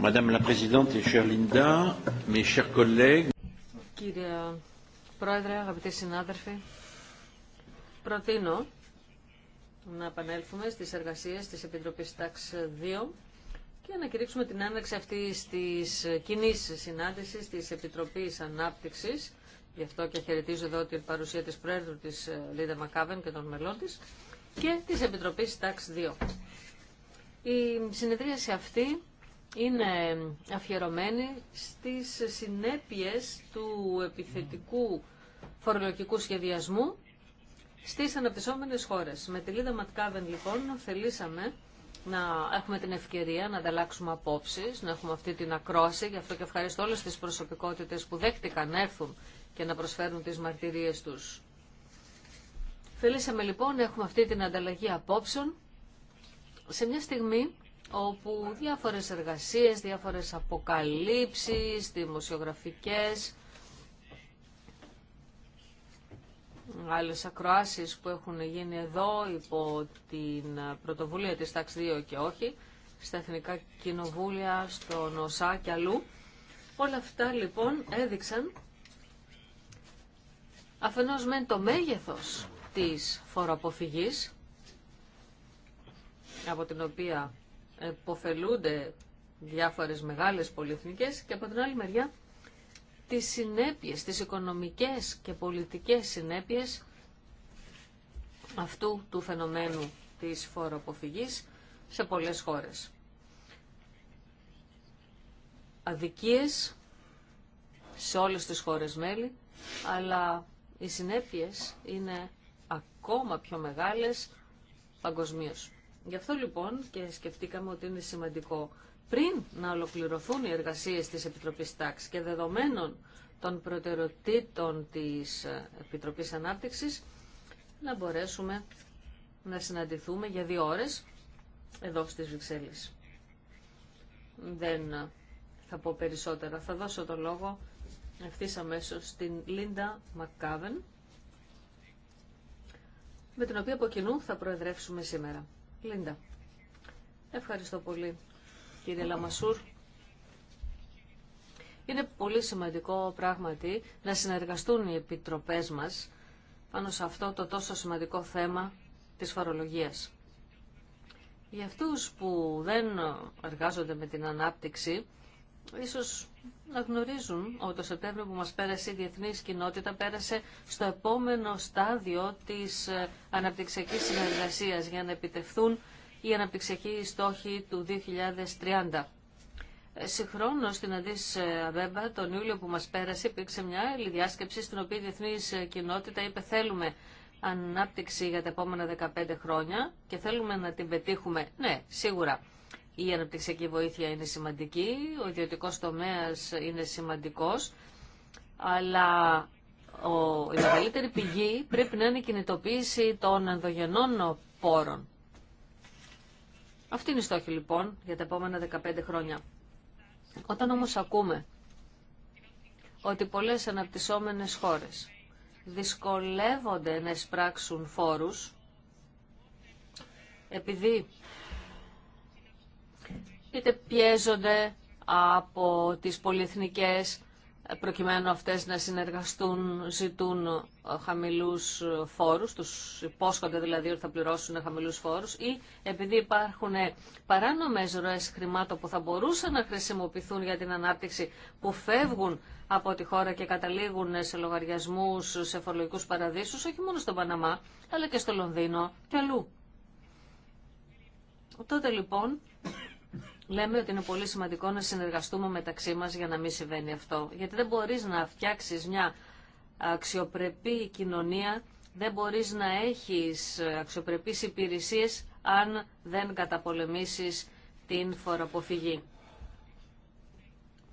Madame la Présidente Linda, mes chers collègues. Κύριε Πρόεδρε, αγαπητοί συνάδελφοι, προτείνω να επανέλθουμε στις εργασίες της Επιτροπής ΤΑΞ 2 και να κηρύξουμε την άναξη αυτή της κοινή συνάντηση της Επιτροπής Ανάπτυξης. Γι' αυτό και χαιρετίζω εδώ την παρουσία της Πρόεδρου της ε, Λίδα Μακάβεν και των μελών της και της Επιτροπής ΤΑΞ 2. Η συνεδρίαση αυτή είναι αφιερωμένη στις συνέπειες του επιθετικού φορολογικού σχεδιασμού στις αναπτυσσόμενες χώρες. Με τη Λίδα Ματκάβεν λοιπόν θελήσαμε να έχουμε την ευκαιρία να ανταλλάξουμε απόψεις, να έχουμε αυτή την ακρόαση, γι' αυτό και ευχαριστώ όλες τις προσωπικότητες που δέχτηκαν έρθουν και να προσφέρουν τις μαρτυρίες του Θελήσαμε λοιπόν να έχουμε αυτή την ανταλλαγή απόψεων σε μια στιγμή όπου διάφορες εργασίες, διάφορες αποκαλύψεις, δημοσιογραφικές, άλλες ακροάσεις που έχουν γίνει εδώ υπό την πρωτοβουλία της ΤΑΞ 2 και όχι, στα Εθνικά Κοινοβούλια, στον Νοσά και αλλού. Όλα αυτά λοιπόν έδειξαν αφενός μεν το μέγεθος της φοροαποφυγής, από την οποία εποφελούνται διάφορες μεγάλες πολυεθνικές και από την άλλη μεριά τις συνέπειες, τις οικονομικές και πολιτικές συνέπειες αυτού του φαινομένου της φοροαποφυγής σε πολλές χώρες. Αδικίες σε όλες τις χώρες μέλη, αλλά οι συνέπειες είναι ακόμα πιο μεγάλες παγκοσμίως. Γι' αυτό λοιπόν και σκεφτήκαμε ότι είναι σημαντικό πριν να ολοκληρωθούν οι εργασίες της Επιτροπής Τάξη και δεδομένων των προτεραιοτήτων της ε, Επιτροπής Ανάπτυξης να μπορέσουμε να συναντηθούμε για δύο ώρες εδώ στις Βρυξέλλες. Δεν ε, θα πω περισσότερα. Θα δώσω το λόγο ευθύ αμέσω στην Λίντα Μακκάβεν με την οποία από κοινού θα προεδρεύσουμε σήμερα. Λίντα. Ευχαριστώ πολύ, κύριε Λαμασούρ. Είναι πολύ σημαντικό πράγματι να συνεργαστούν οι επιτροπές μας πάνω σε αυτό το τόσο σημαντικό θέμα της φορολογίας. Για αυτούς που δεν εργάζονται με την ανάπτυξη, ίσως να γνωρίζουν ότι το Σεπτέμβριο που μας πέρασε η διεθνή κοινότητα πέρασε στο επόμενο στάδιο της ε, αναπτυξιακής συνεργασίας για να επιτευθούν οι αναπτυξιακοί στόχοι του 2030. Ε, Συγχρόνω στην Αντή Αβέμπα, τον Ιούλιο που μα πέρασε, υπήρξε μια άλλη διάσκεψη στην οποία η διεθνή κοινότητα είπε θέλουμε ανάπτυξη για τα επόμενα 15 χρόνια και θέλουμε να την πετύχουμε. Ναι, σίγουρα η αναπτυξιακή βοήθεια είναι σημαντική, ο ιδιωτικό τομέας είναι σημαντικός, αλλά ο, η μεγαλύτερη πηγή πρέπει να είναι η κινητοποίηση των ενδογενών πόρων. Αυτή είναι η στόχη λοιπόν για τα επόμενα 15 χρόνια. Όταν όμως ακούμε ότι πολλές αναπτυσσόμενες χώρες δυσκολεύονται να εισπράξουν φόρους επειδή είτε πιέζονται από τις πολυεθνικές προκειμένου αυτές να συνεργαστούν, ζητούν ε, χαμηλούς ε, φόρους, τους υπόσχονται δηλαδή ότι θα πληρώσουν χαμηλούς φόρους ή επειδή υπάρχουν ε, παράνομες ροές χρημάτων που θα μπορούσαν να χρησιμοποιηθούν για την ανάπτυξη που φεύγουν από τη χώρα και καταλήγουν σε λογαριασμούς, σε φορολογικούς παραδείσους, όχι μόνο στον Παναμά, αλλά και στο Λονδίνο και αλλού. Τότε λοιπόν λέμε ότι είναι πολύ σημαντικό να συνεργαστούμε μεταξύ μας για να μην συμβαίνει αυτό. Γιατί δεν μπορείς να φτιάξεις μια αξιοπρεπή κοινωνία, δεν μπορείς να έχεις αξιοπρεπείς υπηρεσίες αν δεν καταπολεμήσεις την φοροποφυγή.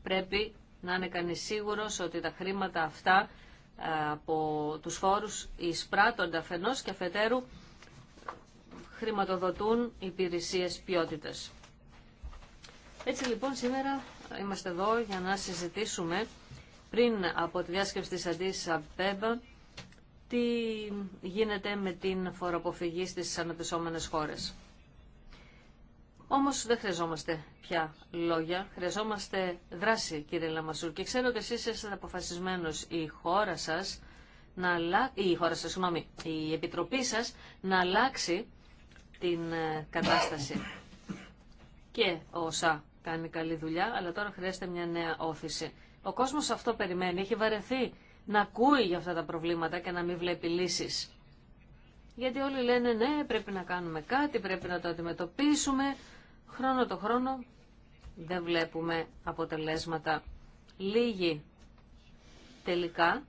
Πρέπει να είναι κανείς σίγουρος ότι τα χρήματα αυτά από τους φόρους εισπράττονται αφενός και αφετέρου χρηματοδοτούν υπηρεσίες ποιότητας. Έτσι λοιπόν σήμερα είμαστε εδώ για να συζητήσουμε πριν από τη διάσκεψη της Αντίς Αμπέμπα τι γίνεται με την φοροποφυγή στις αναπτυσσόμενες χώρες. Όμως δεν χρειαζόμαστε πια λόγια, χρειαζόμαστε δράση κύριε Λαμασούρ και ξέρω ότι εσείς είστε αποφασισμένος η χώρα σας να αλλα... η χώρα σας, συγγνώμη, η επιτροπή σας να αλλάξει την ε, κατάσταση. Και όσα κάνει καλή δουλειά, αλλά τώρα χρειάζεται μια νέα όθηση. Ο κόσμος αυτό περιμένει, έχει βαρεθεί να ακούει για αυτά τα προβλήματα και να μην βλέπει λύσει. Γιατί όλοι λένε ναι, πρέπει να κάνουμε κάτι, πρέπει να το αντιμετωπίσουμε. Χρόνο το χρόνο δεν βλέπουμε αποτελέσματα. Λίγοι τελικά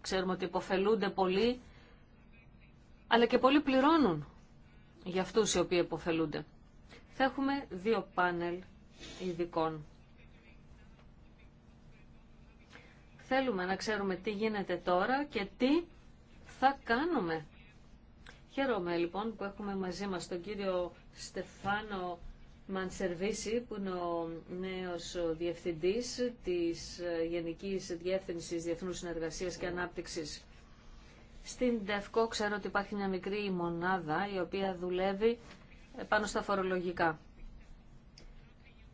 ξέρουμε ότι υποφελούνται πολύ, αλλά και πολλοί πληρώνουν για αυτούς οι οποίοι υποφελούνται. Θα έχουμε δύο πάνελ ειδικών. Θέλουμε να ξέρουμε τι γίνεται τώρα και τι θα κάνουμε. Χαίρομαι λοιπόν που έχουμε μαζί μας τον κύριο Στεφάνο Μανσερβίση που είναι ο νέος διευθυντής της Γενικής Διεύθυνσης Διεθνούς Συνεργασίας και Ανάπτυξης στην ΤΕΦΚΟ ξέρω ότι υπάρχει μια μικρή μονάδα η οποία δουλεύει πάνω στα φορολογικά.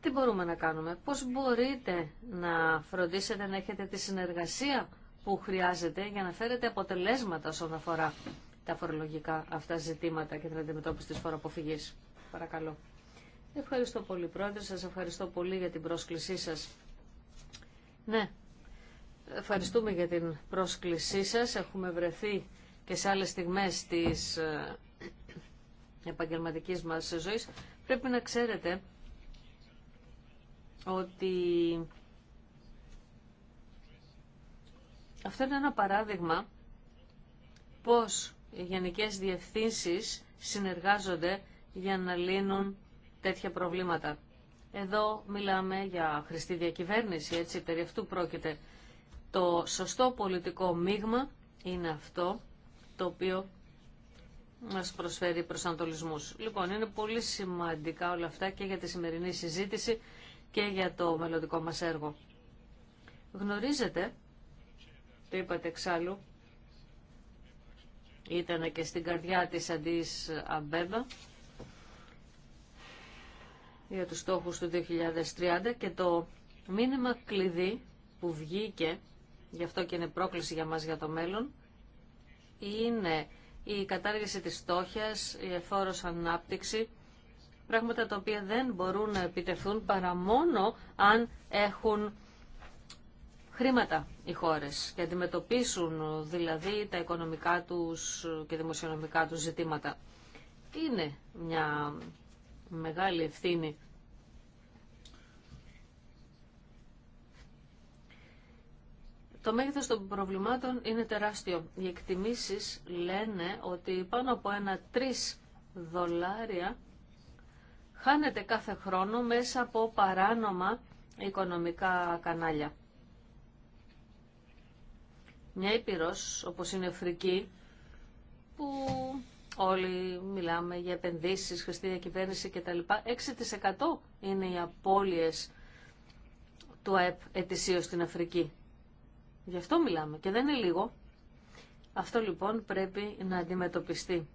Τι μπορούμε να κάνουμε, πώς μπορείτε να φροντίσετε να έχετε τη συνεργασία που χρειάζεται για να φέρετε αποτελέσματα όσον αφορά τα φορολογικά αυτά ζητήματα και την αντιμετώπιση της φοροαποφυγής. Παρακαλώ. Ευχαριστώ πολύ πρόεδρε, σας ευχαριστώ πολύ για την πρόσκλησή σας. Ναι, Ευχαριστούμε για την πρόσκλησή σας. Έχουμε βρεθεί και σε άλλες στιγμές της ε, επαγγελματικής μας ζωής. Πρέπει να ξέρετε ότι αυτό είναι ένα παράδειγμα πώς οι γενικές διευθύνσεις συνεργάζονται για να λύνουν τέτοια προβλήματα. Εδώ μιλάμε για χρηστή διακυβέρνηση, έτσι, περί αυτού πρόκειται. Το σωστό πολιτικό μείγμα είναι αυτό το οποίο μας προσφέρει προσανατολισμούς. Λοιπόν, είναι πολύ σημαντικά όλα αυτά και για τη σημερινή συζήτηση και για το μελλοντικό μας έργο. Γνωρίζετε, το είπατε εξάλλου, ήταν και στην καρδιά της Αντίς Αμπέμπα για τους στόχους του 2030 και το μήνυμα κλειδί που βγήκε γι' αυτό και είναι πρόκληση για μας για το μέλλον, είναι η κατάργηση της στόχιας, η εφόρος ανάπτυξη, πράγματα τα οποία δεν μπορούν να επιτεθούν παρά μόνο αν έχουν χρήματα οι χώρες και αντιμετωπίσουν δηλαδή τα οικονομικά τους και δημοσιονομικά τους ζητήματα. Είναι μια μεγάλη ευθύνη Το μέγεθος των προβλημάτων είναι τεράστιο. Οι εκτιμήσεις λένε ότι πάνω από ένα 3 δολάρια χάνεται κάθε χρόνο μέσα από παράνομα οικονομικά κανάλια. Μια Ήπειρος, όπως είναι η Αφρική, που όλοι μιλάμε για επενδύσεις, χρηστή διακυβέρνηση κτλ. 6% είναι οι απώλειες του ΑΕΠ ετησίως στην Αφρική. Γι' αυτό μιλάμε και δεν είναι λίγο. Αυτό λοιπόν πρέπει να αντιμετωπιστεί.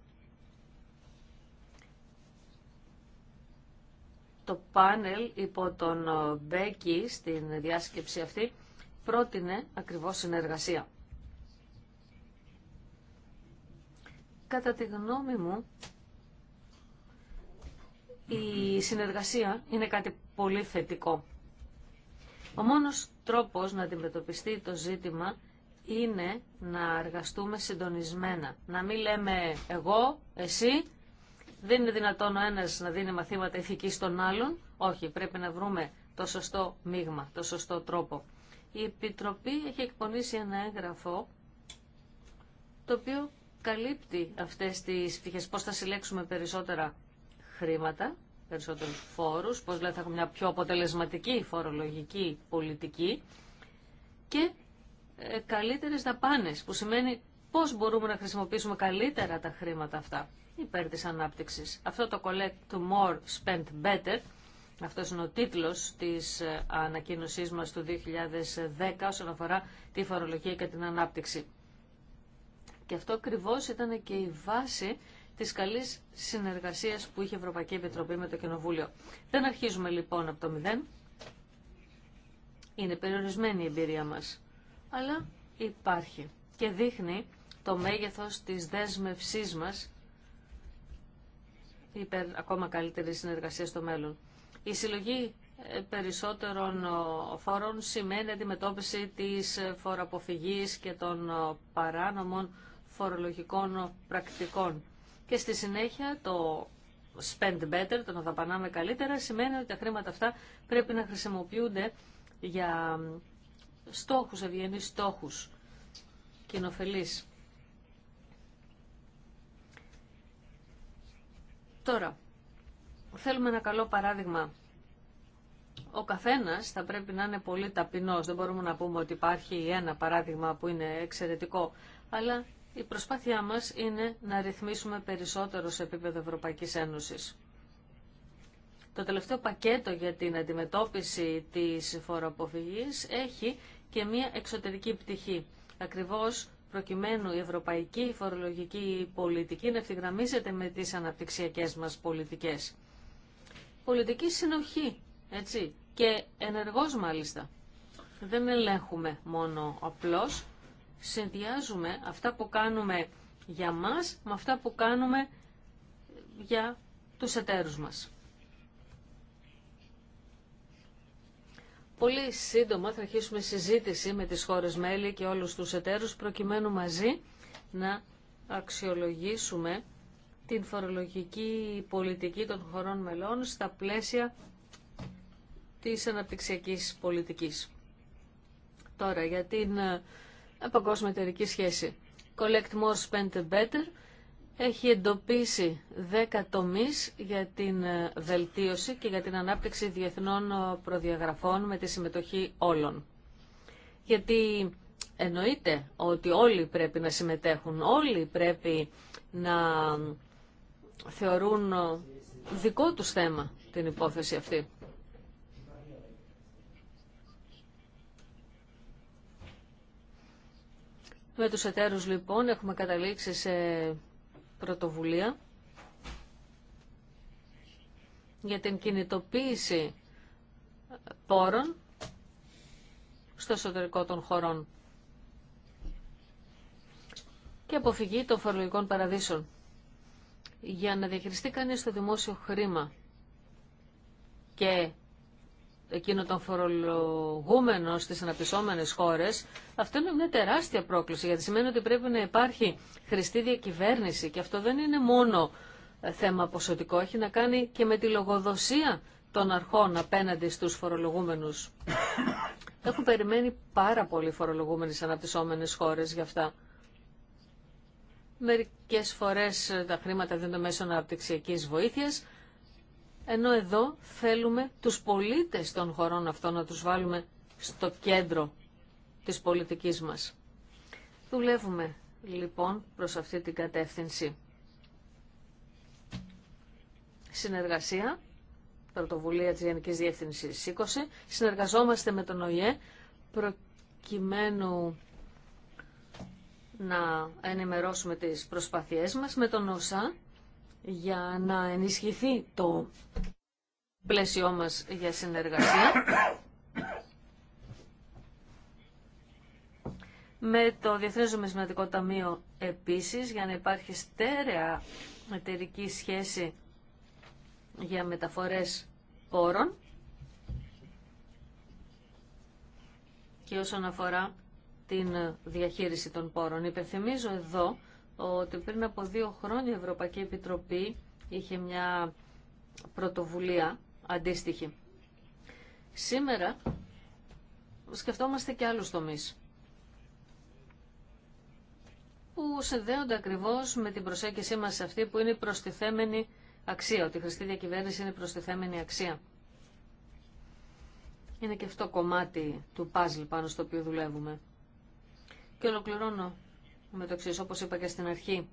Το πάνελ υπό τον Μπέκη στην διάσκεψη αυτή πρότεινε ακριβώς συνεργασία. Κατά τη γνώμη μου, η συνεργασία είναι κάτι πολύ θετικό. Ο μόνος τρόπος να αντιμετωπιστεί το ζήτημα είναι να αργαστούμε συντονισμένα. Να μην λέμε εγώ, εσύ, δεν είναι δυνατόν ο ένας να δίνει μαθήματα ηθικής στον άλλον. Όχι, πρέπει να βρούμε το σωστό μείγμα, το σωστό τρόπο. Η Επιτροπή έχει εκπονήσει ένα έγγραφο το οποίο καλύπτει αυτές τις πτυχές. Πώς θα συλλέξουμε περισσότερα χρήματα περισσότερους φόρους, πώς δηλαδή θα έχουμε μια πιο αποτελεσματική φορολογική πολιτική και ε, καλύτερες δαπάνες, που σημαίνει πώς μπορούμε να χρησιμοποιήσουμε καλύτερα τα χρήματα αυτά υπέρ της ανάπτυξης. Αυτό το Collect to More, Spend Better, αυτός είναι ο τίτλος της ε, ανακοίνωσής μας του 2010 όσον αφορά τη φορολογία και την ανάπτυξη. Και αυτό ακριβώ ήταν και η βάση Τη καλή συνεργασία που είχε η Ευρωπαϊκή Επιτροπή με το Κοινοβούλιο. Δεν αρχίζουμε λοιπόν από το μηδέν. Είναι περιορισμένη η εμπειρία μας. Αλλά υπάρχει και δείχνει το μέγεθος της δέσμευσή μας υπέρ ακόμα καλύτερη συνεργασία στο μέλλον. Η συλλογή ε, περισσότερων φόρων σημαίνει αντιμετώπιση της ε, φοροαποφυγής και των παράνομων φορολογικών πρακτικών. Και στη συνέχεια το spend better, το να δαπανάμε καλύτερα, σημαίνει ότι τα χρήματα αυτά πρέπει να χρησιμοποιούνται για στόχους, ευγενείς στόχους, κοινοφελείς. Τώρα, θέλουμε ένα καλό παράδειγμα. Ο καθένας θα πρέπει να είναι πολύ ταπεινός. Δεν μπορούμε να πούμε ότι υπάρχει ένα παράδειγμα που είναι εξαιρετικό, αλλά η προσπάθειά μας είναι να ρυθμίσουμε περισσότερο σε επίπεδο Ευρωπαϊκής Ένωσης. Το τελευταίο πακέτο για την αντιμετώπιση της φοροαποφυγής έχει και μία εξωτερική πτυχή. Ακριβώς προκειμένου η ευρωπαϊκή φορολογική πολιτική να ευθυγραμμίζεται με τις αναπτυξιακές μας πολιτικές. Πολιτική συνοχή, έτσι, και ενεργός μάλιστα. Δεν ελέγχουμε μόνο απλώς, συνδυάζουμε αυτά που κάνουμε για μας με αυτά που κάνουμε για τους εταίρους μας. Πολύ σύντομα θα αρχίσουμε συζήτηση με τις χώρες μέλη και όλους τους εταίρους προκειμένου μαζί να αξιολογήσουμε την φορολογική πολιτική των χωρών μελών στα πλαίσια της αναπτυξιακής πολιτικής. Τώρα για την παγκόσμια εταιρική σχέση. Collect More, Spend Better έχει εντοπίσει 10 τομεί για την ε, βελτίωση και για την ανάπτυξη διεθνών ε, προδιαγραφών με τη συμμετοχή όλων. Γιατί εννοείται ότι όλοι πρέπει να συμμετέχουν, όλοι πρέπει να ε, θεωρούν δικό τους θέμα την υπόθεση αυτή. Με τους εταίρους λοιπόν έχουμε καταλήξει σε πρωτοβουλία για την κινητοποίηση πόρων στο εσωτερικό των χωρών και αποφυγή των φορολογικών παραδείσων για να διαχειριστεί κανείς το δημόσιο χρήμα και εκείνο τον φορολογούμενο στις αναπτυσσόμενες χώρες, αυτό είναι μια τεράστια πρόκληση, γιατί σημαίνει ότι πρέπει να υπάρχει χρηστή διακυβέρνηση και αυτό δεν είναι μόνο ε, θέμα ποσοτικό, έχει να κάνει και με τη λογοδοσία των αρχών απέναντι στους φορολογούμενους. Έχουν περιμένει πάρα πολλοί φορολογούμενοι σε αναπτυσσόμενες χώρες γι' αυτά. Μερικές φορές ε, τα χρήματα δίνονται μέσω αναπτυξιακής βοήθειας, ενώ εδώ θέλουμε τους πολίτες των χωρών αυτών να τους βάλουμε στο κέντρο της πολιτικής μας. Δουλεύουμε λοιπόν προς αυτή την κατεύθυνση. Συνεργασία, πρωτοβουλία της Γενικής Διεύθυνσης 20, συνεργαζόμαστε με τον ΟΙΕ προκειμένου να ενημερώσουμε τις προσπαθειές μας με τον ΟΣΑ για να ενισχυθεί το πλαίσιό μας για συνεργασία με το Διεθνές Νομισματικό Ταμείο επίσης για να υπάρχει στέρεα εταιρική σχέση για μεταφορές πόρων και όσον αφορά την διαχείριση των πόρων. Υπενθυμίζω εδώ ότι πριν από δύο χρόνια η Ευρωπαϊκή Επιτροπή είχε μια πρωτοβουλία αντίστοιχη. Σήμερα σκεφτόμαστε και άλλους τομείς που συνδέονται ακριβώς με την προσέγγιση μας αυτή που είναι η προστιθέμενη αξία, ότι η χρηστή διακυβέρνηση είναι η προστιθέμενη αξία. Είναι και αυτό κομμάτι του παζλ πάνω στο οποίο δουλεύουμε. Και ολοκληρώνω με μεταξύ, όπως είπα και στην αρχή,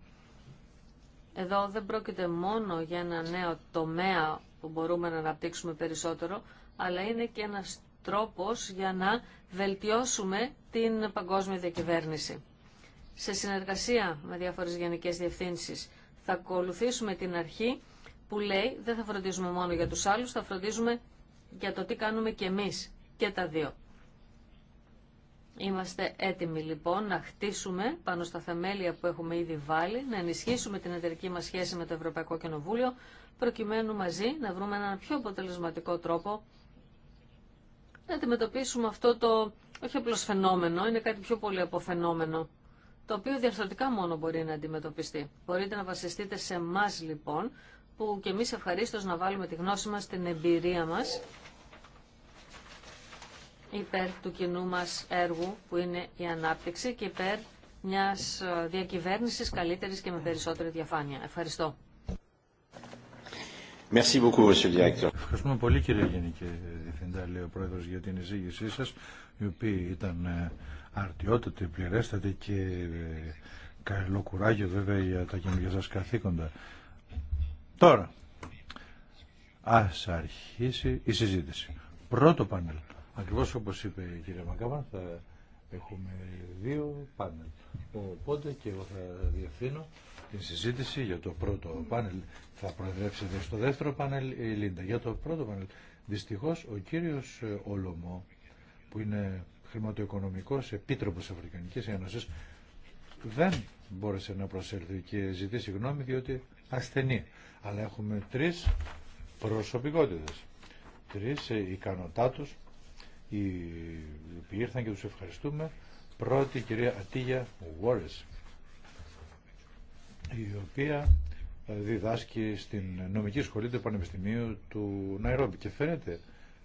εδώ δεν πρόκειται μόνο για ένα νέο τομέα που μπορούμε να αναπτύξουμε περισσότερο, αλλά είναι και ένας τρόπος για να βελτιώσουμε την παγκόσμια διακυβέρνηση. Σε συνεργασία με διάφορες γενικές διευθύνσεις θα ακολουθήσουμε την αρχή που λέει δεν θα φροντίζουμε μόνο για τους άλλους, θα φροντίζουμε για το τι κάνουμε και εμείς και τα δύο. Είμαστε έτοιμοι λοιπόν να χτίσουμε πάνω στα θεμέλια που έχουμε ήδη βάλει, να ενισχύσουμε την εταιρική μας σχέση με το Ευρωπαϊκό Κοινοβούλιο, προκειμένου μαζί να βρούμε έναν πιο αποτελεσματικό τρόπο να αντιμετωπίσουμε αυτό το όχι απλώς φαινόμενο, είναι κάτι πιο πολύ από φαινόμενο, το οποίο διαρθρωτικά μόνο μπορεί να αντιμετωπιστεί. Μπορείτε να βασιστείτε σε εμά λοιπόν, που και εμείς ευχαρίστως να βάλουμε τη γνώση μας, την εμπειρία μας υπέρ του κοινού μας έργου που είναι η ανάπτυξη και υπέρ μιας ε, διακυβέρνησης καλύτερης και με περισσότερη διαφάνεια. Ευχαριστώ. Merci Ευχαριστούμε πολύ κύριε Γενική Διευθυντά, ο Πρόεδρος, για την εισήγησή σας, η οποία ήταν ε, αρτιότατη, πληρέστατη και ε, καλό κουράγιο βέβαια για τα καινούργια σας καθήκοντα. Τώρα, ας αρχίσει η συζήτηση. Πρώτο πάνελ. Ακριβώ όπως είπε η κυρία Μακάβα, θα έχουμε δύο πάνελ. Οπότε και εγώ θα διευθύνω την συζήτηση για το πρώτο πάνελ. Θα προεδρεύσετε στο δεύτερο πάνελ η Λίντα. Για το πρώτο πάνελ, Δυστυχώ, ο κύριος ε, Ολομό, που είναι χρηματοοικονομικός επίτροπο Αφρικανικής Ένωση δεν μπόρεσε να προσέλθει και ζητήσει γνώμη διότι ασθενεί. Αλλά έχουμε τρεις προσωπικότητε. τρεις ε, ικανοτάτους οι οποίοι ήρθαν και τους ευχαριστούμε. Πρώτη η κυρία Ατίγια Βόρες, η οποία ε, διδάσκει στην νομική σχολή του Πανεπιστημίου του Ναϊρόμπι και φαίνεται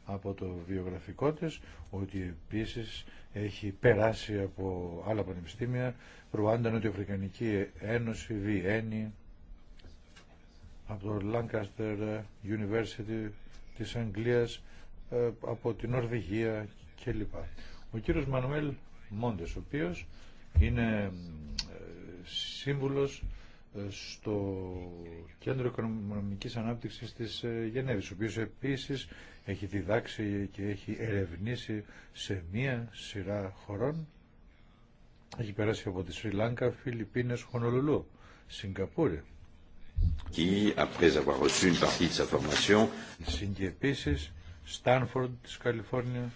από το βιογραφικό της ότι επίσης έχει περάσει από άλλα πανεπιστήμια Ρουάντα, Νοτιοαφρικανική Ένωση, Βιέννη από το Lancaster University της Αγγλίας ε, από την ορδηγία κλπ. Ο κύριος Μανουέλ Μόντες, ο οποίος είναι ε, σύμβουλος ε, στο Κέντρο Οικονομικής Ανάπτυξης της Γενέβης, ο οποίος επίσης έχει διδάξει και έχει ερευνήσει σε μία σειρά χωρών. Έχει περάσει από τη Σρι Λάνκα, Φιλιππίνες, Χονολουλού, Σιγκαπούρη. Qui, après Επίσης, Στάνφορντ της Καλιφόρνια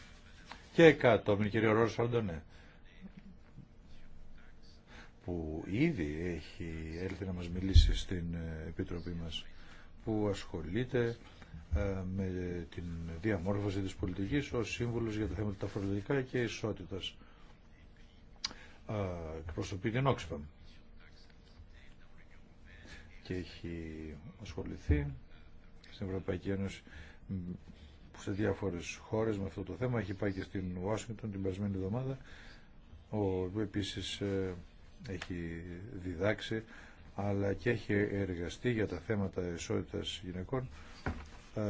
και κάτω με κύριο Ρόσφαλντο, που ήδη έχει έλθει να μας μιλήσει στην ε, Επιτροπή μας που ασχολείται ε, με την διαμόρφωση της πολιτικής ως σύμβουλος για τα θέματα τα φορολογικά και ισότητας. Εκπροσωπεί την Oxfam και έχει ασχοληθεί στην Ευρωπαϊκή Ένωση σε διάφορες χώρες με αυτό το θέμα. Έχει πάει και στην Ουάσιγκτον την περασμένη εβδομάδα. Ο επίση ε, έχει διδάξει αλλά και έχει εργαστεί για τα θέματα ισότητα γυναικών ε,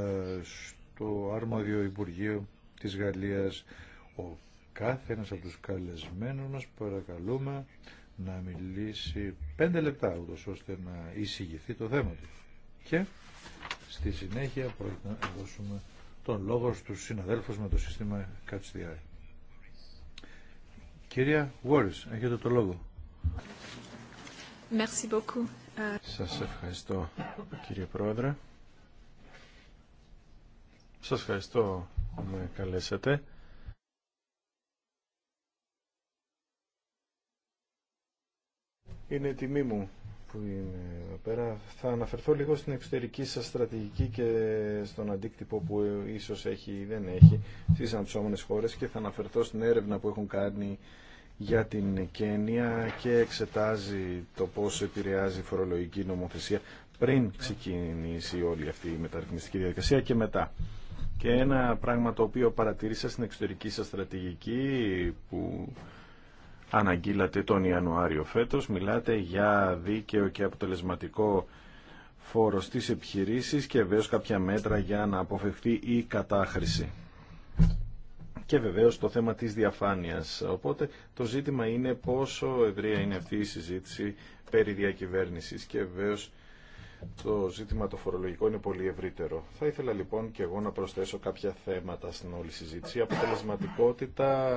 στο Αρμόδιο Υπουργείο της Γαλλίας. Ο κάθε ένας από τους καλεσμένους μας παρακαλούμε να μιλήσει πέντε λεπτά ούτως ώστε να εισηγηθεί το θέμα του. Και στη συνέχεια πρέπει να δώσουμε τον λόγο στους συναδέλφους με το σύστημα Eye. Κυρία Βόρης, έχετε το λόγο. Σα ε, Σας ευχαριστώ κύριε Πρόεδρε. Σας ευχαριστώ που με καλέσατε. Είναι τιμή μου που είμαι εδώ πέρα. Θα αναφερθώ λίγο στην εξωτερική σας στρατηγική και στον αντίκτυπο που ίσως έχει ή δεν έχει στις αντσόμενες χώρες και θα αναφερθώ στην έρευνα που έχουν κάνει για την Κένια και εξετάζει το πώς επηρεάζει η φορολογική νομοθεσία πριν ξεκινήσει όλη αυτή η μεταρρυθμιστική διαδικασία και μετά. Και ένα πράγμα το οποίο παρατήρησα στην εξωτερική σας στρατηγική που αναγγείλατε τον Ιανουάριο φέτος. Μιλάτε για δίκαιο και αποτελεσματικό φόρο στις επιχειρήσεις και βεβαίω κάποια μέτρα για να αποφευχθεί η κατάχρηση. Και βεβαίως το θέμα της διαφάνειας. Οπότε το ζήτημα είναι πόσο ευρεία είναι αυτή η συζήτηση περί διακυβέρνησης και βεβαίω το ζήτημα το φορολογικό είναι πολύ ευρύτερο. Θα ήθελα λοιπόν και εγώ να προσθέσω κάποια θέματα στην όλη συζήτηση. αποτελεσματικότητα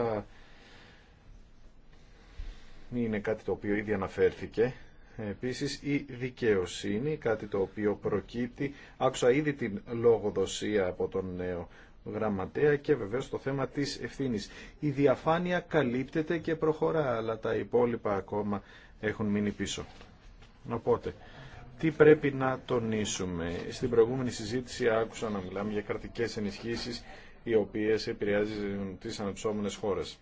είναι κάτι το οποίο ήδη αναφέρθηκε. Επίσης η δικαιοσύνη, κάτι το οποίο προκύπτει. Άκουσα ήδη την λογοδοσία από τον νέο γραμματέα και βεβαίως το θέμα της ευθύνης. Η διαφάνεια καλύπτεται και προχωρά, αλλά τα υπόλοιπα ακόμα έχουν μείνει πίσω. Οπότε, τι πρέπει να τονίσουμε. Στην προηγούμενη συζήτηση άκουσα να μιλάμε για κρατικές ενισχύσεις οι οποίες επηρεάζουν τις αναψώμενες χώρες.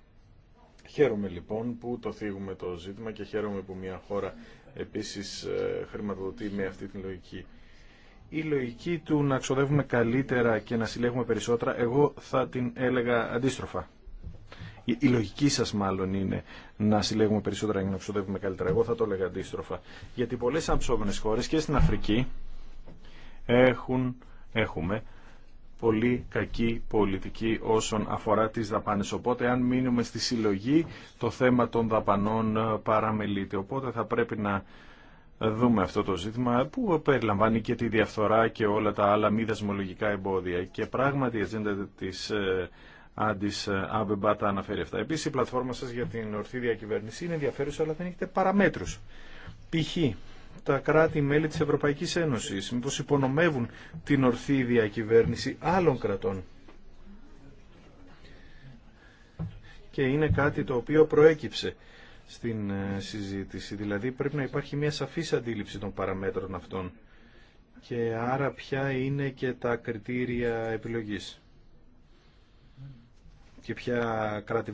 Χαίρομαι λοιπόν που το θίγουμε το ζήτημα και χαίρομαι που μια χώρα επίσης ε, χρηματοδοτεί με αυτή την λογική. Η λογική του να ξοδεύουμε καλύτερα και να συλλέγουμε περισσότερα, εγώ θα την έλεγα αντίστροφα. Η λογική σας μάλλον, είναι να συλλέγουμε περισσότερα και να ξοδεύουμε καλύτερα. Εγώ θα το έλεγα αντίστροφα. Γιατί πολλές αμψόμενε χώρες και στην Αφρική έχουν, έχουμε πολύ κακή πολιτική όσον αφορά τις δαπάνες. Οπότε αν μείνουμε στη συλλογή το θέμα των δαπανών ε, παραμελείται. Οπότε θα πρέπει να δούμε αυτό το ζήτημα που περιλαμβάνει και τη διαφθορά και όλα τα άλλα μη δασμολογικά εμπόδια. Και πράγματι η ατζέντα της ε, Άντις ε, Αμπεμπά τα αναφέρει αυτά. Επίσης η πλατφόρμα σας για την ορθή διακυβέρνηση είναι ενδιαφέρουσα αλλά δεν έχετε παραμέτρους. Π.χ τα κράτη-μέλη της Ευρωπαϊκής Ένωσης, μήπως υπονομεύουν την ορθή διακυβέρνηση άλλων κρατών. Και είναι κάτι το οποίο προέκυψε στην ε, συζήτηση, δηλαδή πρέπει να υπάρχει μια σαφής αντίληψη των παραμέτρων αυτών και άρα ποια είναι και τα κριτήρια επιλογής και ποια κράτη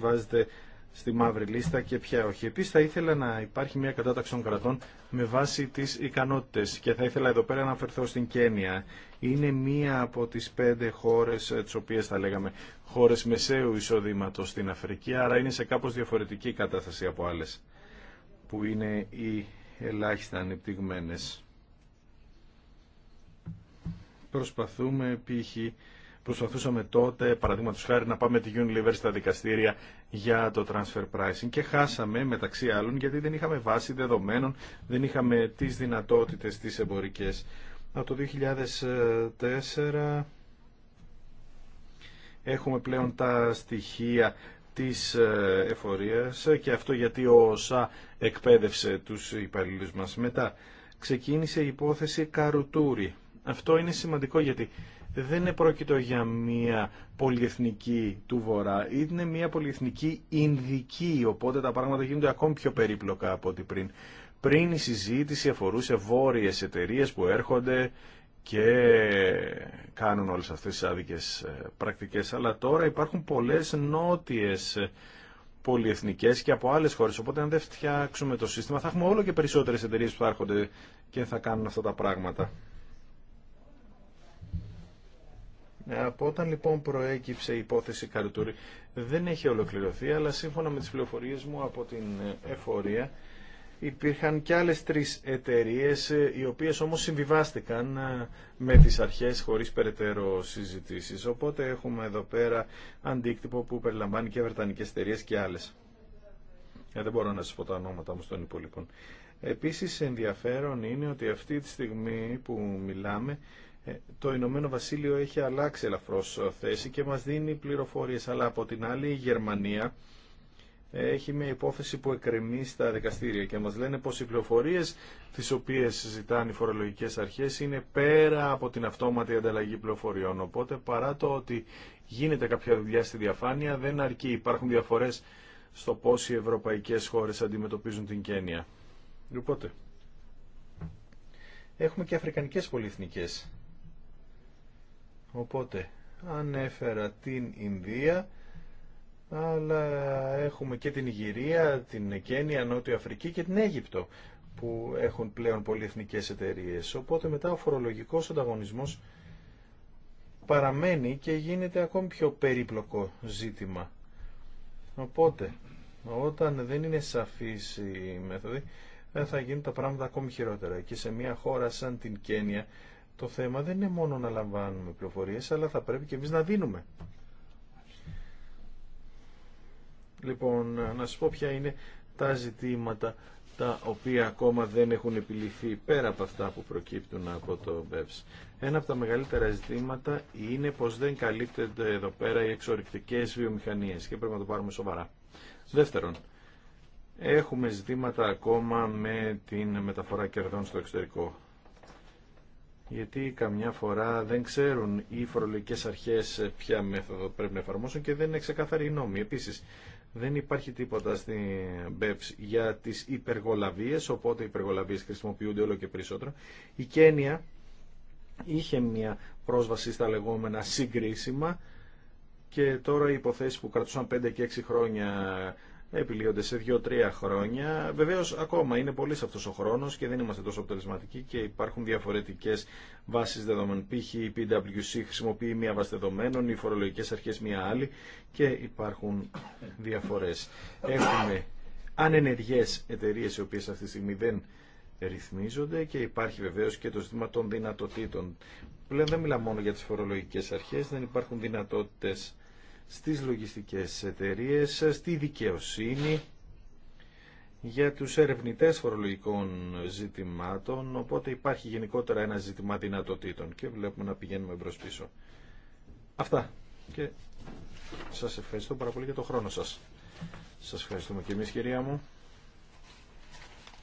στη μαύρη λίστα και ποια όχι. Επίση θα ήθελα να υπάρχει μια κατάταξη των κρατών με βάση τις ικανότητες και θα ήθελα εδώ πέρα να αναφερθώ στην Κένια. Είναι μία από τις πέντε χώρες, ε, τι οποίε θα λέγαμε χώρες μεσαίου εισοδήματο στην Αφρική, άρα είναι σε κάπω διαφορετική κατάσταση από άλλε που είναι οι ελάχιστα ανεπτυγμένε. Προσπαθούμε π.χ Προσπαθούσαμε τότε, παραδείγματο χάρη, να πάμε τη Unilever στα δικαστήρια για το transfer pricing και χάσαμε μεταξύ άλλων γιατί δεν είχαμε βάση δεδομένων, δεν είχαμε τις δυνατότητες τι εμπορικέ. Από το 2004 έχουμε πλέον τα στοιχεία της ε, εφορίας και αυτό γιατί ο ΩΣΑ εκπαίδευσε τους υπαλλήλους μας. Μετά ξεκίνησε η υπόθεση Καρουτούρη. Αυτό είναι σημαντικό γιατί δεν πρόκειτο για μια πολυεθνική του Βορρά, είναι μια πολυεθνική Ινδική, οπότε τα πράγματα γίνονται ακόμη πιο περίπλοκα από ό,τι πριν. Πριν η συζήτηση αφορούσε βόρειες εταιρείε που έρχονται και κάνουν όλες αυτές τις άδικες ε, πρακτικές, αλλά τώρα υπάρχουν πολλές νότιες πολυεθνικές και από άλλες χώρες, οπότε αν δεν φτιάξουμε το σύστημα θα έχουμε όλο και περισσότερες εταιρείε που θα έρχονται και θα κάνουν αυτά τα πράγματα. Ε, από όταν λοιπόν προέκυψε η υπόθεση Καρουτούρη δεν έχει ολοκληρωθεί, αλλά σύμφωνα με τις πληροφορίες μου από την ε, εφορία υπήρχαν και άλλες τρεις εταιρείες ε, οι οποίες όμως συμβιβάστηκαν με τις αρχές χωρίς περαιτέρω συζητήσεις. Οπότε έχουμε εδώ πέρα αντίκτυπο που περιλαμβάνει και βρετανικές εταιρείες και άλλες. Ε, δεν μπορώ να σας πω τα ονόματα όμως των υπολείπων. Επίσης ενδιαφέρον είναι ότι αυτή τη στιγμή που μιλάμε ε, το Ηνωμένο Βασίλειο έχει αλλάξει ελαφρώς ε, θέση και μας δίνει πληροφορίες, αλλά από την άλλη η Γερμανία έχει μια υπόθεση που εκκρεμεί στα δικαστήρια και μας λένε πως οι πληροφορίες τις οποίες ζητάνε οι φορολογικές αρχές είναι πέρα από την αυτόματη ανταλλαγή πληροφοριών. Οπότε παρά το ότι γίνεται κάποια δουλειά στη διαφάνεια δεν αρκεί. Υπάρχουν διαφορές στο πώς οι ευρωπαϊκές χώρες αντιμετωπίζουν την Κένια. Οπότε, έχουμε και αφρικανικές πολυεθνικές Οπότε, ανέφερα την Ινδία, αλλά έχουμε και την Ιγυρία, την Κένια, Νότιο Αφρική και την Αίγυπτο, που έχουν πλέον πολυεθνικές εταιρείε. Οπότε μετά ο φορολογικός ανταγωνισμός παραμένει και γίνεται ακόμη πιο περίπλοκο ζήτημα. Οπότε, όταν δεν είναι σαφής η μέθοδη, ε, θα γίνουν τα πράγματα ακόμη χειρότερα. Και σε μια χώρα σαν την Κένια, το θέμα δεν είναι μόνο να λαμβάνουμε πληροφορίες, αλλά θα πρέπει και εμείς να δίνουμε. Λοιπόν, να σας πω ποια είναι τα ζητήματα τα οποία ακόμα δεν έχουν επιληθεί πέρα από αυτά που προκύπτουν από το BEPS. Ένα από τα μεγαλύτερα ζητήματα είναι πως δεν καλύπτεται εδώ πέρα οι εξορρυκτικές βιομηχανίες και πρέπει να το πάρουμε σοβαρά. Δεύτερον, έχουμε ζητήματα ακόμα με την μεταφορά κερδών στο εξωτερικό γιατί καμιά φορά δεν ξέρουν οι φορολογικές αρχές ποια μέθοδο πρέπει να εφαρμόσουν και δεν είναι ξεκάθαρη η νόμη. Επίσης, δεν υπάρχει τίποτα στην BEPS για τις υπεργολαβίες, οπότε οι υπεργολαβίες χρησιμοποιούνται όλο και περισσότερο. Η Κένια είχε μια πρόσβαση στα λεγόμενα συγκρίσιμα και τώρα οι υποθέσεις που κρατούσαν 5 και 6 χρόνια επιλύονται σε 2-3 χρόνια. Βεβαίω, ακόμα είναι πολύ αυτό ο χρόνο και δεν είμαστε τόσο αποτελεσματικοί και υπάρχουν διαφορετικέ βάσει δεδομένων. Π.χ. η PWC χρησιμοποιεί μία βάση δεδομένων, οι φορολογικέ αρχέ μία άλλη και υπάρχουν διαφορέ. Έχουμε ανενεργέ εταιρείε οι οποίε αυτή τη στιγμή δεν ρυθμίζονται και υπάρχει βεβαίω και το ζήτημα των δυνατοτήτων. Πλέον δεν μιλά μόνο για τι φορολογικέ αρχέ, δεν υπάρχουν δυνατότητε στις λογιστικές εταιρείες, στη δικαιοσύνη, για τους ερευνητές φορολογικών ζητημάτων, οπότε υπάρχει γενικότερα ένα ζήτημα δυνατοτήτων και βλέπουμε να πηγαίνουμε μπρος πίσω. Αυτά και σας ευχαριστώ πάρα πολύ για τον χρόνο σας. Σας ευχαριστούμε και εμείς κυρία μου.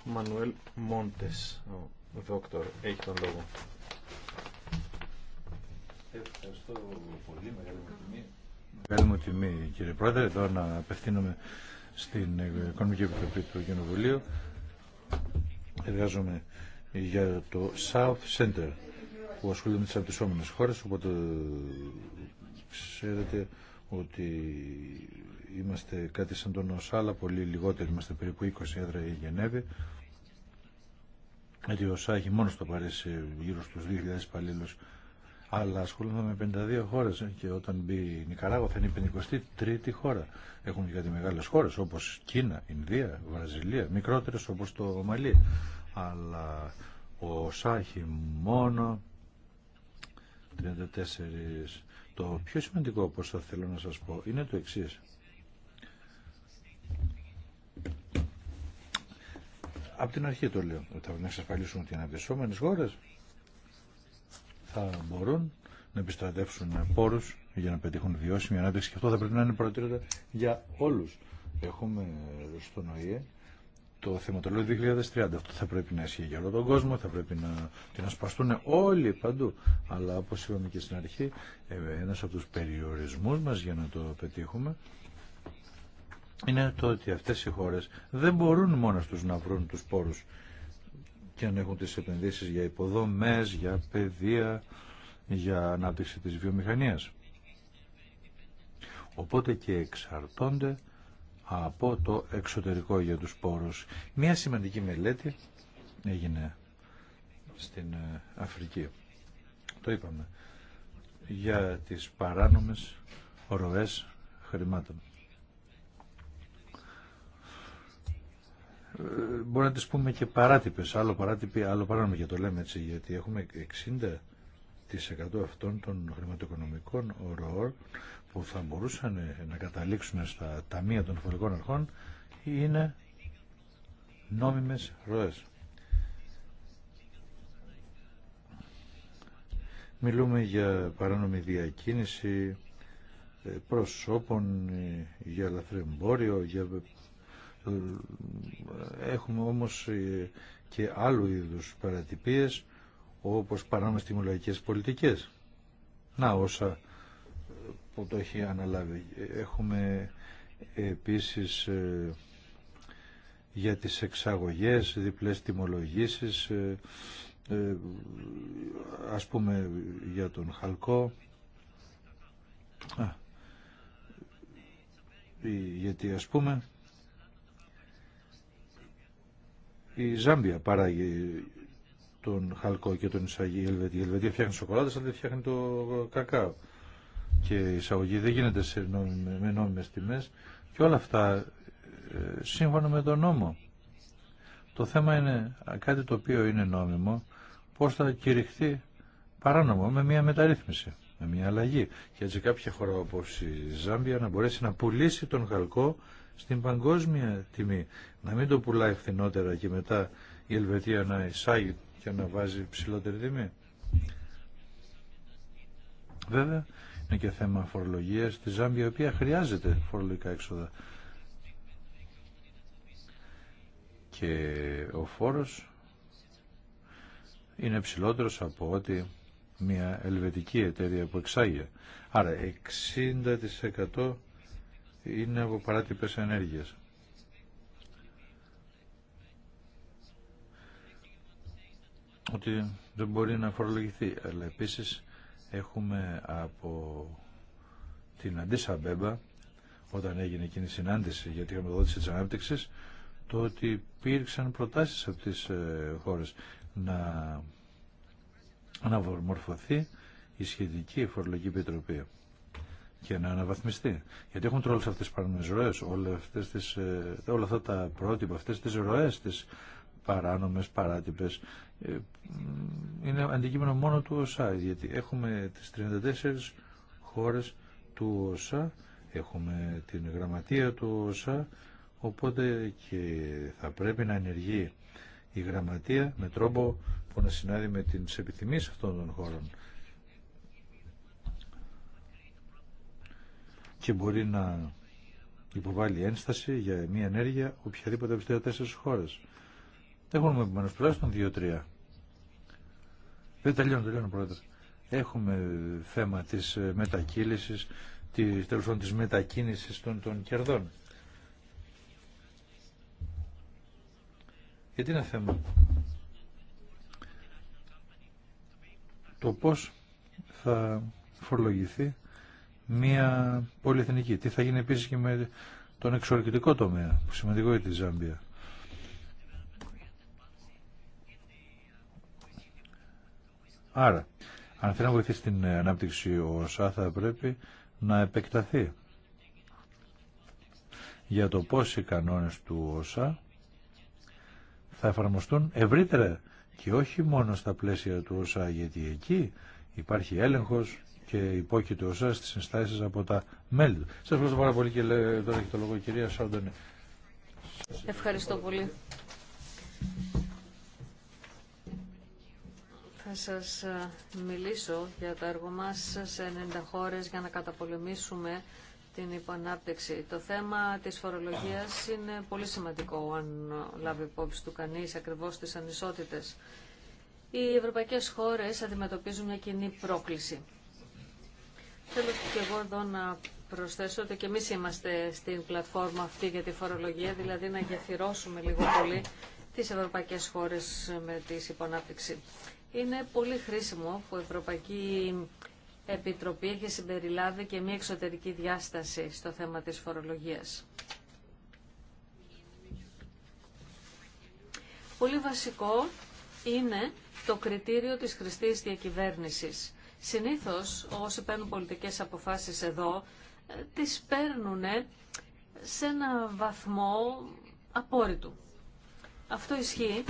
Μανουέλ Μόντες, ο δόκτωρ, έχει τον λόγο. Ευχαριστώ πολύ, μεγάλη μου Καλή μου τιμή κύριε Πρόεδρε, εδώ να απευθύνομαι στην Οικονομική Επιτροπή του Κοινοβουλίου. Εργάζομαι για το South Center που ασχολείται με τις αντισώμενες χώρες, οπότε ξέρετε ότι είμαστε κάτι σαν τον ΟΣΑ, αλλά πολύ λιγότερο, είμαστε περίπου 20 έδρα η Γενέβη, γιατί ο ΟΣΑ έχει μόνο στο Παρίσι γύρω στους 2.000 υπαλλήλους αλλά ασχολούμαι με 52 χώρες ε, και όταν μπει η Νικαράγω θα είναι η 53η χώρα. Έχουν και κάτι μεγάλες χώρες όπως Κίνα, Ινδία, Βραζιλία, μικρότερες όπως το Μαλί. Αλλά ο Σάχη μόνο 34. Το πιο σημαντικό όπως θα θέλω να σας πω είναι το εξής. Από την αρχή το λέω, ότι θα να εξασφαλίσουν ότι οι αναπτυσσόμενες θα μπορούν να επιστρατεύσουν πόρους για να πετύχουν βιώσιμη ανάπτυξη και αυτό θα πρέπει να είναι προτεραιότητα για όλους. Έχουμε στο ΟΗΕ το θεματολόγιο 2030. Αυτό θα πρέπει να ισχύει για όλο τον κόσμο, θα πρέπει να την ασπαστούν όλοι παντού. Αλλά όπως είπαμε και στην αρχή, ε, ένας από τους περιορισμούς μας για να το πετύχουμε είναι το ότι αυτές οι χώρες δεν μπορούν μόνο τους να βρουν τους πόρους και αν έχουν τις επενδύσεις για υποδομές, για παιδεία, για ανάπτυξη της βιομηχανίας. Οπότε και εξαρτώνται από το εξωτερικό για τους πόρους. Μία σημαντική μελέτη έγινε στην ε, Αφρική. Το είπαμε. Για τις παράνομες ροές χρημάτων. μπορεί να τις πούμε και παράτυπες, άλλο παράτυπη, άλλο παράνομο για το λέμε έτσι, γιατί έχουμε 60% αυτών των χρηματοοικονομικών ροών που θα μπορούσαν ε, να καταλήξουν στα ταμεία των φορικών αρχών είναι νόμιμες ροές. Μιλούμε για παράνομη διακίνηση ε, προσώπων, ε, για λαθρεμπόριο, για Έχουμε όμως ε, και άλλου είδους παρατυπίες όπως παράμε τιμολογικές πολιτικές. Να όσα ε, που το έχει αναλάβει. Έχουμε ε, επίσης για τις εξαγωγές, διπλές τιμολογήσεις, ας πούμε για τον Χαλκό, γιατί ας πούμε η Ζάμπια παράγει τον χαλκό και τον εισαγεί η Ελβετία. Η Ελβετία φτιάχνει σοκολάτα αλλά δεν φτιάχνει το κακάο. Και η εισαγωγή δεν γίνεται σε νόμιμε, με νόμιμες τιμές. Και όλα αυτά ε, σύμφωνα με τον νόμο. Το θέμα είναι κάτι το οποίο είναι νόμιμο, πώ θα κηρυχθεί παράνομο με μια μεταρρύθμιση, με μια αλλαγή. Και έτσι κάποια χώρα όπω η Ζάμπια να μπορέσει να πουλήσει τον χαλκό στην παγκόσμια τιμή. Να μην το πουλάει φθηνότερα και μετά η Ελβετία να εισάγει και να βάζει ψηλότερη τιμή. Βέβαια, είναι και θέμα φορολογία στη Ζάμπια, η οποία χρειάζεται φορολογικά έξοδα. Και ο φόρος είναι ψηλότερος από ότι μια ελβετική εταιρεία που εξάγει. Άρα 60% είναι από παράτυπες ενέργειες. ότι δεν μπορεί να φορολογηθεί. Αλλά επίσης έχουμε από την Αντίσα Μπέμπα, όταν έγινε εκείνη η συνάντηση για τη χρηματοδότηση της ανάπτυξης, το ότι υπήρξαν προτάσεις από τις ε, χώρες να αναμορφωθεί η σχετική φορολογική επιτροπή και να αναβαθμιστεί. Γιατί έχουν τρόλους αυτές τις παράνομες ροές, όλα, ε, όλα αυτά τα πρότυπα, αυτές τις ροές, τις παράνομες, παράτυπες ε, είναι αντικείμενο μόνο του ΟΣΑ, γιατί έχουμε τις 34 χώρες του ΟΣΑ, έχουμε την γραμματεία του ΟΣΑ, οπότε και θα πρέπει να ενεργεί η γραμματεία με τρόπο που να συνάδει με τις επιθυμίες αυτών των χώρων. Και μπορεί να υποβάλει ένσταση για μια ενέργεια οποιαδήποτε από τις 34 χώρες. Έχουμε επομένως τουλάχιστον 2-3 δεν τελειώνω, τελειώνω πρόεδρε. Έχουμε θέμα της ε, μετακύληση, τέλο της μετακίνησης των, των κερδών. Γιατί είναι θέμα. Το πώς θα φορολογηθεί μία πολυεθνική. Τι θα γίνει επίσης και με τον εξορρυκτικό τομέα, που σημαντικό είναι τη Ζάμπια. Άρα, αν θέλει να βοηθήσει την ε, ανάπτυξη ο ΩΣΑ θα πρέπει να επεκταθεί για το πώς οι κανόνες του ΩΣΑ θα εφαρμοστούν ευρύτερα και όχι μόνο στα πλαίσια του ΩΣΑ γιατί εκεί υπάρχει έλεγχος και υπόκειται ο ΩΣΑ στις συνστάσεις από τα μέλη του. Σας ευχαριστώ πάρα πολύ και τώρα έχει το λόγο η κυρία Σάντονι. Ευχαριστώ πολύ θα σας ε, μιλήσω για το έργο μας σε 90 χώρες για να καταπολεμήσουμε την υποανάπτυξη. Το θέμα της φορολογίας είναι πολύ σημαντικό αν λάβει υπόψη του κανείς ακριβώς τις ανισότητες. Οι ευρωπαϊκές χώρες αντιμετωπίζουν μια κοινή πρόκληση. Θέλω και εγώ εδώ να προσθέσω ότι και εμείς είμαστε στην πλατφόρμα αυτή για τη φορολογία, δηλαδή να γεφυρώσουμε λίγο πολύ τις ευρωπαϊκές χώρες με τις υπονάπτυξη. Είναι πολύ χρήσιμο που η Ευρωπαϊκή Επιτροπή έχει συμπεριλάβει και μια εξωτερική διάσταση στο θέμα της φορολογίας. Πολύ βασικό είναι το κριτήριο της χρηστής διακυβέρνησης. Συνήθως όσοι παίρνουν πολιτικές αποφάσεις εδώ, ε, τις παίρνουν σε ένα βαθμό απόρριτου. Αυτό ισχύει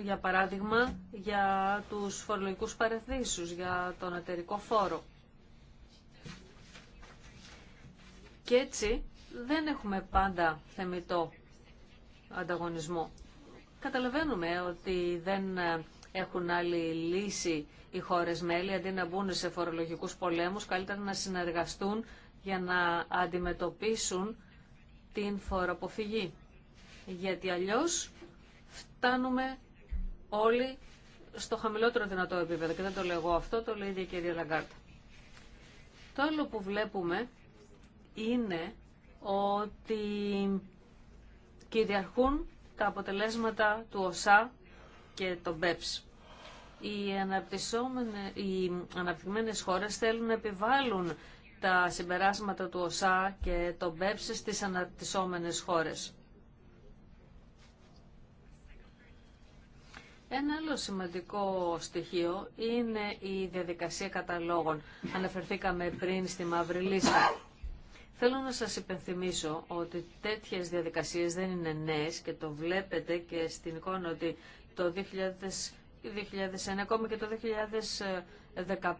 για παράδειγμα, για τους φορολογικούς παρεθύσους, για τον εταιρικό φόρο. Και έτσι δεν έχουμε πάντα θεμητό ανταγωνισμό. Καταλαβαίνουμε ότι δεν έχουν άλλη λύση οι χώρες μέλη, αντί να μπουν σε φορολογικούς πολέμους, καλύτερα να συνεργαστούν για να αντιμετωπίσουν την φοροποφυγή. Γιατί αλλιώς φτάνουμε όλοι στο χαμηλότερο δυνατό επίπεδο. Και δεν το λέω εγώ αυτό, το λέει η κυρία Λαγκάρτα. Το άλλο που βλέπουμε είναι ότι κυριαρχούν τα αποτελέσματα του ΟΣΑ και των ΜΠΕΠΣ. Οι, οι αναπτυγμένες χώρες θέλουν να επιβάλλουν τα συμπεράσματα του ΟΣΑ και των ΜΠΕΠΣ στις αναπτυσσόμενες χώρες. Ένα άλλο σημαντικό στοιχείο είναι η διαδικασία καταλόγων. Αναφερθήκαμε πριν στη μαύρη λίστα. Θέλω να σας υπενθυμίσω ότι τέτοιες διαδικασίες δεν είναι νέες και το βλέπετε και στην εικόνα ότι το 2000, 2001, ακόμη και το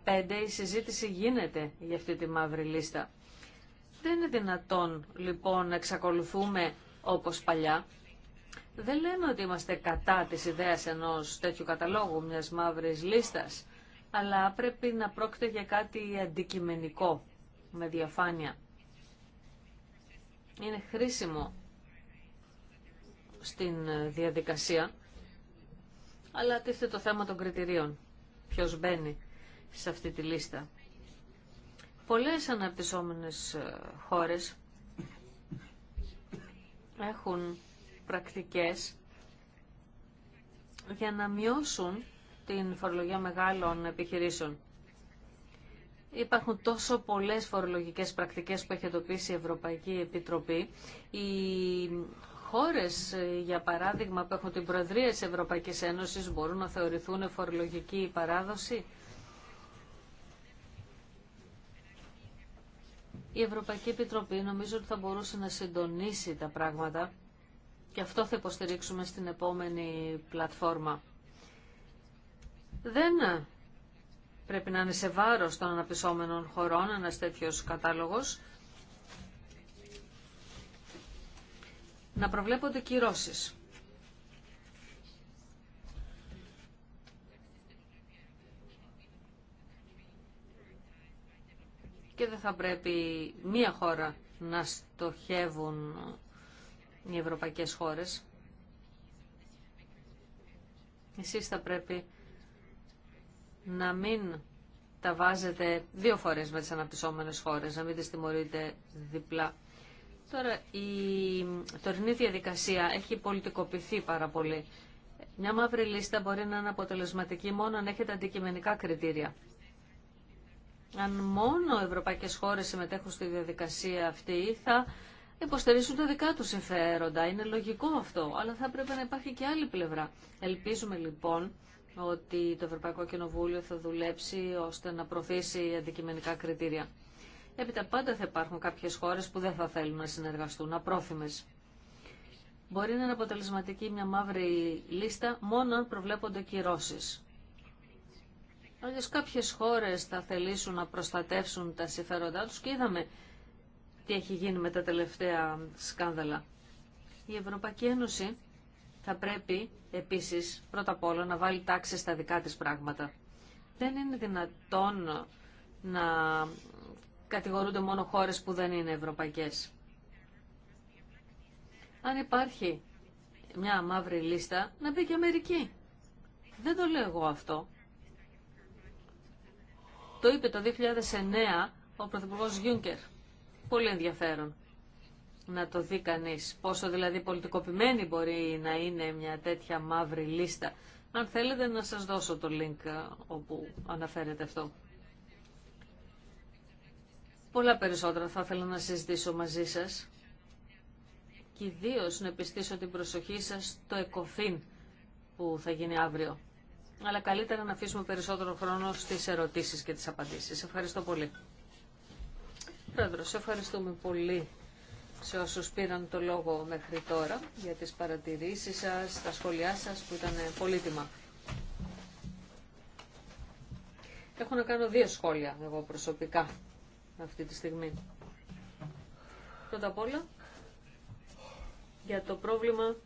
2015 η συζήτηση γίνεται για αυτή τη μαύρη λίστα. Δεν είναι δυνατόν λοιπόν να εξακολουθούμε όπως παλιά δεν λέμε ότι είμαστε κατά της ιδέας ενός τέτοιου καταλόγου, μιας μαύρης λίστας, αλλά πρέπει να πρόκειται για κάτι αντικειμενικό, με διαφάνεια. Είναι χρήσιμο στην διαδικασία, αλλά τίθεται το θέμα των κριτηρίων. Ποιος μπαίνει σε αυτή τη λίστα. Πολλές αναπτυσσόμενες ε, χώρες έχουν πρακτικές για να μειώσουν την φορολογία μεγάλων επιχειρήσεων. Υπάρχουν τόσο πολλές φορολογικές πρακτικές που έχει εντοπίσει η Ευρωπαϊκή Επιτροπή. Οι χώρες, για παράδειγμα, που έχουν την Προεδρία της Ευρωπαϊκής Ένωσης μπορούν να θεωρηθούν φορολογική παράδοση. Η Ευρωπαϊκή Επιτροπή νομίζω ότι θα μπορούσε να συντονίσει τα πράγματα και αυτό θα υποστηρίξουμε στην επόμενη πλατφόρμα. Δεν πρέπει να είναι σε βάρος των αναπτυσσόμενων χωρών ένας τέτοιος κατάλογος. Να προβλέπονται κυρώσεις. Και δεν θα πρέπει μία χώρα να στοχεύουν οι ευρωπαϊκές χώρες. Εσείς θα πρέπει να μην τα βάζετε δύο φορές με τις αναπτυσσόμενες χώρες, να μην τις τιμωρείτε διπλά. Τώρα, η τωρινή διαδικασία έχει πολιτικοποιηθεί πάρα πολύ. Μια μαύρη λίστα μπορεί να είναι αποτελεσματική μόνο αν έχετε αντικειμενικά κριτήρια. Αν μόνο ευρωπαϊκές χώρες συμμετέχουν στη διαδικασία αυτή, θα υποστηρίζουν τα δικά του συμφέροντα. Είναι λογικό αυτό, αλλά θα πρέπει να υπάρχει και άλλη πλευρά. Ελπίζουμε λοιπόν ότι το Ευρωπαϊκό Κοινοβούλιο θα δουλέψει ώστε να προωθήσει αντικειμενικά κριτήρια. Έπειτα πάντα θα υπάρχουν κάποιες χώρες που δεν θα θέλουν να συνεργαστούν, απρόθυμες. Μπορεί να είναι αποτελεσματική μια μαύρη λίστα μόνο αν προβλέπονται κυρώσεις. Όλες κάποιες χώρες θα θελήσουν να προστατεύσουν τα συμφέροντά τους και είδαμε τι έχει γίνει με τα τελευταία σκάνδαλα. Η Ευρωπαϊκή Ένωση θα πρέπει επίσης πρώτα απ' όλα να βάλει τάξη στα δικά της πράγματα. Δεν είναι δυνατόν να κατηγορούνται μόνο χώρες που δεν είναι ευρωπαϊκές. Αν υπάρχει μια μαύρη λίστα, να μπει και Αμερική. Δεν το λέω εγώ αυτό. Το είπε το 2009 ο Πρωθυπουργός Γιούνκερ πολύ ενδιαφέρον να το δει κανεί. Πόσο δηλαδή πολιτικοποιημένη μπορεί να είναι μια τέτοια μαύρη λίστα. Αν θέλετε να σας δώσω το link ε, όπου αναφέρεται αυτό. Πολλά περισσότερα θα ήθελα να συζητήσω μαζί σας και ιδίω να επιστήσω την προσοχή σας στο ΕΚΟΦΗΝ που θα γίνει αύριο. Αλλά καλύτερα να αφήσουμε περισσότερο χρόνο στις ερωτήσεις και τις απαντήσεις. Ευχαριστώ πολύ σε ευχαριστούμε πολύ σε όσους πήραν το λόγο μέχρι τώρα για τις παρατηρήσεις σας, τα σχόλιά σας που ήταν πολύτιμα. Έχω να κάνω δύο σχόλια εγώ προσωπικά αυτή τη στιγμή. Πρώτα απ' όλα για το πρόβλημα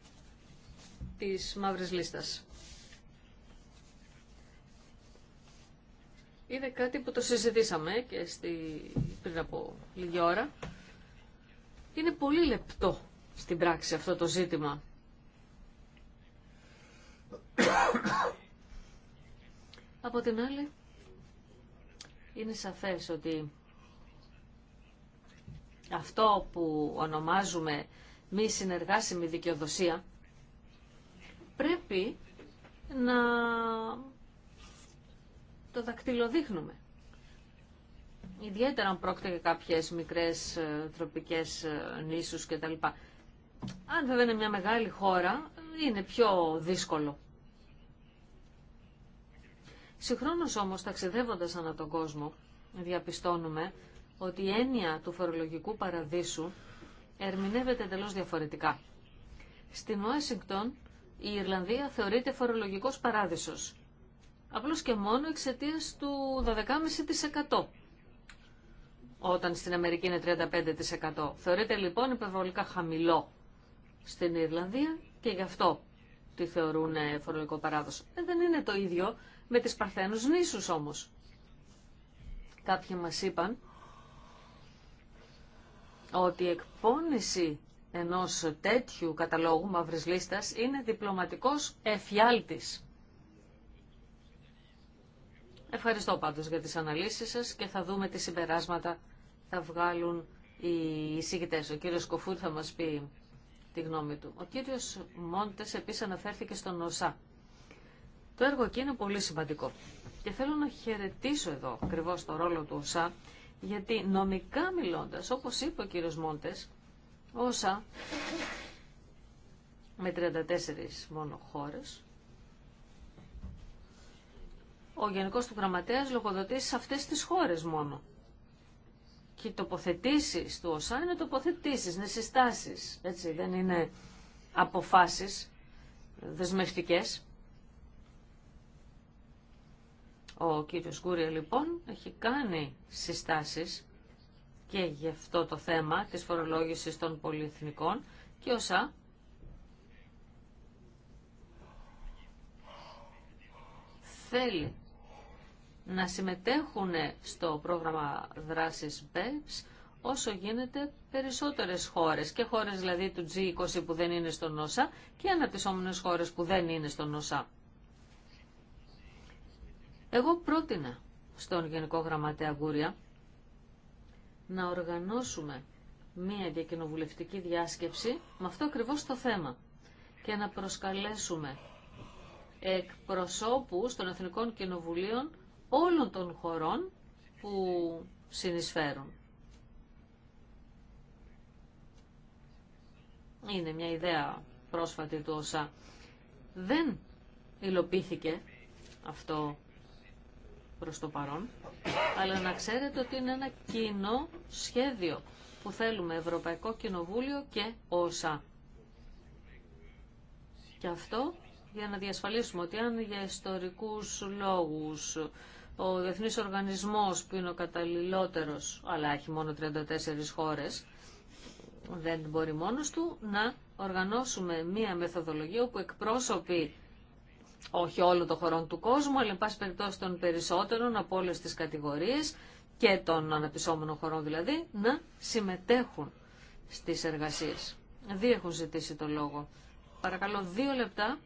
της μαύρης λίστας. είναι κάτι που το συζητήσαμε και στη... πριν από λίγη ώρα. Είναι πολύ λεπτό στην πράξη αυτό το ζήτημα. Από την άλλη, είναι σαφές ότι αυτό που ονομάζουμε μη συνεργάσιμη δικαιοδοσία πρέπει να το δακτυλοδείχνουμε. Ιδιαίτερα αν πρόκειται για κάποιες μικρές ε, τροπικές ε, νήσους κτλ. Αν βέβαια είναι μια μεγάλη χώρα, είναι πιο δύσκολο. Συγχρόνως όμως, ταξιδεύοντας ανά τον κόσμο, διαπιστώνουμε ότι η έννοια του φορολογικού παραδείσου ερμηνεύεται εντελώ διαφορετικά. Στην Ουάσιγκτον η Ιρλανδία θεωρείται φορολογικός παράδεισος απλώς και μόνο εξαιτία του 12,5%. Όταν στην Αμερική είναι 35%. Θεωρείται λοιπόν υπερβολικά χαμηλό στην Ιρλανδία και γι' αυτό τη θεωρούν ε, φορολογικό παράδοσο. Ε, δεν είναι το ίδιο με τις παρθένους νήσους όμως. Κάποιοι μας είπαν ότι η εκπόνηση ενός τέτοιου καταλόγου μαύρης λίστας είναι διπλωματικός εφιάλτης. Ευχαριστώ πάντως για τις αναλύσεις σας και θα δούμε τι συμπεράσματα θα βγάλουν οι εισηγητές. Ο κύριος Κοφούρ θα μας πει τη γνώμη του. Ο κύριος Μόντες επίσης αναφέρθηκε στον ΟΣΑ. Το έργο εκεί είναι πολύ σημαντικό. Και θέλω να χαιρετήσω εδώ ακριβώ το ρόλο του ΟΣΑ, γιατί νομικά μιλώντας, όπως είπε ο κύριος Μόντες, ΟΣΑ με 34 μόνο χώρες, ο Γενικός του Γραμματέας λογοδοτεί σε αυτές τις χώρες μόνο. Και οι τοποθετήσεις του ΩΣΑ είναι τοποθετήσεις, είναι συστάσεις, έτσι, δεν είναι αποφάσεις δεσμευτικές. Ο κύριος Γκούρια λοιπόν έχει κάνει συστάσεις και γι' αυτό το θέμα της φορολόγησης των πολυεθνικών και ΩΣΑ θέλει να συμμετέχουν στο πρόγραμμα δράσης BEPS όσο γίνεται περισσότερες χώρες και χώρες δηλαδή του G20 που δεν είναι στον νόσα και αναπτυσσόμενες χώρες που δεν είναι στον νόσα. Εγώ πρότεινα στον Γενικό Γραμματέα Γκούρια να οργανώσουμε μία διακοινοβουλευτική διάσκεψη με αυτό ακριβώς το θέμα και να προσκαλέσουμε εκπροσώπους των Εθνικών Κοινοβουλίων όλων των χωρών που συνεισφέρουν. Είναι μια ιδέα πρόσφατη του όσα δεν υλοποιήθηκε αυτό προς το παρόν, αλλά να ξέρετε ότι είναι ένα κοινό σχέδιο που θέλουμε Ευρωπαϊκό Κοινοβούλιο και όσα. Και αυτό για να διασφαλίσουμε ότι αν για ιστορικούς λόγους ο Διεθνής Οργανισμός που είναι ο καταλληλότερος, αλλά έχει μόνο 34 χώρες, δεν μπορεί μόνος του να οργανώσουμε μία μεθοδολογία που εκπρόσωποι όχι όλων των χωρών του κόσμου, αλλά εν πάση περιπτώσει των περισσότερων από όλες τις κατηγορίες και των αναπτυσσόμενων χωρών δηλαδή, να συμμετέχουν στις εργασίες. Δύο έχουν ζητήσει το λόγο. Παρακαλώ δύο λεπτά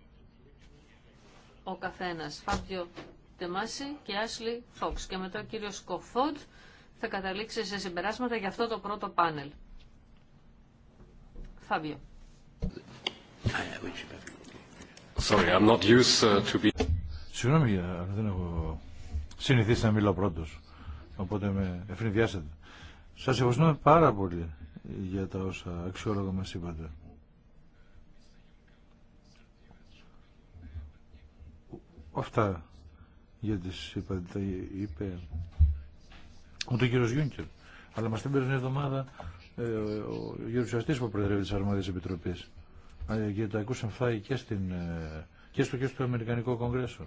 ο καθένας. Ντεμάση και Άσλι Φόξ. Και μετά ο κύριο Κοφόντ θα καταλήξει σε συμπεράσματα για αυτό το πρώτο πάνελ. Φάβιο. Sorry, I'm not used uh, to be... Συγγνώμη, ε, δεν έχω συνηθίσει να μιλάω πρώτος. Οπότε με ευνηδιάσετε. Σας ευχαριστούμε πάρα πολύ για τα όσα αξιόλογα μας είπατε. Αυτά για τις είπα, είπε ο κύριος Γιούνκερ. Αλλά μας την μια εβδομάδα ε, ο γερουσιαστής που προεδρεύει της Αρμόδιας Επιτροπής. Ε, και τα ακούσαν φάει και, στην, ε, και, στο, και στο Αμερικανικό Κογκρέσο.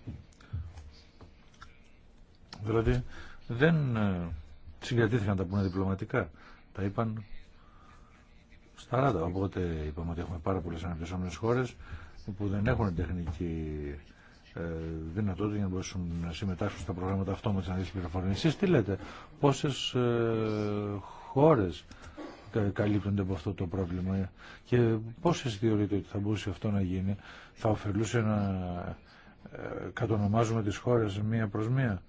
Δηλαδή δεν ε, συγκρατήθηκαν τα πούνε διπλωματικά. Τα είπαν στα Ράτα. Οπότε είπαμε ότι έχουμε πάρα πολλές αναπτυσσόμενες χώρες που δεν έχουν τεχνική ε, δυνατότητα για να μπορέσουν να συμμετάσχουν στα προγράμματα αυτόματη ανάλυσης πληροφοριών. Εσείς τι λέτε, πόσες ε, χώρες καλύπτονται από αυτό το πρόβλημα και πόσες θεωρείτε ότι θα μπορούσε αυτό να γίνει, θα ωφελούσε να ε, κατονομάζουμε τις χώρες μία προς μία.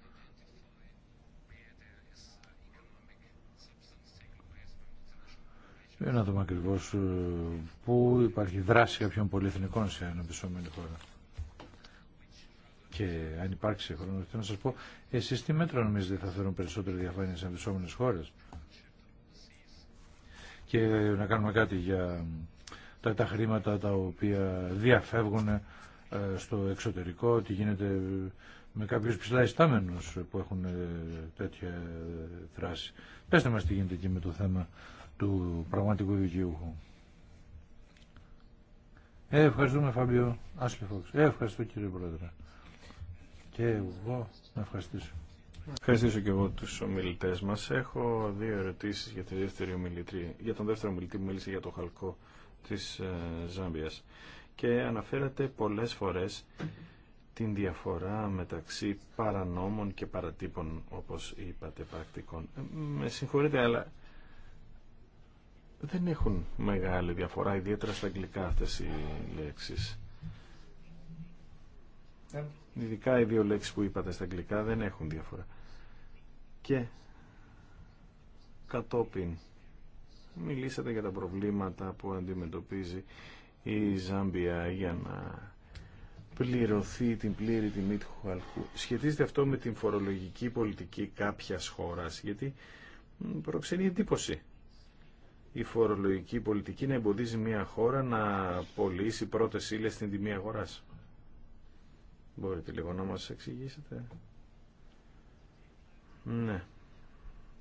Να δούμε ακριβώ πού υπάρχει δράση κάποιων πολυεθνικών σε αναπτυσσόμενη χώρα. Και αν υπάρξει χρόνο, θέλω να σα πω, εσεί τι μέτρα νομίζετε θα φέρουν περισσότερη διαφάνεια σε αντισώμενε χώρε. Και να κάνουμε κάτι για τα, τα χρήματα τα οποία διαφεύγουν ε, στο εξωτερικό, τι γίνεται με κάποιους ψηλά ιστάμενους που έχουν ε, τέτοια ε, δράση. Πέστε μας τι γίνεται και με το θέμα του πραγματικού δικαιούχου. ευχαριστούμε Φαμπιό Άσλη ευχαριστώ κύριε Πρόεδρε και εγώ να ευχαριστήσω. Ευχαριστήσω και εγώ τους ομιλητέ μα. Έχω δύο ερωτήσει για, για τον δεύτερο ομιλητή που μίλησε για το χαλκό της ε, Ζάμπιας. Και αναφέρατε πολλές φορές την διαφορά μεταξύ παρανόμων και παρατύπων, όπως είπατε, πρακτικών. Ε, με συγχωρείτε, αλλά δεν έχουν μεγάλη διαφορά, ιδιαίτερα στα αγγλικά αυτές οι λέξεις. Ε, Ειδικά οι δύο λέξεις που είπατε στα αγγλικά δεν έχουν διαφορά. Και κατόπιν μιλήσατε για τα προβλήματα που αντιμετωπίζει η Ζάμπια για να πληρωθεί την πλήρη τιμή του χαλκού. Σχετίζεται αυτό με την φορολογική πολιτική κάποιας χώρας, γιατί προξενεί εντύπωση η φορολογική πολιτική να εμποδίζει μια χώρα να πωλήσει πρώτες ύλες στην τιμή αγοράς. Μπορείτε λίγο να μας εξηγήσετε. Ναι.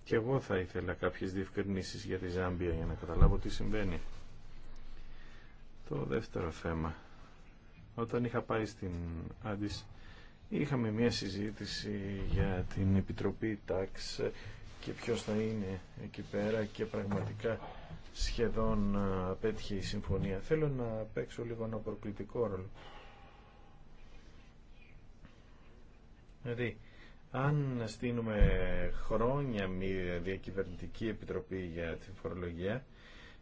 Και εγώ θα ήθελα κάποιες διευκρινήσεις για τη Ζάμπια για να καταλάβω τι συμβαίνει. Το δεύτερο θέμα. Όταν είχα πάει στην Άντις, είχαμε μια συζήτηση για την Επιτροπή Τάξ και ποιος θα είναι εκεί πέρα και πραγματικά σχεδόν ε, απέτυχε η συμφωνία. Θέλω να παίξω λίγο ένα προκλητικό ρόλο Δηλαδή, αν στείλουμε χρόνια μια διακυβερνητική επιτροπή για την φορολογία,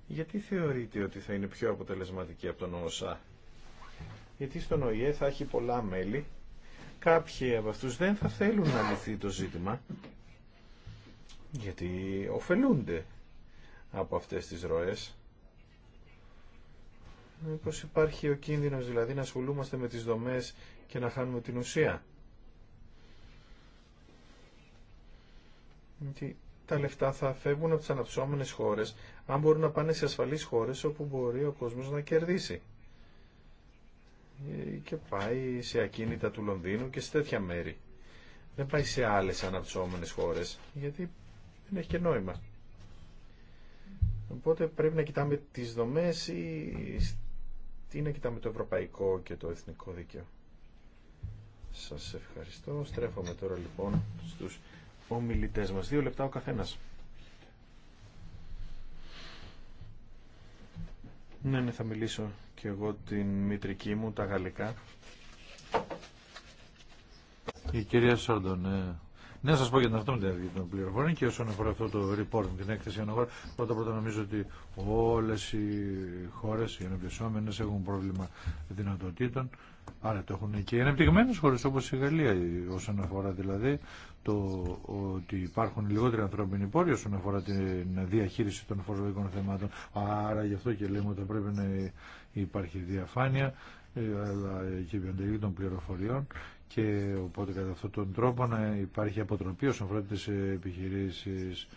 γιατί θεωρείτε ότι θα είναι πιο αποτελεσματική από τον ΟΣΑ. Γιατί στον ΟΗΕ θα έχει πολλά μέλη, κάποιοι από αυτούς δεν θα θέλουν να λυθεί το ζήτημα, γιατί ωφελούνται από αυτές τις ροές. Μήπως υπάρχει ο κίνδυνος δηλαδή να ασχολούμαστε με τις δομές και να χάνουμε την ουσία. ότι τα λεφτά θα φεύγουν από τι αναψώμενες χώρε αν μπορούν να πάνε σε ασφαλεί χώρε όπου μπορεί ο κόσμο να κερδίσει. Ε, και πάει σε ακίνητα του Λονδίνου και σε τέτοια μέρη. Δεν πάει σε άλλες αναψώμενες χώρες, γιατί δεν έχει και νόημα. Οπότε πρέπει να κοιτάμε τι δομέ ή τι να κοιτάμε το ευρωπαϊκό και το εθνικό δίκαιο. Σας ευχαριστώ. Στρέφομαι τώρα λοιπόν στους ομιλητές μας. Δύο λεπτά ο καθένας. Ναι, ναι, θα μιλήσω και εγώ την μητρική μου, τα γαλλικά. Η κυρία Σάντον, ναι. Ναι, σα πω για την αυτόνομη την πληροφορία και όσον αφορά αυτό το report, την έκθεση αναχώρα. Πρώτα πρώτα νομίζω ότι όλε οι χώρε, οι αναπτυσσόμενε, έχουν πρόβλημα δυνατοτήτων Άρα το έχουν και οι ανεπτυγμένε χώρε όπω η Γαλλία, όσον αφορά δηλαδή το ότι υπάρχουν λιγότεροι ανθρώπινοι πόροι όσον αφορά την διαχείριση των φορολογικών θεμάτων. Άρα γι' αυτό και λέμε ότι πρέπει να υπάρχει διαφάνεια ε, αλλά και η των πληροφοριών και οπότε κατά αυτόν τον τρόπο να υπάρχει αποτροπή όσον αφορά τις επιχειρήσεις.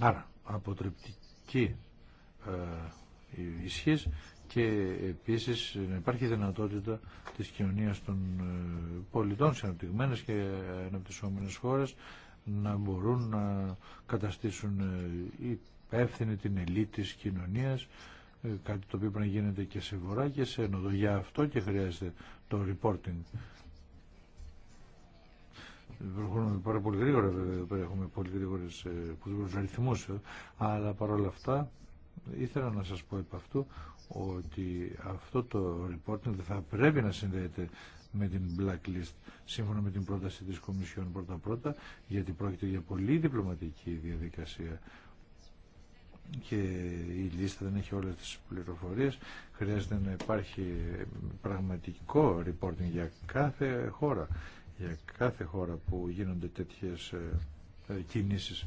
Άρα, αποτρεπτική ε, ισχύς και επίσης να υπάρχει δυνατότητα της κοινωνίας των ε, πολιτών σε αναπτυγμένες και αναπτυσσόμενες χώρες να μπορούν να καταστήσουν ε, υπεύθυνη την ελίτ της κοινωνίας ε, κάτι το οποίο πρέπει να γίνεται και σε βορρά και σε ενοδο. Για αυτό και χρειάζεται το reporting. Προχωρούμε πάρα πολύ γρήγορα βέβαια, έχουμε πολύ γρήγορες αριθμούς, αλλά παρόλα αυτά ήθελα να σας πω επ' αυτού ότι αυτό το reporting θα πρέπει να συνδέεται με την blacklist σύμφωνα με την πρόταση της Κομισιόν πρώτα-πρώτα γιατί πρόκειται για πολύ διπλωματική διαδικασία και η λίστα δεν έχει όλες τις πληροφορίες χρειάζεται να υπάρχει πραγματικό reporting για κάθε χώρα για κάθε χώρα που γίνονται τέτοιες ε, κινήσεις.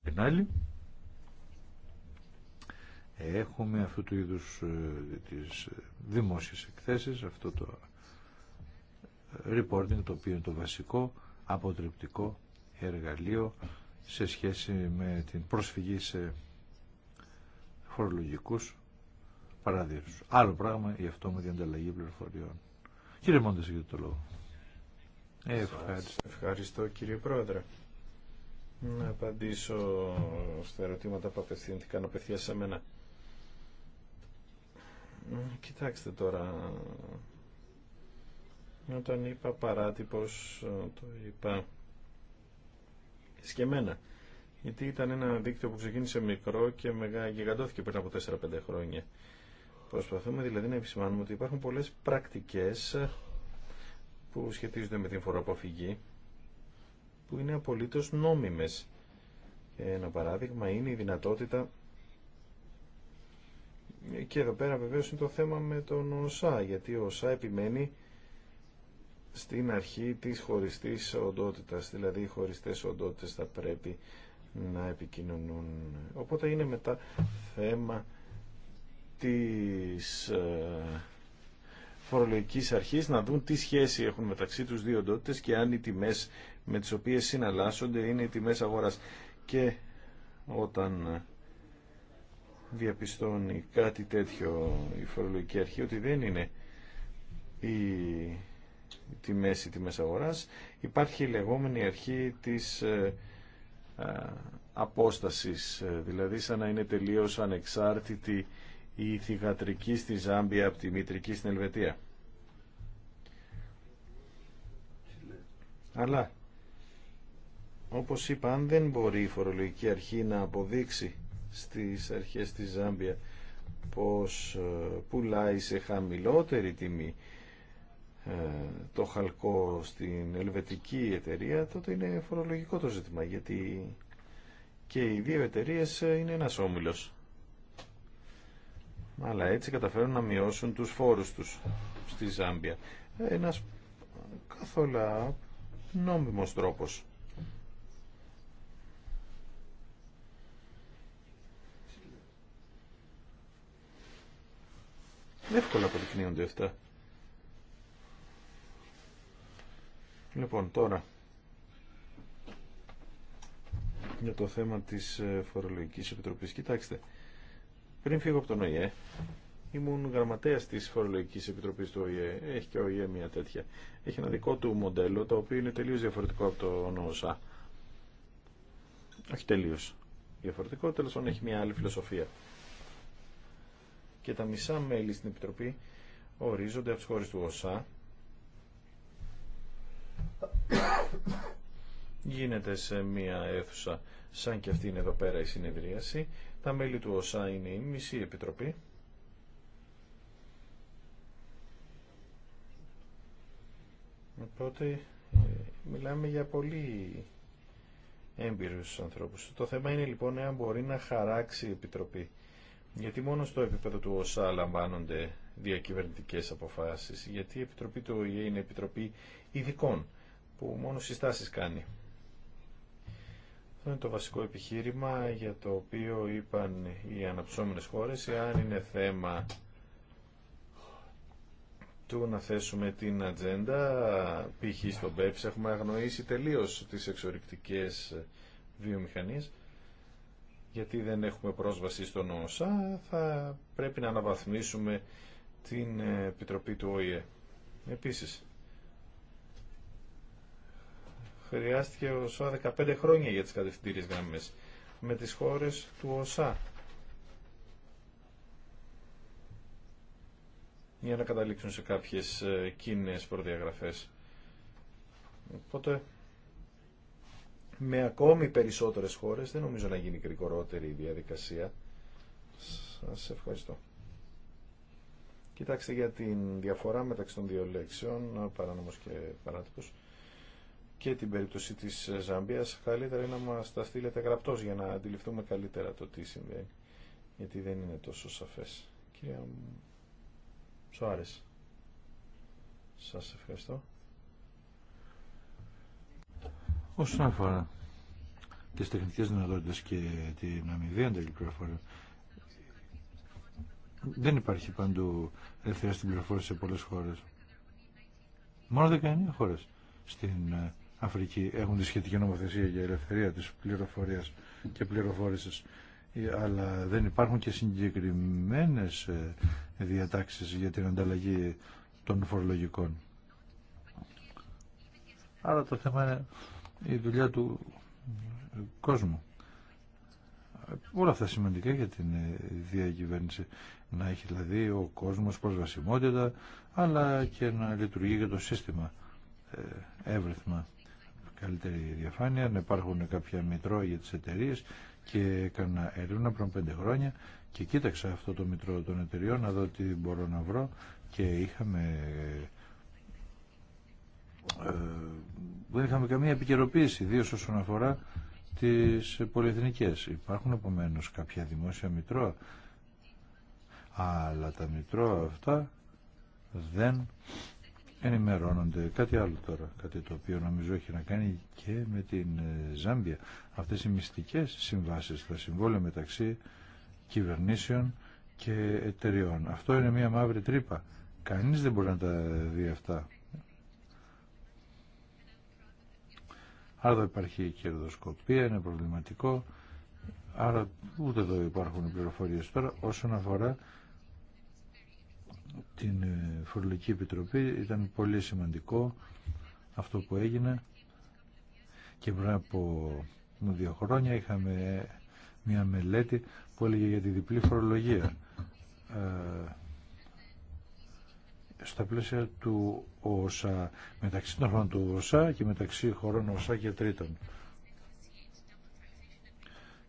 Την έχουμε αυτού του είδους ε, τις ε, δημόσιες εκθέσεις, αυτό το ε, reporting το οποίο είναι το βασικό αποτρεπτικό εργαλείο σε σχέση με την προσφυγή σε φορολογικούς παραδείσους. Άλλο πράγμα η αυτόματη ανταλλαγή πληροφοριών. Κύριε Μόντες, για το λόγο. Ευχαριστώ. Ευχαριστώ κύριε Πρόεδρε. Να απαντήσω στα ερωτήματα που απευθύνθηκαν απευθεία σε μένα. Κοιτάξτε τώρα, όταν είπα παράτυπος, ε, το είπα σκεμμένα. Γιατί ήταν ένα δίκτυο που ξεκίνησε μικρό και μεγά, γιγαντώθηκε πριν από 4-5 χρόνια. Προσπαθούμε δηλαδή να επισημάνουμε ότι υπάρχουν πολλές πρακτικές που σχετίζονται με την φοροαποφυγή που είναι απολύτως νόμιμες. Ένα παράδειγμα είναι η δυνατότητα και εδώ πέρα βεβαίως είναι το θέμα με τον ΩΣΑ, γιατί ο ΩΣΑ επιμένει στην αρχή της χωριστής οντότητας, δηλαδή οι χωριστές οντότητες θα πρέπει να επικοινωνούν. Οπότε είναι μετά θέμα της ε, φορολογικής αρχής να δουν τι σχέση έχουν μεταξύ τους δύο οντότητες και αν οι τιμές με τις οποίες συναλλάσσονται είναι οι τιμές αγοράς. Και όταν διαπιστώνει κάτι τέτοιο η φορολογική αρχή ότι δεν είναι η τη η τη αγορας υπαρχει αρχή της ε, απόστασης ε, δηλαδή σαν να είναι τελείως ανεξάρτητη η θηγατρική στη Ζάμπια από τη μητρική στην Ελβετία αλλά όπως είπα αν δεν μπορεί η φορολογική αρχή να αποδείξει στις αρχές της Ζάμπια πως ε, πουλάει σε χαμηλότερη τιμή ε, το χαλκό στην ελβετική εταιρεία, τότε είναι φορολογικό το ζήτημα, γιατί και οι δύο εταιρείε ε, είναι ένας όμιλος. Αλλά έτσι καταφέρουν να μειώσουν τους φόρους τους στη Ζάμπια. Ένας καθόλου νόμιμος τρόπος. Εύκολα αποδεικνύονται αυτά. Λοιπόν, τώρα για το θέμα της ε, Φορολογικής Επιτροπής. Κοιτάξτε, πριν φύγω από τον ΟΗΕ, ήμουν γραμματέας της Φορολογικής Επιτροπής του ΟΗΕ. Έχει και ο ΟΗΕ μια τέτοια. Έχει ένα δικό του μοντέλο, το οποίο είναι τελείως διαφορετικό από το νοσα. Όχι τελείως διαφορετικό, τέλος πάντων έχει μια άλλη φιλοσοφία και τα μισά μέλη στην Επιτροπή ορίζονται από τις χώρες του ΟΣΑ. Γίνεται σε μια αίθουσα σαν και αυτή είναι εδώ πέρα η συνεδρίαση. Τα μέλη του ΟΣΑ είναι η μισή Επιτροπή. Οπότε ε, μιλάμε για πολύ έμπειρους ανθρώπους. Το θέμα είναι λοιπόν εάν μπορεί να χαράξει η Επιτροπή γιατί μόνο στο επίπεδο του ΩΣΑ λαμβάνονται διακυβερνητικέ αποφάσεις, γιατί η Επιτροπή του ΟΗΕ είναι Επιτροπή Ειδικών, που μόνο συστάσεις κάνει. Αυτό είναι το βασικό επιχείρημα για το οποίο είπαν οι αναψώμενες χώρες, Αν είναι θέμα του να θέσουμε την ατζέντα, π.χ. στον ΠΕΠΣ έχουμε αγνοήσει τελείω τις εξορρυκτικές βιομηχανίες, γιατί δεν έχουμε πρόσβαση στον Όσα; θα πρέπει να αναβαθμίσουμε την ε, Επιτροπή του ΟΗΕ. Επίσης, χρειάστηκε ο ΩΣΑ 15 χρόνια για τις κατευθυντήριες γραμμές με τις χώρες του Όσα. για να καταλήξουν σε κάποιες ε, κοινέ προδιαγραφές. Οπότε με ακόμη περισσότερες χώρες. Δεν νομίζω να γίνει γρήγορότερη η διαδικασία. Σας ευχαριστώ. Κοιτάξτε για την διαφορά μεταξύ των δύο λέξεων, παράνομος και παράτυπος, και την περίπτωση της Ζαμπίας. Καλύτερα είναι να μας τα στείλετε γραπτός για να αντιληφθούμε καλύτερα το τι συμβαίνει, γιατί δεν είναι τόσο σαφές. Κυρία Σας ευχαριστώ. Όσον αφορά τι τεχνικές δυνατότητε και την αμοιβή ανταλλαγή πληροφοριών, δεν υπάρχει παντού ελευθερία στην πληροφόρηση σε πολλέ χώρε. Μόνο 19 χώρες στην ε, Αφρική έχουν τη σχετική νομοθεσία για ελευθερία τη πληροφορία και πληροφόρηση, ε, αλλά δεν υπάρχουν και συγκεκριμένε ε, διατάξει για την ανταλλαγή των φορολογικών. Άρα το θέμα είναι η δουλειά του κόσμου. Όλα αυτά σημαντικά για την διακυβέρνηση. Να έχει δηλαδή ο κόσμος προσβασιμότητα, αλλά και να λειτουργεί για το σύστημα ε, εύρυθμα. Καλύτερη διαφάνεια, να υπάρχουν κάποια μητρώα για τις εταιρείε και έκανα έρευνα πριν πέντε χρόνια και κοίταξα αυτό το μητρό των εταιριών να δω τι μπορώ να βρω και είχαμε ε, δεν είχαμε καμία επικαιροποίηση, ιδίω όσον αφορά τις πολυεθνικές. Υπάρχουν επομένω κάποια δημόσια μητρώα, αλλά τα μητρώα αυτά δεν ενημερώνονται. Κάτι άλλο τώρα, κάτι το οποίο νομίζω έχει να κάνει και με την ε, Ζάμπια. Αυτές οι μυστικές συμβάσεις, τα συμβόλαια μεταξύ κυβερνήσεων και εταιριών. Αυτό είναι μια μαύρη τρύπα. Κανείς δεν μπορεί να τα δει αυτά. Άρα υπάρχει η κερδοσκοπία, είναι προβληματικό. Άρα ούτε εδώ υπάρχουν πληροφορίε τώρα όσον αφορά την ε, Φορολογική Επιτροπή ήταν πολύ σημαντικό αυτό που έγινε και πριν από δύο χρόνια είχαμε μια μελέτη που έλεγε για τη διπλή φορολογία ε, στα πλαίσια του ΟΣΑ, μεταξύ των χωρών του ΟΣΑ και μεταξύ χωρών ΟΣΑ και τρίτων.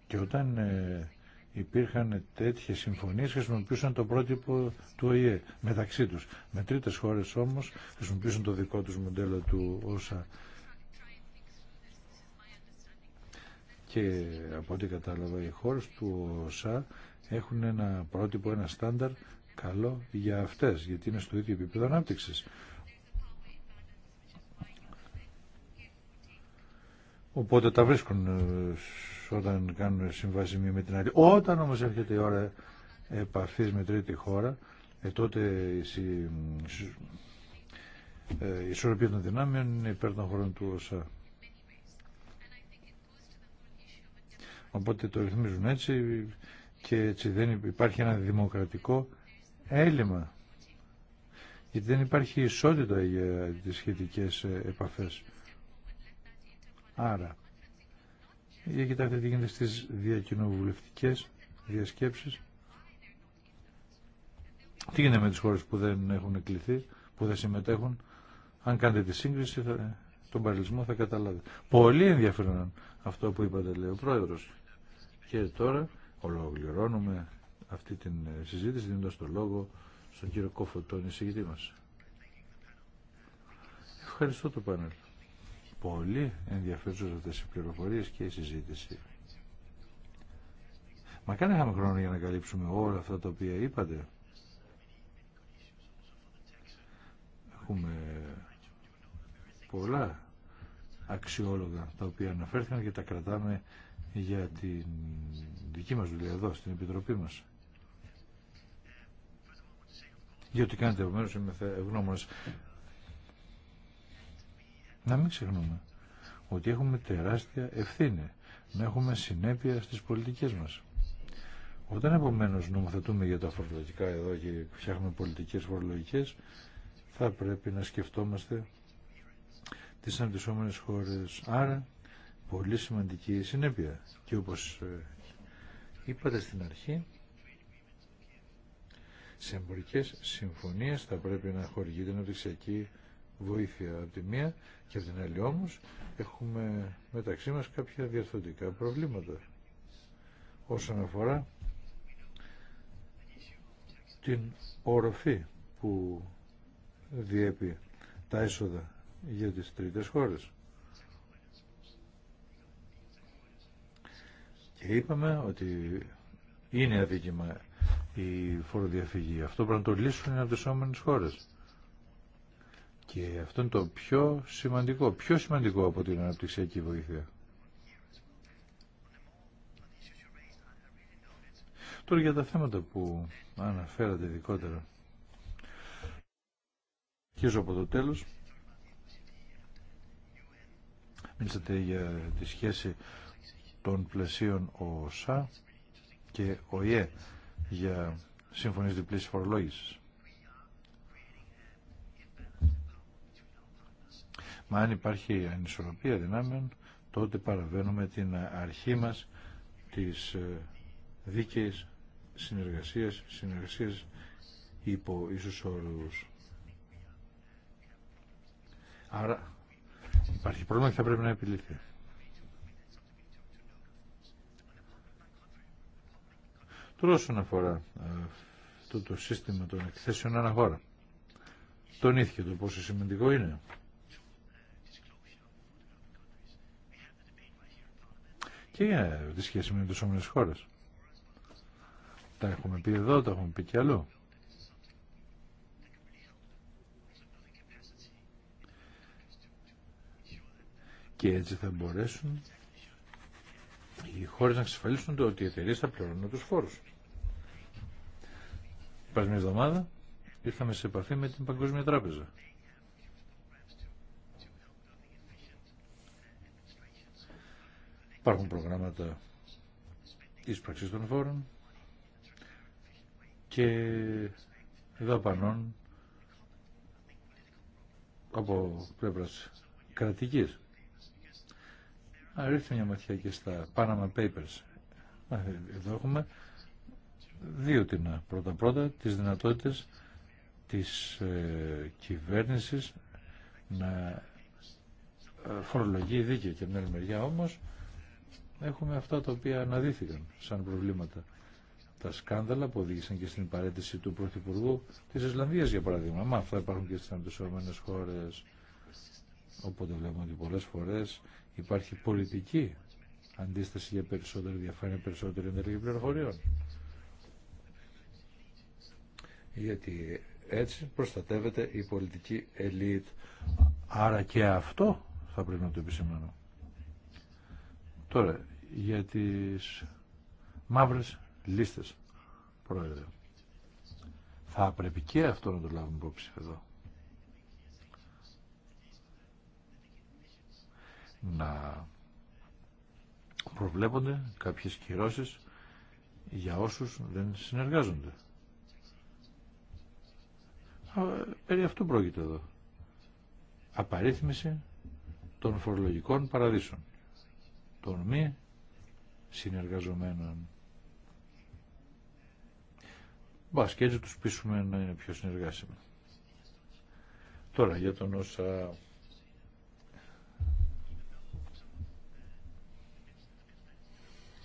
Και όταν ε, υπήρχαν τέτοιες συμφωνίες χρησιμοποιούσαν το πρότυπο του ΟΗΕ μεταξύ τους. Με τρίτες χώρες όμως χρησιμοποιούσαν το δικό τους μοντέλο του ΟΣΑ. Και από ό,τι κατάλαβα οι χώρες του ΟΣΑ έχουν ένα πρότυπο, ένα στάνταρ καλό για αυτές, γιατί είναι στο ίδιο επίπεδο ανάπτυξης. Οπότε τα βρίσκουν ε, όταν κάνουν συμβάσει με την άλλη. Όταν όμως έρχεται η ώρα επαφής με τρίτη χώρα, ε, τότε ε, η, ισορροπία των δυνάμεων είναι υπέρ των χωρών του ΩΣΑ. Οπότε το ρυθμίζουν έτσι και έτσι δεν υπάρχει ένα δημοκρατικό έλλειμμα. Γιατί δεν υπάρχει ισότητα για τις σχετικές επαφές. Άρα, για κοιτάξτε τι γίνεται στις διακοινοβουλευτικές διασκέψεις. Τι γίνεται με τις χώρες που δεν έχουν κληθεί, που δεν συμμετέχουν. Αν κάνετε τη σύγκριση, τον παρελισμό θα καταλάβετε. Πολύ ενδιαφέρον αυτό που είπατε, λέει ο Πρόεδρος. Και τώρα ολοκληρώνουμε αυτή την ε, συζήτηση, δίνοντας το λόγο στον κύριο Κόφο, τον εισηγητή μας. Ευχαριστώ το πάνελ πολύ ενδιαφέρουσες αυτές οι πληροφορίες και η συζήτηση. Μα καν είχαμε χρόνο για να καλύψουμε όλα αυτά τα οποία είπατε. Έχουμε πολλά αξιόλογα τα οποία αναφέρθηκαν και τα κρατάμε για την δική μας δουλειά εδώ, στην Επιτροπή μας. Για ό,τι κάνετε επομένως είμαι ευγνώμονας. Να μην ξεχνούμε ότι έχουμε τεράστια ευθύνη να έχουμε συνέπεια στις πολιτικές μας. Όταν επομένως νομοθετούμε για τα φορολογικά εδώ και φτιάχνουμε πολιτικές φορολογικές, θα πρέπει να σκεφτόμαστε τις αντισώμενες χώρες. Άρα, πολύ σημαντική συνέπεια. Και όπως ε, είπατε στην αρχή, σε εμπορικές συμφωνίες θα πρέπει να χορηγείται αναπτυξιακή βοήθεια από τη μία και από την άλλη όμως έχουμε μεταξύ μας κάποια διαρθωτικά προβλήματα όσον αφορά την οροφή που διέπει τα έσοδα για τις τρίτες χώρες. Και είπαμε ότι είναι αδίκημα η φοροδιαφυγή. Αυτό πρέπει να το λύσουν οι αντισώμενες χώρες. Και αυτό είναι το πιο σημαντικό, πιο σημαντικό από την αναπτυξιακή βοήθεια. Τώρα για τα θέματα που αναφέρατε ειδικότερα. Αρχίζω από το τέλος. Μίλησατε για τη σχέση των πλαισίων ΟΣΑ και ΟΗΕ για σύμφωνες διπλής φορολόγησης. Μα αν υπάρχει ανισορροπία δυνάμεων, τότε παραβαίνουμε την αρχή μας της ε, δίκαιης συνεργασίας, συνεργασίας υπό ίσους όρους. Άρα υπάρχει πρόβλημα και θα πρέπει να επιληθεί. Τώρα όσον αφορά ε, αυτό το σύστημα των εκθέσεων αναγόρα. τον ίδιο το πόσο σημαντικό είναι. και για τη σχέση με τις όμορες χώρες. Τα έχουμε πει εδώ, τα έχουμε πει και αλλού. Και έτσι θα μπορέσουν οι χώρες να εξασφαλίσουν το ότι οι εταιρείε θα πληρώνουν τους φόρους. Πας μια εβδομάδα ήρθαμε σε επαφή με την Παγκόσμια Τράπεζα Υπάρχουν προγράμματα εισπραξής των φόρων και δαπανών από πλευράς κρατικής. Ρίχνει μια ματιά και στα Panama Papers. Εδώ έχουμε δύο τινά. Πρώτα-πρώτα τις δυνατότητες της ε, κυβέρνησης να ε, φορολογεί δίκαιο και από άλλη μεριά όμως έχουμε αυτά τα οποία αναδύθηκαν σαν προβλήματα. Τα σκάνδαλα που οδήγησαν και στην παρέτηση του Πρωθυπουργού της Ισλανδία, για παράδειγμα. Μα αυτά υπάρχουν και στις αντισώμενες χώρες. Οπότε βλέπουμε ότι πολλέ φορέ υπάρχει πολιτική αντίσταση για περισσότερη διαφάνεια, περισσότερη ενέργεια πληροφοριών. Γιατί έτσι προστατεύεται η πολιτική ελίτ. Άρα και αυτό θα πρέπει να το επισημάνω. Τώρα, για τις μαύρες λίστες, πρόεδρε. Θα πρέπει και αυτό να το λάβουμε υπόψη εδώ. Να προβλέπονται κάποιες κυρώσεις για όσους δεν συνεργάζονται. Περί αυτού πρόκειται εδώ. Απαρίθμηση των φορολογικών παραδείσων. Των μη συνεργαζομένων. Μπα και έτσι τους πείσουμε να είναι πιο συνεργάσιμοι. Τώρα για τον όσα...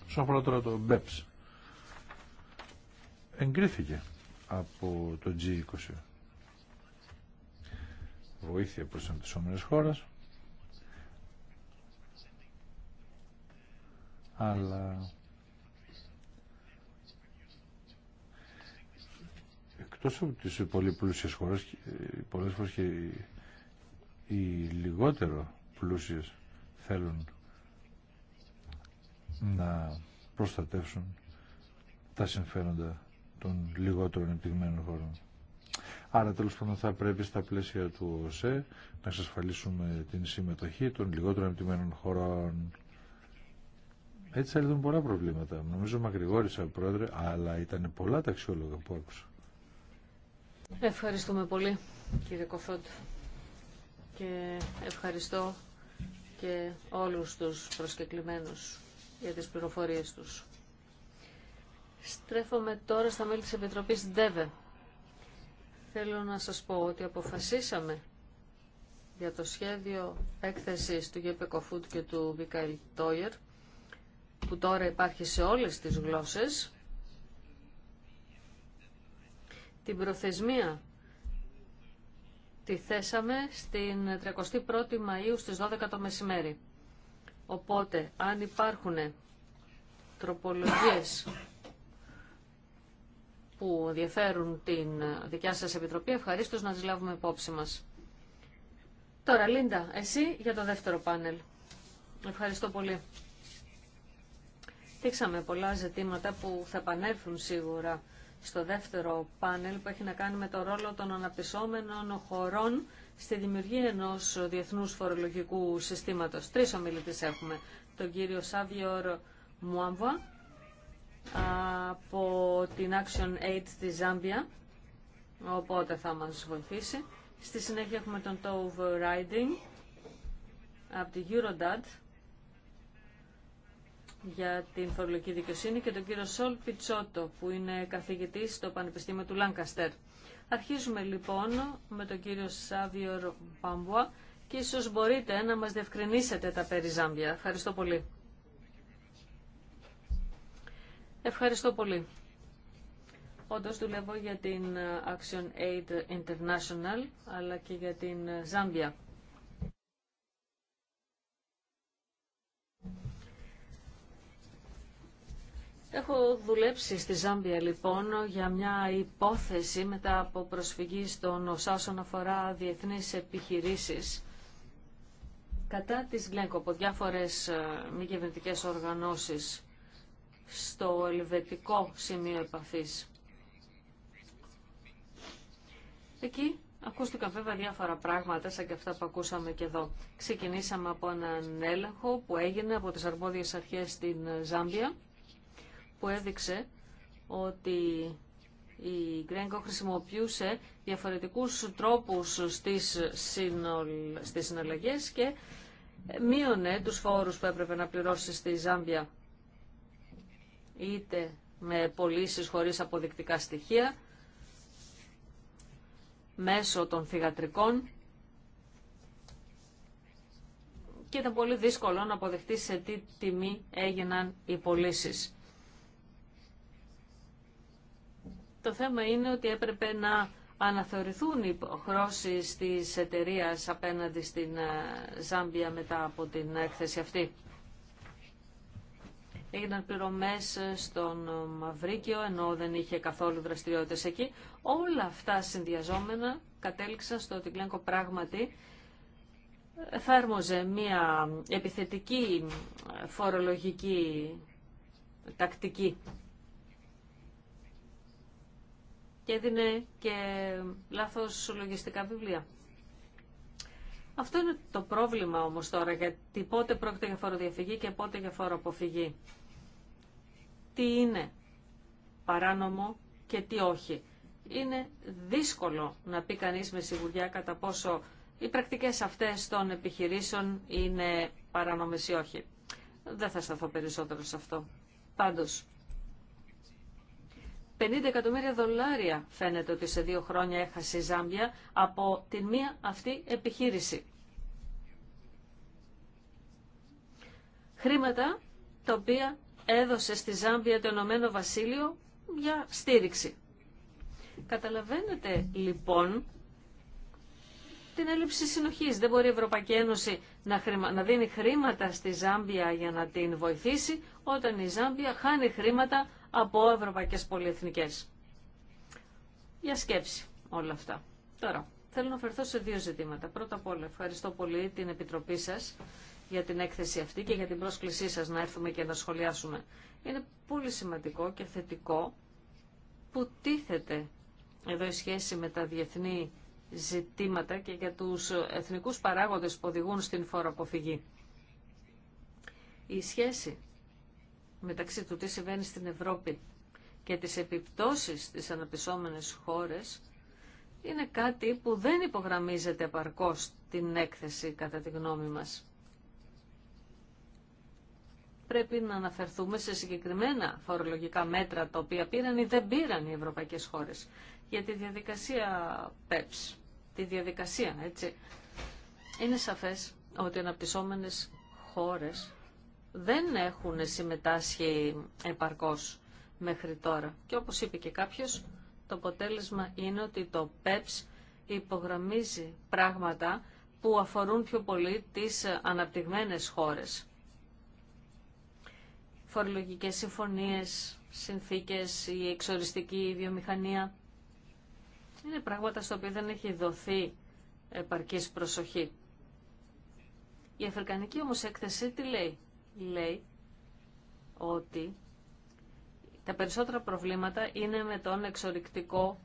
Σαν αφορά τώρα το BEPS, εγκρίθηκε από το G20. Βοήθεια προς τις χώρες αλλά εκτός από τις πολύ πλούσιες χώρες ε, πολλές φορές και οι λιγότερο πλούσιες θέλουν να προστατεύσουν τα συμφέροντα των λιγότερων επιτυγμένων χωρών. Άρα τέλος πάντων θα πρέπει στα πλαίσια του ΟΣΕ να εξασφαλίσουμε την συμμετοχή των λιγότερων επιτυγμένων χωρών έτσι θα λυθούν πολλά προβλήματα. Νομίζω μακρηγόρησα, Πρόεδρε, αλλά ήταν πολλά τα αξιόλογα που άκουσα. Ευχαριστούμε πολύ, κύριε Κοφότ. Και ευχαριστώ και όλους τους προσκεκλημένους για τις πληροφορίες τους. Στρέφομαι τώρα στα μέλη της Επιτροπής ΔΕΒΕ. Θέλω να σας πω ότι αποφασίσαμε για το σχέδιο έκθεσης του Γεπε και του Μικαήλ Τόιερ που τώρα υπάρχει σε όλες τις γλώσσες, την προθεσμία τη θέσαμε στην 31η Μαΐου στις 12 το μεσημέρι. Οπότε, αν υπάρχουν τροπολογίες που ενδιαφέρουν την δικιά σας Επιτροπή, ευχαρίστως να τις λάβουμε υπόψη μας. Τώρα, Λίντα, εσύ για το δεύτερο πάνελ. Ευχαριστώ πολύ θίξαμε πολλά ζητήματα που θα επανέλθουν σίγουρα στο δεύτερο πάνελ που έχει να κάνει με το ρόλο των αναπτυσσόμενων χωρών στη δημιουργία ενός διεθνούς φορολογικού συστήματος. Τρεις ομιλητές έχουμε. Τον κύριο Σάβιορ Μουάμβα από την Action Aid στη Ζάμπια, οπότε θα μας βοηθήσει. Στη συνέχεια έχουμε τον Tove Riding από τη Eurodad, για την φορολογική δικαιοσύνη και τον κύριο Σολ Πιτσότο που είναι καθηγητής στο Πανεπιστήμιο του Λάνκαστερ. Αρχίζουμε λοιπόν με τον κύριο Σάβιο Παμπουά και ίσως μπορείτε να μας διευκρινίσετε τα περί Ζάμπια. Ευχαριστώ πολύ. Ευχαριστώ πολύ. Όντω δουλεύω για την Action Aid International αλλά και για την Ζάμπια. Έχω δουλέψει στη Ζάμπια λοιπόν για μια υπόθεση μετά από προσφυγή στον ΟΣΑ όσον αφορά διεθνείς επιχειρήσεις κατά της Γκλέγκο από διάφορες ε, μη κυβερνητικέ οργανώσεις στο ελβετικό σημείο επαφής. Εκεί ακούστηκαν βέβαια διάφορα πράγματα σαν και αυτά που ακούσαμε και εδώ. Ξεκινήσαμε από έναν έλεγχο που έγινε από τις αρμόδιες αρχές στην Ζάμπια που έδειξε ότι η Γκρέγκο χρησιμοποιούσε διαφορετικούς τρόπους στις, συνολ... στις συναλλαγές και μείωνε τους φόρους που έπρεπε να πληρώσει στη Ζάμπια είτε με πωλήσει χωρίς αποδεικτικά στοιχεία μέσω των θυγατρικών και ήταν πολύ δύσκολο να αποδεχτεί σε τι τιμή έγιναν οι πωλήσει. Το θέμα είναι ότι έπρεπε να αναθεωρηθούν οι χρώσει της εταιρεία απέναντι στην ε, Ζάμπια μετά από την έκθεση αυτή. Έγιναν πληρωμές ε, στον ε, Μαυρίκιο, ενώ δεν είχε καθόλου δραστηριότητες εκεί. Όλα αυτά συνδυαζόμενα κατέληξαν στο ότι Γκλένκο πράγματι εφάρμοζε μια επιθετική φορολογική τακτική και έδινε και λάθος λογιστικά βιβλία. Αυτό είναι το πρόβλημα όμως τώρα, γιατί πότε πρόκειται για φοροδιαφυγή και πότε για φοροαποφυγή. Τι είναι παράνομο και τι όχι. Είναι δύσκολο να πει κανείς με σιγουριά κατά πόσο οι πρακτικές αυτές των επιχειρήσεων είναι παράνομες ή όχι. Δεν θα σταθώ περισσότερο σε αυτό. Πάντως, 50 εκατομμύρια δολάρια φαίνεται ότι σε δύο χρόνια έχασε η Ζάμπια από την μία αυτή επιχείρηση. Χρήματα τα οποία έδωσε στη Ζάμπια το Ηνωμένο Βασίλειο για στήριξη. Καταλαβαίνετε λοιπόν την έλλειψη συνοχής. Δεν μπορεί η Ευρωπαϊκή Ένωση να, να δίνει χρήματα στη Ζάμπια για να την βοηθήσει, όταν η Ζάμπια χάνει χρήματα από ευρωπαϊκέ πολυεθνικέ. Για σκέψη όλα αυτά. Τώρα, θέλω να φερθώ σε δύο ζητήματα. Πρώτα απ' όλα, ευχαριστώ πολύ την Επιτροπή σας για την έκθεση αυτή και για την πρόσκλησή σα να έρθουμε και να σχολιάσουμε. Είναι πολύ σημαντικό και θετικό που τίθεται εδώ η σχέση με τα διεθνή ζητήματα και για τους εθνικούς παράγοντες που οδηγούν στην φοροαποφυγή. Η σχέση μεταξύ του τι συμβαίνει στην Ευρώπη και τις επιπτώσεις στις αναπτυσσόμενες χώρες είναι κάτι που δεν υπογραμμίζεται επαρκώς την έκθεση κατά τη γνώμη μας. Πρέπει να αναφερθούμε σε συγκεκριμένα φορολογικά μέτρα τα οποία πήραν ή δεν πήραν οι ευρωπαϊκές χώρες για τη διαδικασία PEPS τη διαδικασία, έτσι. Είναι σαφές ότι οι αναπτυσσόμενες χώρες δεν έχουν συμμετάσχει επαρκώς μέχρι τώρα. Και όπως είπε και κάποιος, το αποτέλεσμα είναι ότι το ΠΕΠΣ e υπογραμμίζει πράγματα που αφορούν πιο πολύ τις αναπτυγμένες χώρες. Φορολογικές συμφωνίες, συνθήκες, η εξοριστική βιομηχανία είναι πράγματα στα οποία δεν έχει δοθεί επαρκής προσοχή. Η Αφρικανική όμως έκθεση τι λέει. Λέει ότι τα περισσότερα προβλήματα είναι με τον εξορρυκτικό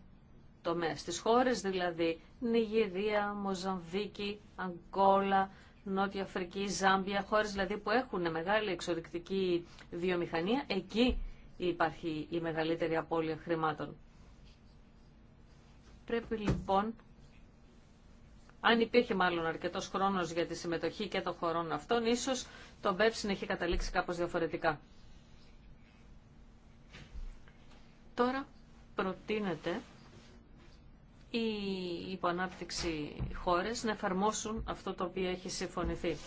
τομέα. Στις χώρες δηλαδή Νιγηρία, Μοζαμβίκη, Αγκόλα, Νότια Αφρική, Ζάμπια, χώρες δηλαδή που έχουν μεγάλη εξορρυκτική βιομηχανία, εκεί υπάρχει η μεγαλύτερη απώλεια χρημάτων. Πρέπει λοιπόν, αν υπήρχε μάλλον αρκετός χρόνος για τη συμμετοχή και των χωρών αυτών, ίσως το BEPS έχει καταλήξει κάπως διαφορετικά. Τώρα προτείνεται η υποανάπτυξη χώρες να εφαρμόσουν αυτό το οποίο έχει συμφωνηθεί.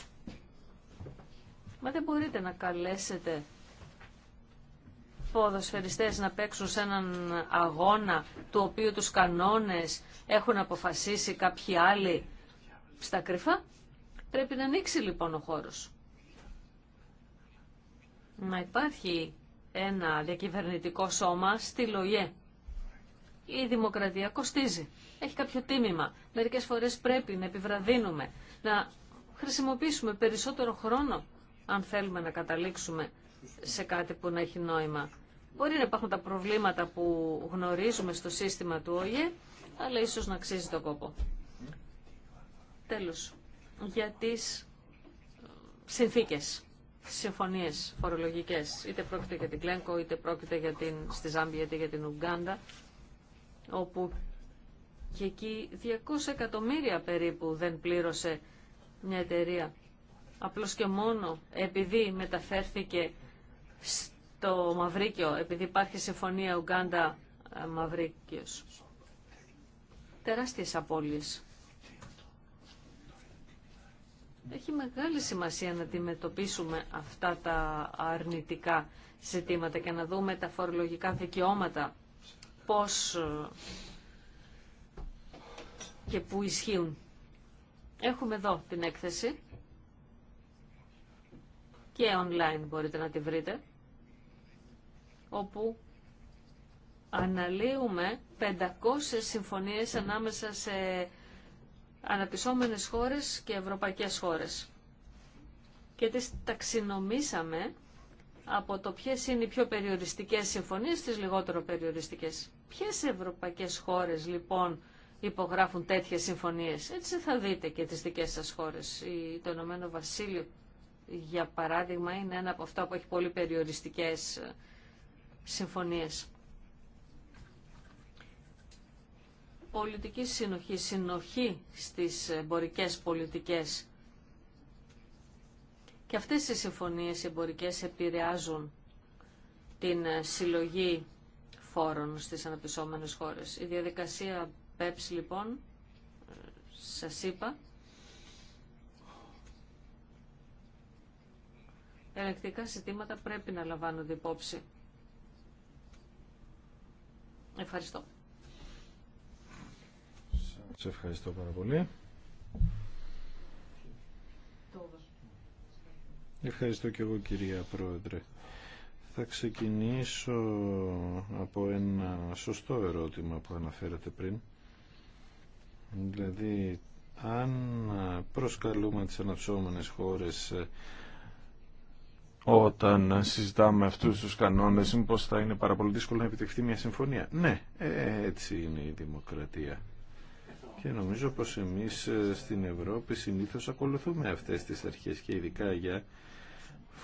Μα δεν μπορείτε να καλέσετε ποδοσφαιριστές να παίξουν σε έναν αγώνα του οποίου τους κανόνες έχουν αποφασίσει κάποιοι άλλοι στα κρυφά. Πρέπει να ανοίξει λοιπόν ο χώρος. Να υπάρχει ένα διακυβερνητικό σώμα στη ΛΟΙΕ. Η δημοκρατία κοστίζει. Έχει κάποιο τίμημα. Μερικές φορές πρέπει να επιβραδύνουμε, να χρησιμοποιήσουμε περισσότερο χρόνο αν θέλουμε να καταλήξουμε σε κάτι που να έχει νόημα. Μπορεί να υπάρχουν τα προβλήματα που γνωρίζουμε στο σύστημα του ΟΗΕ, αλλά ίσως να αξίζει το κόπο. Τέλος, για τις ε, συνθήκες, συμφωνίες φορολογικές, είτε πρόκειται για την Κλένκο, είτε πρόκειται για την, στη Ζάμπια, είτε για την Ουγκάντα, όπου και εκεί 200 εκατομμύρια περίπου δεν πλήρωσε μια εταιρεία. Απλώς και μόνο επειδή μεταφέρθηκε το Μαυρίκιο, επειδή υπάρχει συμφωνία Ουγγάντα-Μαυρίκιος. Ε, Τεράστιες απώλειες. Έχει μεγάλη σημασία να αντιμετωπίσουμε αυτά τα αρνητικά ζητήματα και να δούμε τα φορολογικά δικαιώματα πώς ε, και πού ισχύουν. Έχουμε εδώ την έκθεση και online μπορείτε να τη βρείτε όπου αναλύουμε 500 συμφωνίες ανάμεσα σε αναπτυσσόμενες χώρες και ευρωπαϊκές χώρες. Και τις ταξινομήσαμε από το ποιες είναι οι πιο περιοριστικές συμφωνίες στις λιγότερο περιοριστικές. Ποιες ευρωπαϊκές χώρες λοιπόν υπογράφουν τέτοιες συμφωνίες. Έτσι θα δείτε και τις δικές σας χώρες. Το Ηνωμένο Βασίλειο για παράδειγμα είναι ένα από αυτά που έχει πολύ περιοριστικές ε, συμφωνίες. Πολιτική συνοχή, συνοχή στις εμπορικέ πολιτικές. Και αυτές οι συμφωνίες εμπορικέ εμπορικές επηρεάζουν την συλλογή φόρων στις αναπτυσσόμενες χώρες. Η διαδικασία ΠΕΠΣ λοιπόν, σας είπα, ελεκτικά ζητήματα πρέπει να λαμβάνονται υπόψη. Ευχαριστώ. Σας ευχαριστώ πάρα πολύ. Ευχαριστώ και εγώ κυρία Πρόεδρε. Θα ξεκινήσω από ένα σωστό ερώτημα που αναφέρατε πριν. Δηλαδή, αν προσκαλούμε τις αναψώμενες χώρες όταν συζητάμε αυτούς τους κανόνες μήπως θα είναι πάρα πολύ δύσκολο να επιτευχθεί μια συμφωνία. Ναι, ε, έτσι είναι η δημοκρατία. Και νομίζω πως εμείς ε, στην Ευρώπη συνήθως ακολουθούμε αυτές τις αρχές και ειδικά για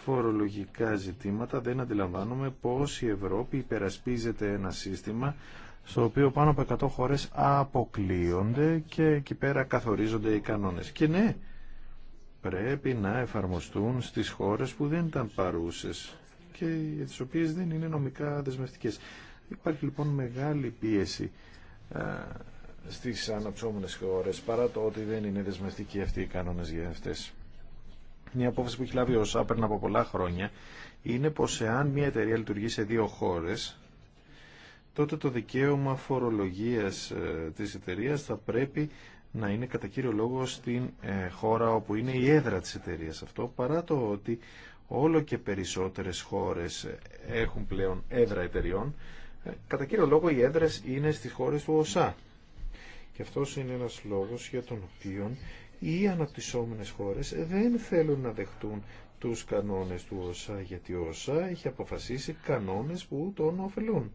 φορολογικά ζητήματα δεν αντιλαμβάνουμε πως η Ευρώπη υπερασπίζεται ένα σύστημα στο οποίο πάνω από 100 χώρες αποκλείονται και εκεί πέρα καθορίζονται οι κανόνες. Και ναι, πρέπει να εφαρμοστούν στις χώρες που δεν ήταν παρούσες και για τις οποίες δεν είναι νομικά δεσμευτικές. Υπάρχει λοιπόν μεγάλη πίεση στις αναψώμενες χώρες παρά το ότι δεν είναι δεσμευτικοί αυτοί οι κανόνες για αυτές. Μια απόφαση που έχει λάβει ο ΣΑ από πολλά χρόνια είναι πως εάν μια εταιρεία λειτουργεί σε δύο χώρες τότε το δικαίωμα φορολογίας ε, της εταιρείας θα πρέπει να είναι κατά κύριο λόγο στην ε, χώρα όπου είναι η έδρα της εταιρεία αυτό, παρά το ότι όλο και περισσότερες χώρες έχουν πλέον έδρα εταιριών, ε, κατά κύριο λόγο οι έδρες είναι στις χώρες του ΟΣΑ. Και αυτός είναι ένας λόγος για τον οποίο οι αναπτυσσόμενες χώρες δεν θέλουν να δεχτούν τους κανόνες του ΩΣΑ γιατί ο ΩΣΑ έχει αποφασίσει κανόνες που τον ωφελούν.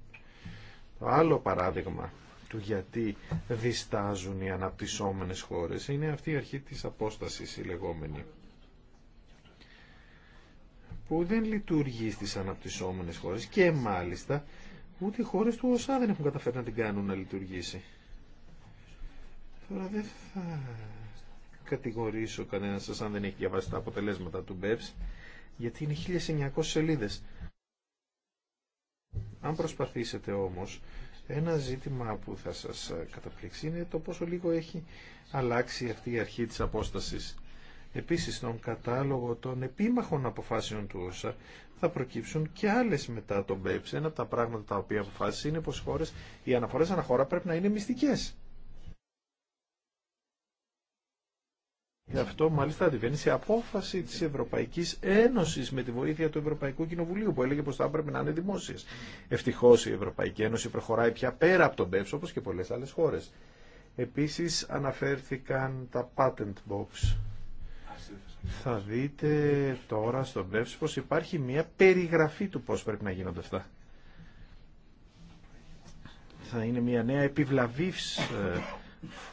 Το άλλο παράδειγμα του γιατί διστάζουν οι αναπτυσσόμενες χώρες. Είναι αυτή η αρχή της απόστασης η λεγόμενη που δεν λειτουργεί στις αναπτυσσόμενες χώρες και μάλιστα ούτε οι χώρες του ΩΣΑ δεν έχουν καταφέρει να την κάνουν να λειτουργήσει. Τώρα δεν θα κατηγορήσω κανένα σας αν δεν έχει διαβάσει τα αποτελέσματα του BEPS γιατί είναι 1900 σελίδες. Αν προσπαθήσετε όμως ένα ζήτημα που θα σας ε, καταπληξεί είναι το πόσο λίγο έχει αλλάξει αυτή η αρχή της απόστασης. Επίσης, στον κατάλογο των επίμαχων αποφάσεων του ΩΣΑ θα προκύψουν και άλλες μετά τον ΠΕΠΣ. Ένα από τα πράγματα τα οποία αποφάσισε είναι πως οι, χώρες, οι αναφορές αναχώρα πρέπει να είναι μυστικές. Και αυτό μάλιστα αντιβαίνει σε απόφαση της Ευρωπαϊκής Ένωσης με τη βοήθεια του Ευρωπαϊκού Κοινοβουλίου που έλεγε πως θα έπρεπε να είναι δημόσιε. Ευτυχώ η Ευρωπαϊκή Ένωση προχωράει πια πέρα από τον ΠΕΠΣ όπως και πολλές άλλες χώρες. Επίσης αναφέρθηκαν τα patent box. Θα δείτε τώρα στον ΠΕΒΣ πω υπάρχει μια περιγραφή του πώ πρέπει να γίνονται αυτά. Θα είναι μια νέα επιβλαβή ε,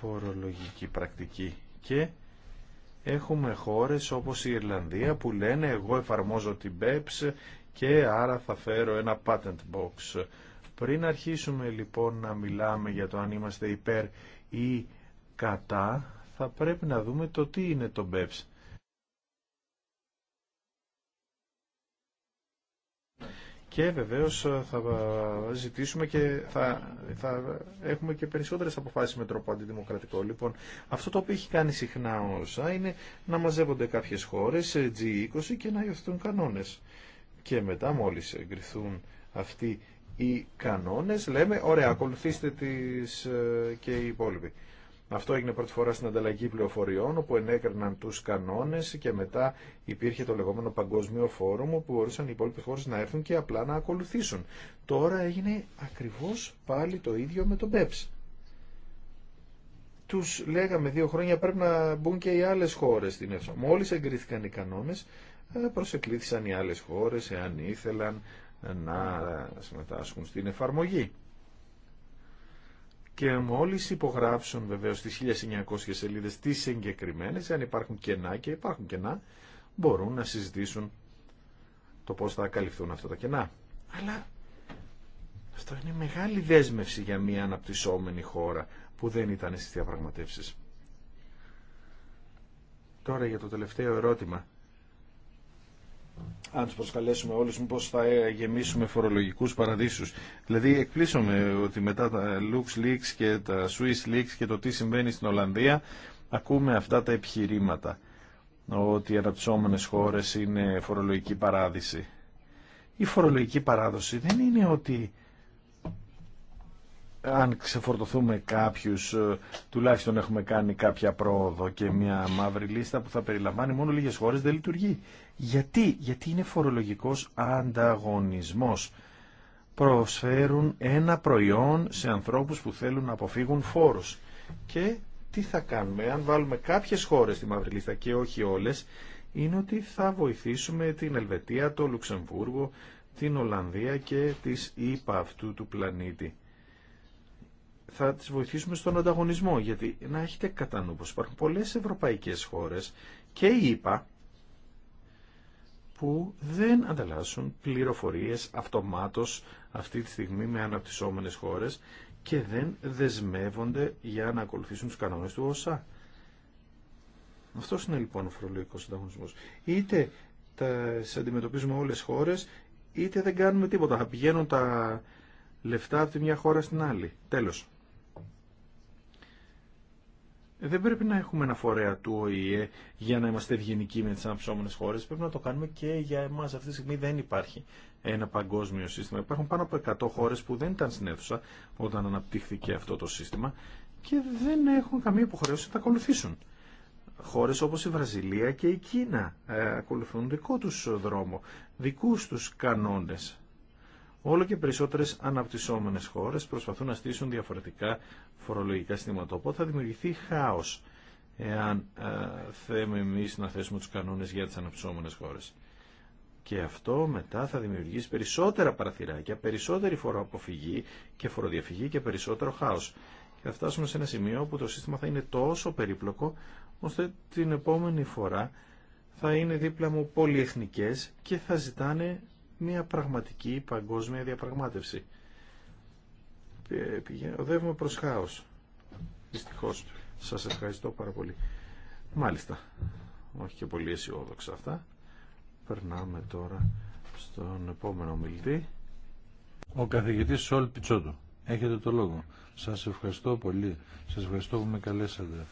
φορολογική πρακτική και έχουμε χώρες όπως η Ιρλανδία που λένε εγώ εφαρμόζω την BEPS ε και άρα θα φέρω ένα patent box. Πριν αρχίσουμε λοιπόν να μιλάμε για το αν είμαστε υπέρ ή κατά, θα πρέπει να δούμε το τι είναι το BEPS. και βεβαίως ε, θα ε, ζητήσουμε και θα, θα έχουμε και περισσότερες αποφάσεις με τρόπο αντιδημοκρατικό. Λοιπόν, αυτό το οποίο έχει κάνει συχνά όσα είναι να μαζεύονται κάποιες χώρες ε, G20 και να υιοθετούν κανόνες. Και μετά μόλις εγκριθούν αυτοί οι κανόνες λέμε ωραία ακολουθήστε τις και οι υπόλοιποι. Αυτό έγινε πρώτη φορά στην ανταλλαγή πληροφοριών, όπου ενέκριναν τους κανόνες και μετά υπήρχε το λεγόμενο Παγκόσμιο Φόρουμ, όπου μπορούσαν οι υπόλοιπε χώρε να έρθουν και απλά να ακολουθήσουν. Τώρα έγινε ακριβώς πάλι το ίδιο με τον ΠΕΠΣ. Τους λέγαμε δύο χρόνια πρέπει να μπουν και οι άλλες χώρες στην ΕΦΣΑ. Μόλι εγκρίθηκαν οι κανόνε, ε, προσεκλήθησαν οι άλλε χώρε εάν ήθελαν να συμμετάσχουν στην εφαρμογή. Και μόλις υπογράψουν βεβαίως τις 1900 σελίδες τις συγκεκριμένες, αν υπάρχουν κενά και υπάρχουν κενά, μπορούν να συζητήσουν το πώς θα καλυφθούν αυτά τα κενά. Αλλά αυτό είναι μεγάλη δέσμευση για μια αναπτυσσόμενη χώρα που δεν ήταν στις διαπραγματεύσεις. Τώρα για το τελευταίο ερώτημα αν του προσκαλέσουμε όλους μήπως θα ε, γεμίσουμε φορολογικούς παραδείσου. Δηλαδή εκπλήσωμε ότι μετά τα Lux Leaks και τα Swiss Leaks και το τι συμβαίνει στην Ολλανδία ακούμε αυτά τα επιχειρήματα ότι οι αναπτυσσόμενε χώρες είναι φορολογική παράδειση. Η φορολογική παράδοση δεν είναι ότι αν ξεφορτωθούμε κάποιους ε, τουλάχιστον έχουμε κάνει κάποια πρόοδο και μια μαύρη λίστα που θα περιλαμβάνει μόνο λίγες χώρες δεν λειτουργεί. Γιατί, γιατί είναι φορολογικός ανταγωνισμός. Προσφέρουν ένα προϊόν σε ανθρώπους που θέλουν να αποφύγουν φόρους. Και τι θα κάνουμε, αν βάλουμε κάποιες χώρες στη μαύρη λίστα και όχι όλες, είναι ότι θα βοηθήσουμε την Ελβετία, το Λουξεμβούργο, την Ολλανδία και τις ΙΠΑ αυτού του πλανήτη. Θα τις βοηθήσουμε στον ανταγωνισμό, γιατί να έχετε κατά νου πως υπάρχουν πολλές ευρωπαϊκές χώρες και οι που δεν ανταλλάσσουν πληροφορίες αυτομάτως αυτή τη στιγμή με αναπτυσσόμενες χώρες και δεν δεσμεύονται για να ακολουθήσουν τους κανόνες του ΩΣΑ. Αυτό είναι λοιπόν ο φορολογικός ανταγωνισμός. Είτε τα αντιμετωπίζουμε όλες τις χώρε, είτε δεν κάνουμε τίποτα. Θα πηγαίνουν τα λεφτά από τη μια χώρα στην άλλη. Τέλος. Δεν πρέπει να έχουμε ένα φορέα του ΟΗΕ για να είμαστε ευγενικοί με τι αναψώμενες χώρες. Πρέπει να το κάνουμε και για εμάς. Αυτή τη στιγμή δεν υπάρχει ένα παγκόσμιο σύστημα. Υπάρχουν πάνω από 100 χώρες που δεν ήταν στην αίθουσα όταν αναπτύχθηκε αυτό το σύστημα και δεν έχουν καμία υποχρέωση να τα ακολουθήσουν. Χώρε όπω η Βραζιλία και η Κίνα ε, ακολουθούν δικό του δρόμο, δικού του κανόνε. Όλο και περισσότερε αναπτυσσόμενε χώρε προσπαθούν να στήσουν διαφορετικά φορολογικά συστήματα. Οπότε θα δημιουργηθεί χάο εάν ε, θέλουμε εμεί να θέσουμε του κανόνε για τι αναπτυσσόμενε χώρε. Και αυτό μετά θα δημιουργήσει περισσότερα παραθυράκια, περισσότερη φοροαποφυγή και φοροδιαφυγή και περισσότερο χάο. Και θα φτάσουμε σε ένα σημείο όπου το σύστημα θα είναι τόσο περίπλοκο ώστε την επόμενη φορά θα είναι δίπλα μου πολυεθνικές και θα ζητάνε μια πραγματική παγκόσμια διαπραγμάτευση. Ε, οδεύουμε προς χάος. Δυστυχώς. Σας ευχαριστώ πάρα πολύ. Μάλιστα. Όχι και πολύ αισιόδοξα αυτά. Περνάμε τώρα στον επόμενο μιλητή. Ο καθηγητής Σόλ Πιτσότο. Έχετε το λόγο. Σας ευχαριστώ πολύ. Σας ευχαριστώ που με καλέσατε.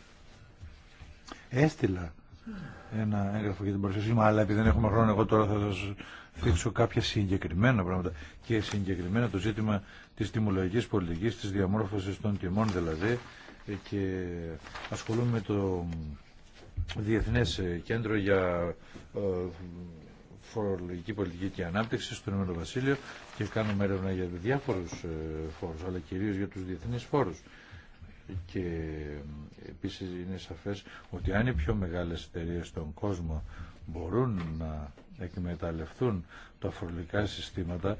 Έστειλα ένα έγγραφο για την παρουσίασή μου, αλλά επειδή δεν έχουμε χρόνο, εγώ τώρα θα σας δείξω κάποια συγκεκριμένα πράγματα και συγκεκριμένα το ζήτημα της τιμολογικής πολιτικής, της διαμόρφωσης των τιμών δηλαδή ε, και ασχολούμαι με το Διεθνές Κέντρο για ε, Φορολογική Πολιτική και Ανάπτυξη στο Ηνωμένο Βασίλειο και κάνουμε έρευνα για διάφορους ε, φόρους αλλά κυρίως για τους διεθνείς φόρους και επίσης είναι σαφές ότι αν οι πιο μεγάλες εταιρείε στον κόσμο μπορούν να εκμεταλλευτούν τα φορολογικά συστήματα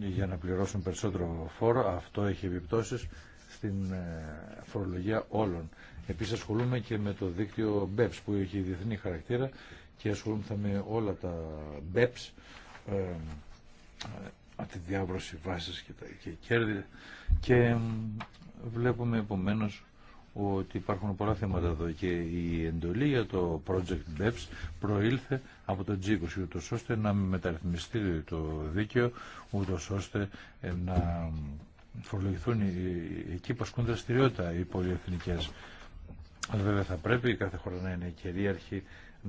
για να πληρώσουν περισσότερο φόρο. Αυτό έχει επιπτώσεις στην ε, φορολογία όλων. Επίσης ασχολούμαι και με το δίκτυο BEPS που έχει διεθνή χαρακτήρα και ασχολούμαι με όλα τα BEPS από ε, ε, τη διάβρωση βάσης και, τα, και κέρδη και βλέπουμε επομένως ότι υπάρχουν πολλά θέματα εδώ και η εντολή για το Project BEPS προήλθε από το G20 ούτως ώστε να μεταρρυθμιστεί το δίκαιο ούτως ώστε ε, να φορολογηθούν εκεί που ασκούν δραστηριότητα οι πολυεθνικές. Αλλά βέβαια θα πρέπει κάθε χώρα να είναι κυρίαρχη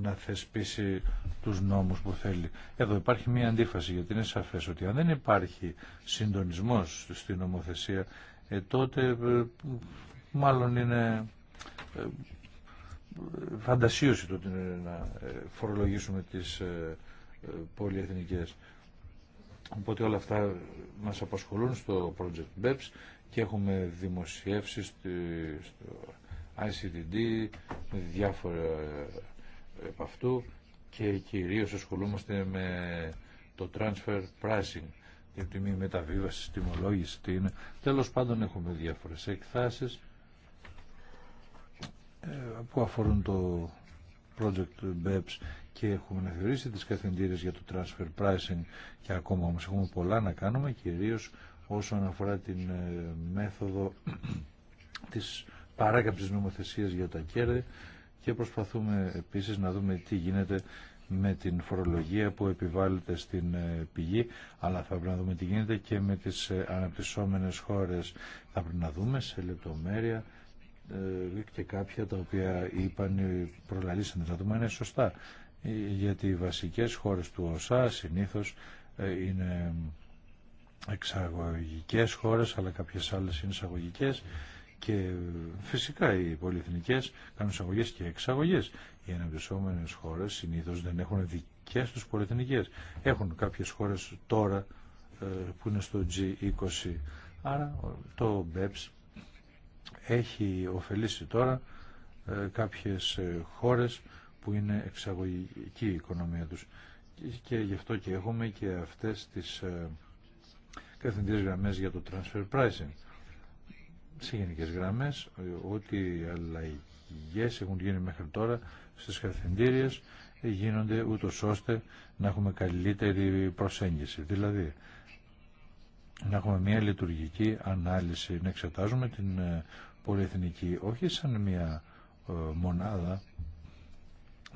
να θεσπίσει τους νόμους που θέλει. Εδώ υπάρχει μια αντίφαση γιατί είναι σαφές ότι αν δεν υπάρχει συντονισμός στην νομοθεσία ε, τότε ε, μάλλον είναι ε, ε, φαντασίωση το είναι να ε, φορολογήσουμε τις πολυεθνικές. Οπότε όλα αυτά μας απασχολούν στο Project BEPS και έχουμε δημοσιεύσει στο ICDD διάφορα από αυτού και κυρίως ασχολούμαστε με το transfer pricing την τιμή μεταβίβαση, τιμολόγηση, τι είναι. Τέλος πάντων έχουμε διάφορες εκθάσεις ε, που αφορούν το project BEPS και έχουμε να θεωρήσει τις καθεντήρες για το transfer pricing και ακόμα όμως έχουμε πολλά να κάνουμε κυρίως όσον αφορά την ε, μέθοδο της παράκαψης νομοθεσίας για τα κέρδη και προσπαθούμε επίσης να δούμε τι γίνεται με την φορολογία που επιβάλλεται στην ε, πηγή, αλλά θα πρέπει να δούμε τι γίνεται και με τις αναπτυσσόμενες χώρες. Θα πρέπει να δούμε σε λεπτομέρεια ε, και κάποια τα οποία είπαν ε, προλαλήσαν τα δούμε είναι σωστά ε, γιατί οι βασικές χώρες του ΩΣΑ συνήθως είναι εξαγωγικές χώρες αλλά κάποιες άλλες είναι εισαγωγικές και φυσικά οι πολυεθνικές κάνουν εισαγωγές και εξαγωγές οι αναπτυσσόμενες χώρες συνήθως δεν έχουν δικές τους πολυεθνικές έχουν κάποιες χώρες τώρα που είναι στο G20 άρα το BEPS έχει ωφελήσει τώρα ε, κάποιες ε, χώρες που είναι εξαγωγική η οικονομία τους. Και γι' αυτό και έχουμε και αυτές τις ε, καθεντήρες γραμμές για το transfer pricing. Σε γενικέ γραμμές, ό,τι αλλαγές έχουν γίνει μέχρι τώρα στις καθεντήριες γίνονται ούτω ώστε να έχουμε καλύτερη προσέγγιση. Δηλαδή, να έχουμε μια λειτουργική ανάλυση, να εξετάζουμε την πολυεθνική, όχι σαν μια ε, μονάδα,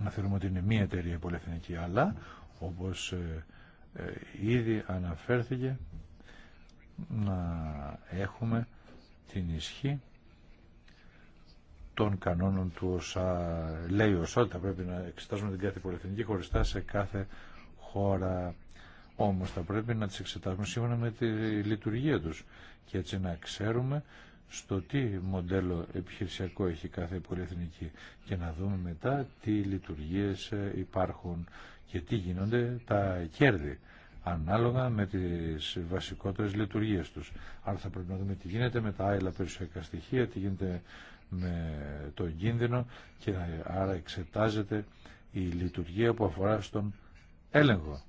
να θεωρούμε ότι είναι μια εταιρεία πολυεθνική, αλλά όπως ε, ε, ήδη αναφέρθηκε να έχουμε την ισχύ των κανόνων του όσα Λέει ο ΩΣΑ πρέπει να εξετάζουμε την κάθε πολυεθνική χωριστά σε κάθε χώρα. Όμως θα πρέπει να τις εξετάζουμε σύμφωνα με τη λειτουργία τους και έτσι να ξέρουμε στο τι μοντέλο επιχειρησιακό έχει κάθε πολυεθνική και να δούμε μετά τι λειτουργίες ε, υπάρχουν και τι γίνονται τα κέρδη ανάλογα με τις βασικότερες λειτουργίες τους. Άρα θα πρέπει να δούμε τι γίνεται με τα άλλα περιουσιακά στοιχεία, τι γίνεται με το κίνδυνο και άρα εξετάζεται η λειτουργία που αφορά στον έλεγχο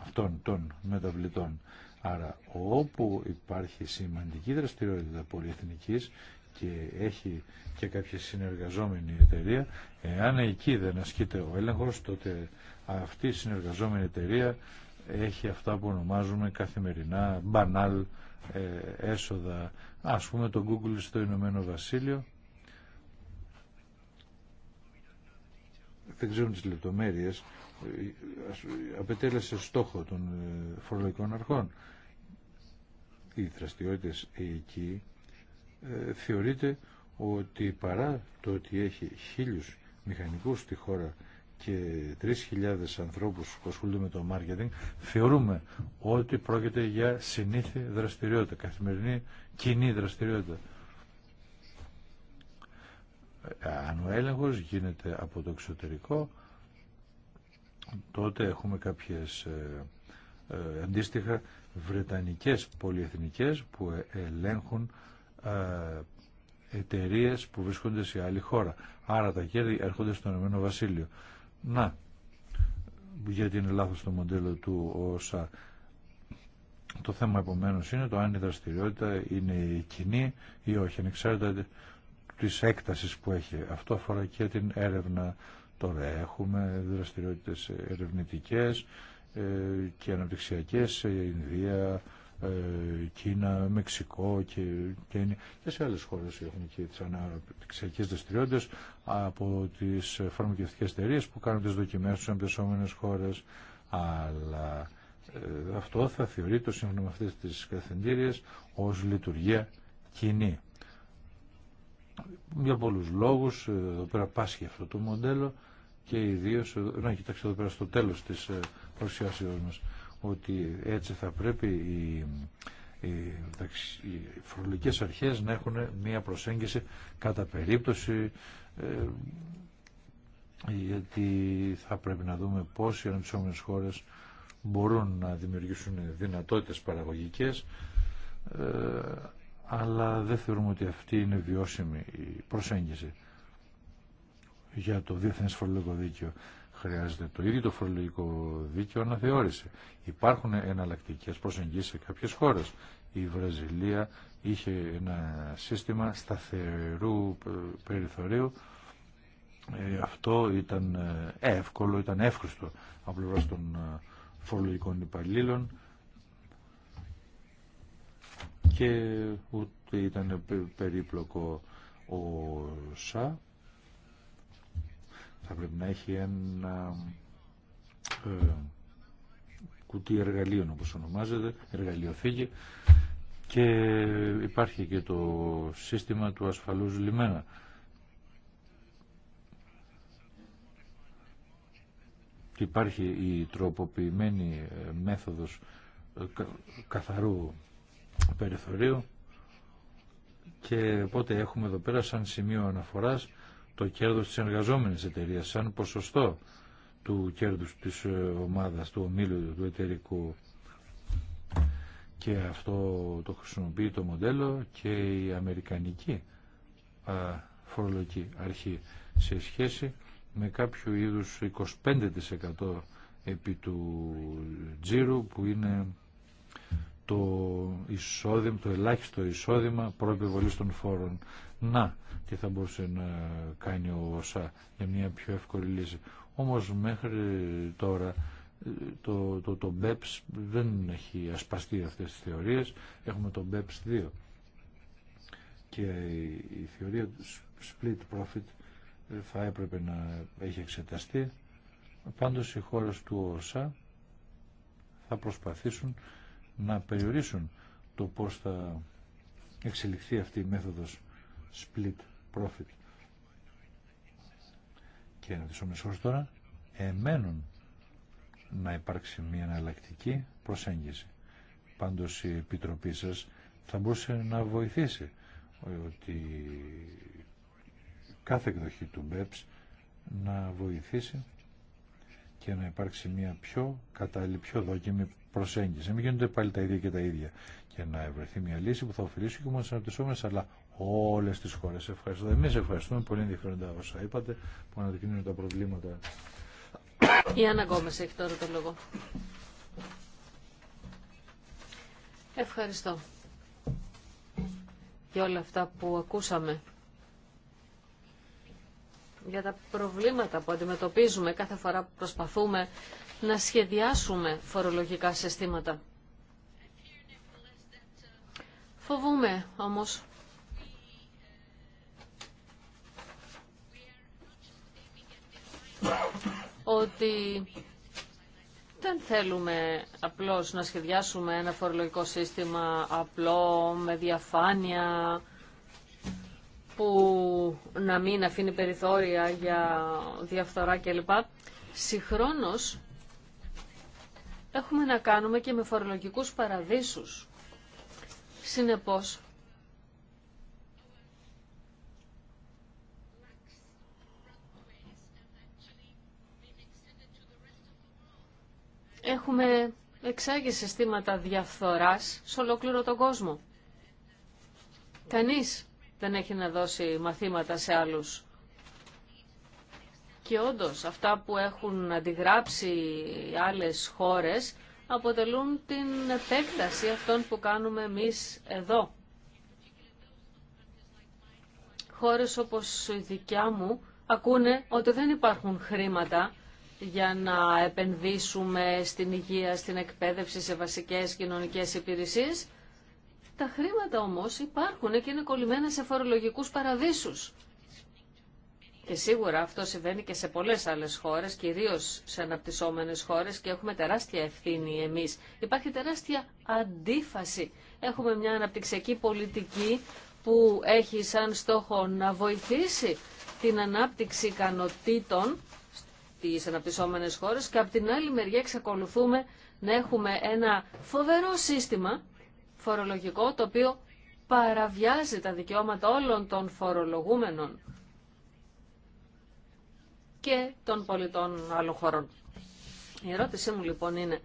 αυτών των μεταβλητών. Άρα όπου υπάρχει σημαντική δραστηριότητα πολυεθνικής και έχει και κάποια συνεργαζόμενη εταιρεία, εάν εκεί δεν ασκείται ο έλεγχος, τότε αυτή η συνεργαζόμενη εταιρεία έχει αυτά που ονομάζουμε καθημερινά μπανάλ ε, έσοδα. Ας πούμε το Google στο Ηνωμένο Βασίλειο. Δεν ξέρουν τις λεπτομέρειες, απετέλεσε στόχο των ε, φορολογικών αρχών. Οι δραστηριότητες εκεί ε, θεωρείται ότι παρά το ότι έχει χίλιους μηχανικούς στη χώρα και 3.000 ανθρώπους που ασχολούνται με το μάρκετινγκ, θεωρούμε ότι πρόκειται για συνήθεια δραστηριότητα, καθημερινή κοινή δραστηριότητα. Ε, αν ο έλεγχος γίνεται από το εξωτερικό, τότε έχουμε κάποιες ε, ε, αντίστοιχα βρετανικές πολυεθνικές που ε, ελέγχουν εταιρείε που βρίσκονται σε άλλη χώρα. Άρα τα κέρδη έρχονται στον Ηνωμένο Βασίλειο. Να, γιατί είναι λάθος το μοντέλο του όσα το θέμα επομένω είναι το αν η δραστηριότητα είναι κοινή ή όχι, ανεξάρτητα της έκτασης που έχει. Αυτό αφορά και την έρευνα Τώρα έχουμε δραστηριότητες ερευνητικές ε, και αναπτυξιακές σε Ινδία, ε, Κίνα, Μεξικό και, και, σε άλλες χώρες έχουν και τις αναπτυξιακές δραστηριότητες από τις φαρμακευτικές εταιρείε που κάνουν τις δοκιμές στους εμπεσόμενες χώρες αλλά ε, αυτό θα το σύμφωνα με αυτές τις καθεντήριες ως λειτουργία κοινή. Για πολλούς λόγους, εδώ πέρα πάσχει αυτό το μοντέλο και ιδίως, να κοιτάξτε εδώ πέρα στο τέλος της ε, προσιάσεως μας, ότι έτσι θα πρέπει οι, οι, οι αρχές να έχουν μία προσέγγιση κατά περίπτωση ε, γιατί θα πρέπει να δούμε πώς οι χώρες μπορούν να δημιουργήσουν δυνατότητες παραγωγικές ε, αλλά δεν θεωρούμε ότι αυτή είναι βιώσιμη η προσέγγιση για το διεθνέ φορολογικό δίκαιο. Χρειάζεται το ίδιο το φορολογικό δίκαιο αναθεώρηση. Υπάρχουν εναλλακτικέ προσεγγίσεις σε κάποιες χώρες. Η Βραζιλία είχε ένα σύστημα σταθερού ε, περιθωρίου. Ε, αυτό ήταν ε, εύκολο, ήταν εύχριστο από πλευρά των φορολογικών υπαλλήλων και ούτε ήταν περίπλοκο ο ΣΑ θα πρέπει να έχει ένα ε, κουτί εργαλείων όπως ονομάζεται, εργαλειοθήκη και υπάρχει και το σύστημα του ασφαλούς λιμένα. υπάρχει η τροποποιημένη ε, μέθοδος ε, καθαρού περιθωρίου και οπότε έχουμε εδώ πέρα σαν σημείο αναφοράς το κέρδος της εργαζόμενης εταιρείας σαν ποσοστό του κέρδους της ε, ομάδας, του ομίλου, του εταιρικού. Και αυτό το χρησιμοποιεί το μοντέλο και η Αμερικανική φορολογική αρχή σε σχέση με κάποιο είδους 25% επί του τζίρου που είναι το εισόδημα, το ελάχιστο εισόδημα προεπιβολής των φόρων να τι θα μπορούσε να κάνει ο ΩΣΑ για μια πιο εύκολη λύση. Όμως μέχρι τώρα ε, το, το, το BEPS δεν έχει ασπαστεί αυτές τις θεωρίες. Έχουμε το BEPS 2 και η θεωρία split profit ε, θα έπρεπε να έχει εξεταστεί. Πάντως οι χώρες του ΩΣΑ θα προσπαθήσουν να περιορίσουν το πώς θα εξελιχθεί αυτή η μέθοδος split profit. Και να αναπτυσσόμενες τώρα εμένουν να υπάρξει μια εναλλακτική προσέγγιση. Πάντως η Επιτροπή σας θα μπορούσε να βοηθήσει ότι κάθε εκδοχή του BEPS να βοηθήσει και να υπάρξει μια πιο κατάλληλη, πιο δόκιμη προσέγγιση. Να μην γίνονται πάλι τα ίδια και τα ίδια. Και να βρεθεί μια λύση που θα ωφελήσει και μόνο τι αναπτυσσόμενε, αλλά όλε τι χώρε. Ευχαριστώ. Εμεί ευχαριστούμε πολύ ενδιαφέροντα όσα είπατε που αναδεικνύουν τα προβλήματα. Η Άννα Γκόμες έχει τώρα το λόγο. Ευχαριστώ για όλα αυτά που ακούσαμε. Για τα προβλήματα που αντιμετωπίζουμε κάθε φορά που προσπαθούμε να σχεδιάσουμε φορολογικά συστήματα. Φοβούμε όμως ότι δεν θέλουμε απλώς να σχεδιάσουμε ένα φορολογικό σύστημα απλό, με διαφάνεια, που να μην αφήνει περιθώρια για διαφθορά κλπ. Συγχρόνως έχουμε να κάνουμε και με φορολογικούς παραδείσους. Συνεπώς, έχουμε εξάγει συστήματα διαφθοράς σε ολόκληρο τον κόσμο. Κανείς δεν έχει να δώσει μαθήματα σε άλλους και όντω αυτά που έχουν αντιγράψει άλλες χώρες αποτελούν την επέκταση αυτών που κάνουμε εμείς εδώ. Χώρες όπως η δικιά μου ακούνε ότι δεν υπάρχουν χρήματα για να επενδύσουμε στην υγεία, στην εκπαίδευση, σε βασικές κοινωνικές υπηρεσίες. Τα χρήματα όμως υπάρχουν και είναι κολλημένα σε φορολογικούς παραδείσους. Και σίγουρα αυτό συμβαίνει και σε πολλές άλλες χώρες, κυρίως σε αναπτυσσόμενες χώρες και έχουμε τεράστια ευθύνη εμείς. Υπάρχει τεράστια αντίφαση. Έχουμε μια αναπτυξιακή πολιτική που έχει σαν στόχο να βοηθήσει την ανάπτυξη ικανοτήτων στις αναπτυσσόμενες χώρες και από την άλλη μεριά εξακολουθούμε να έχουμε ένα φοβερό σύστημα φορολογικό το οποίο παραβιάζει τα δικαιώματα όλων των φορολογούμενων και των πολιτών άλλων χωρών. Η ερώτησή μου λοιπόν είναι,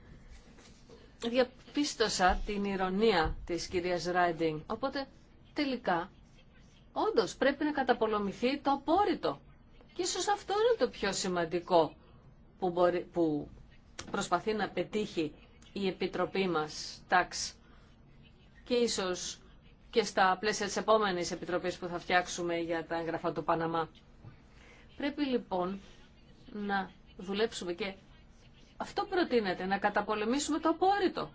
διαπίστωσα την ηρωνία της κυρίας Ράιντινγκ, οπότε τελικά όντως πρέπει να καταπολωμηθεί το απόρριτο. Και ίσως αυτό είναι το πιο σημαντικό που, μπορεί, που προσπαθεί να πετύχει η Επιτροπή μας, τάξ. Και ίσως και στα πλαίσια της επόμενης Επιτροπής που θα φτιάξουμε για τα έγγραφα του Παναμά. Πρέπει λοιπόν να δουλέψουμε και αυτό προτείνεται, να καταπολεμήσουμε το απόρριτο.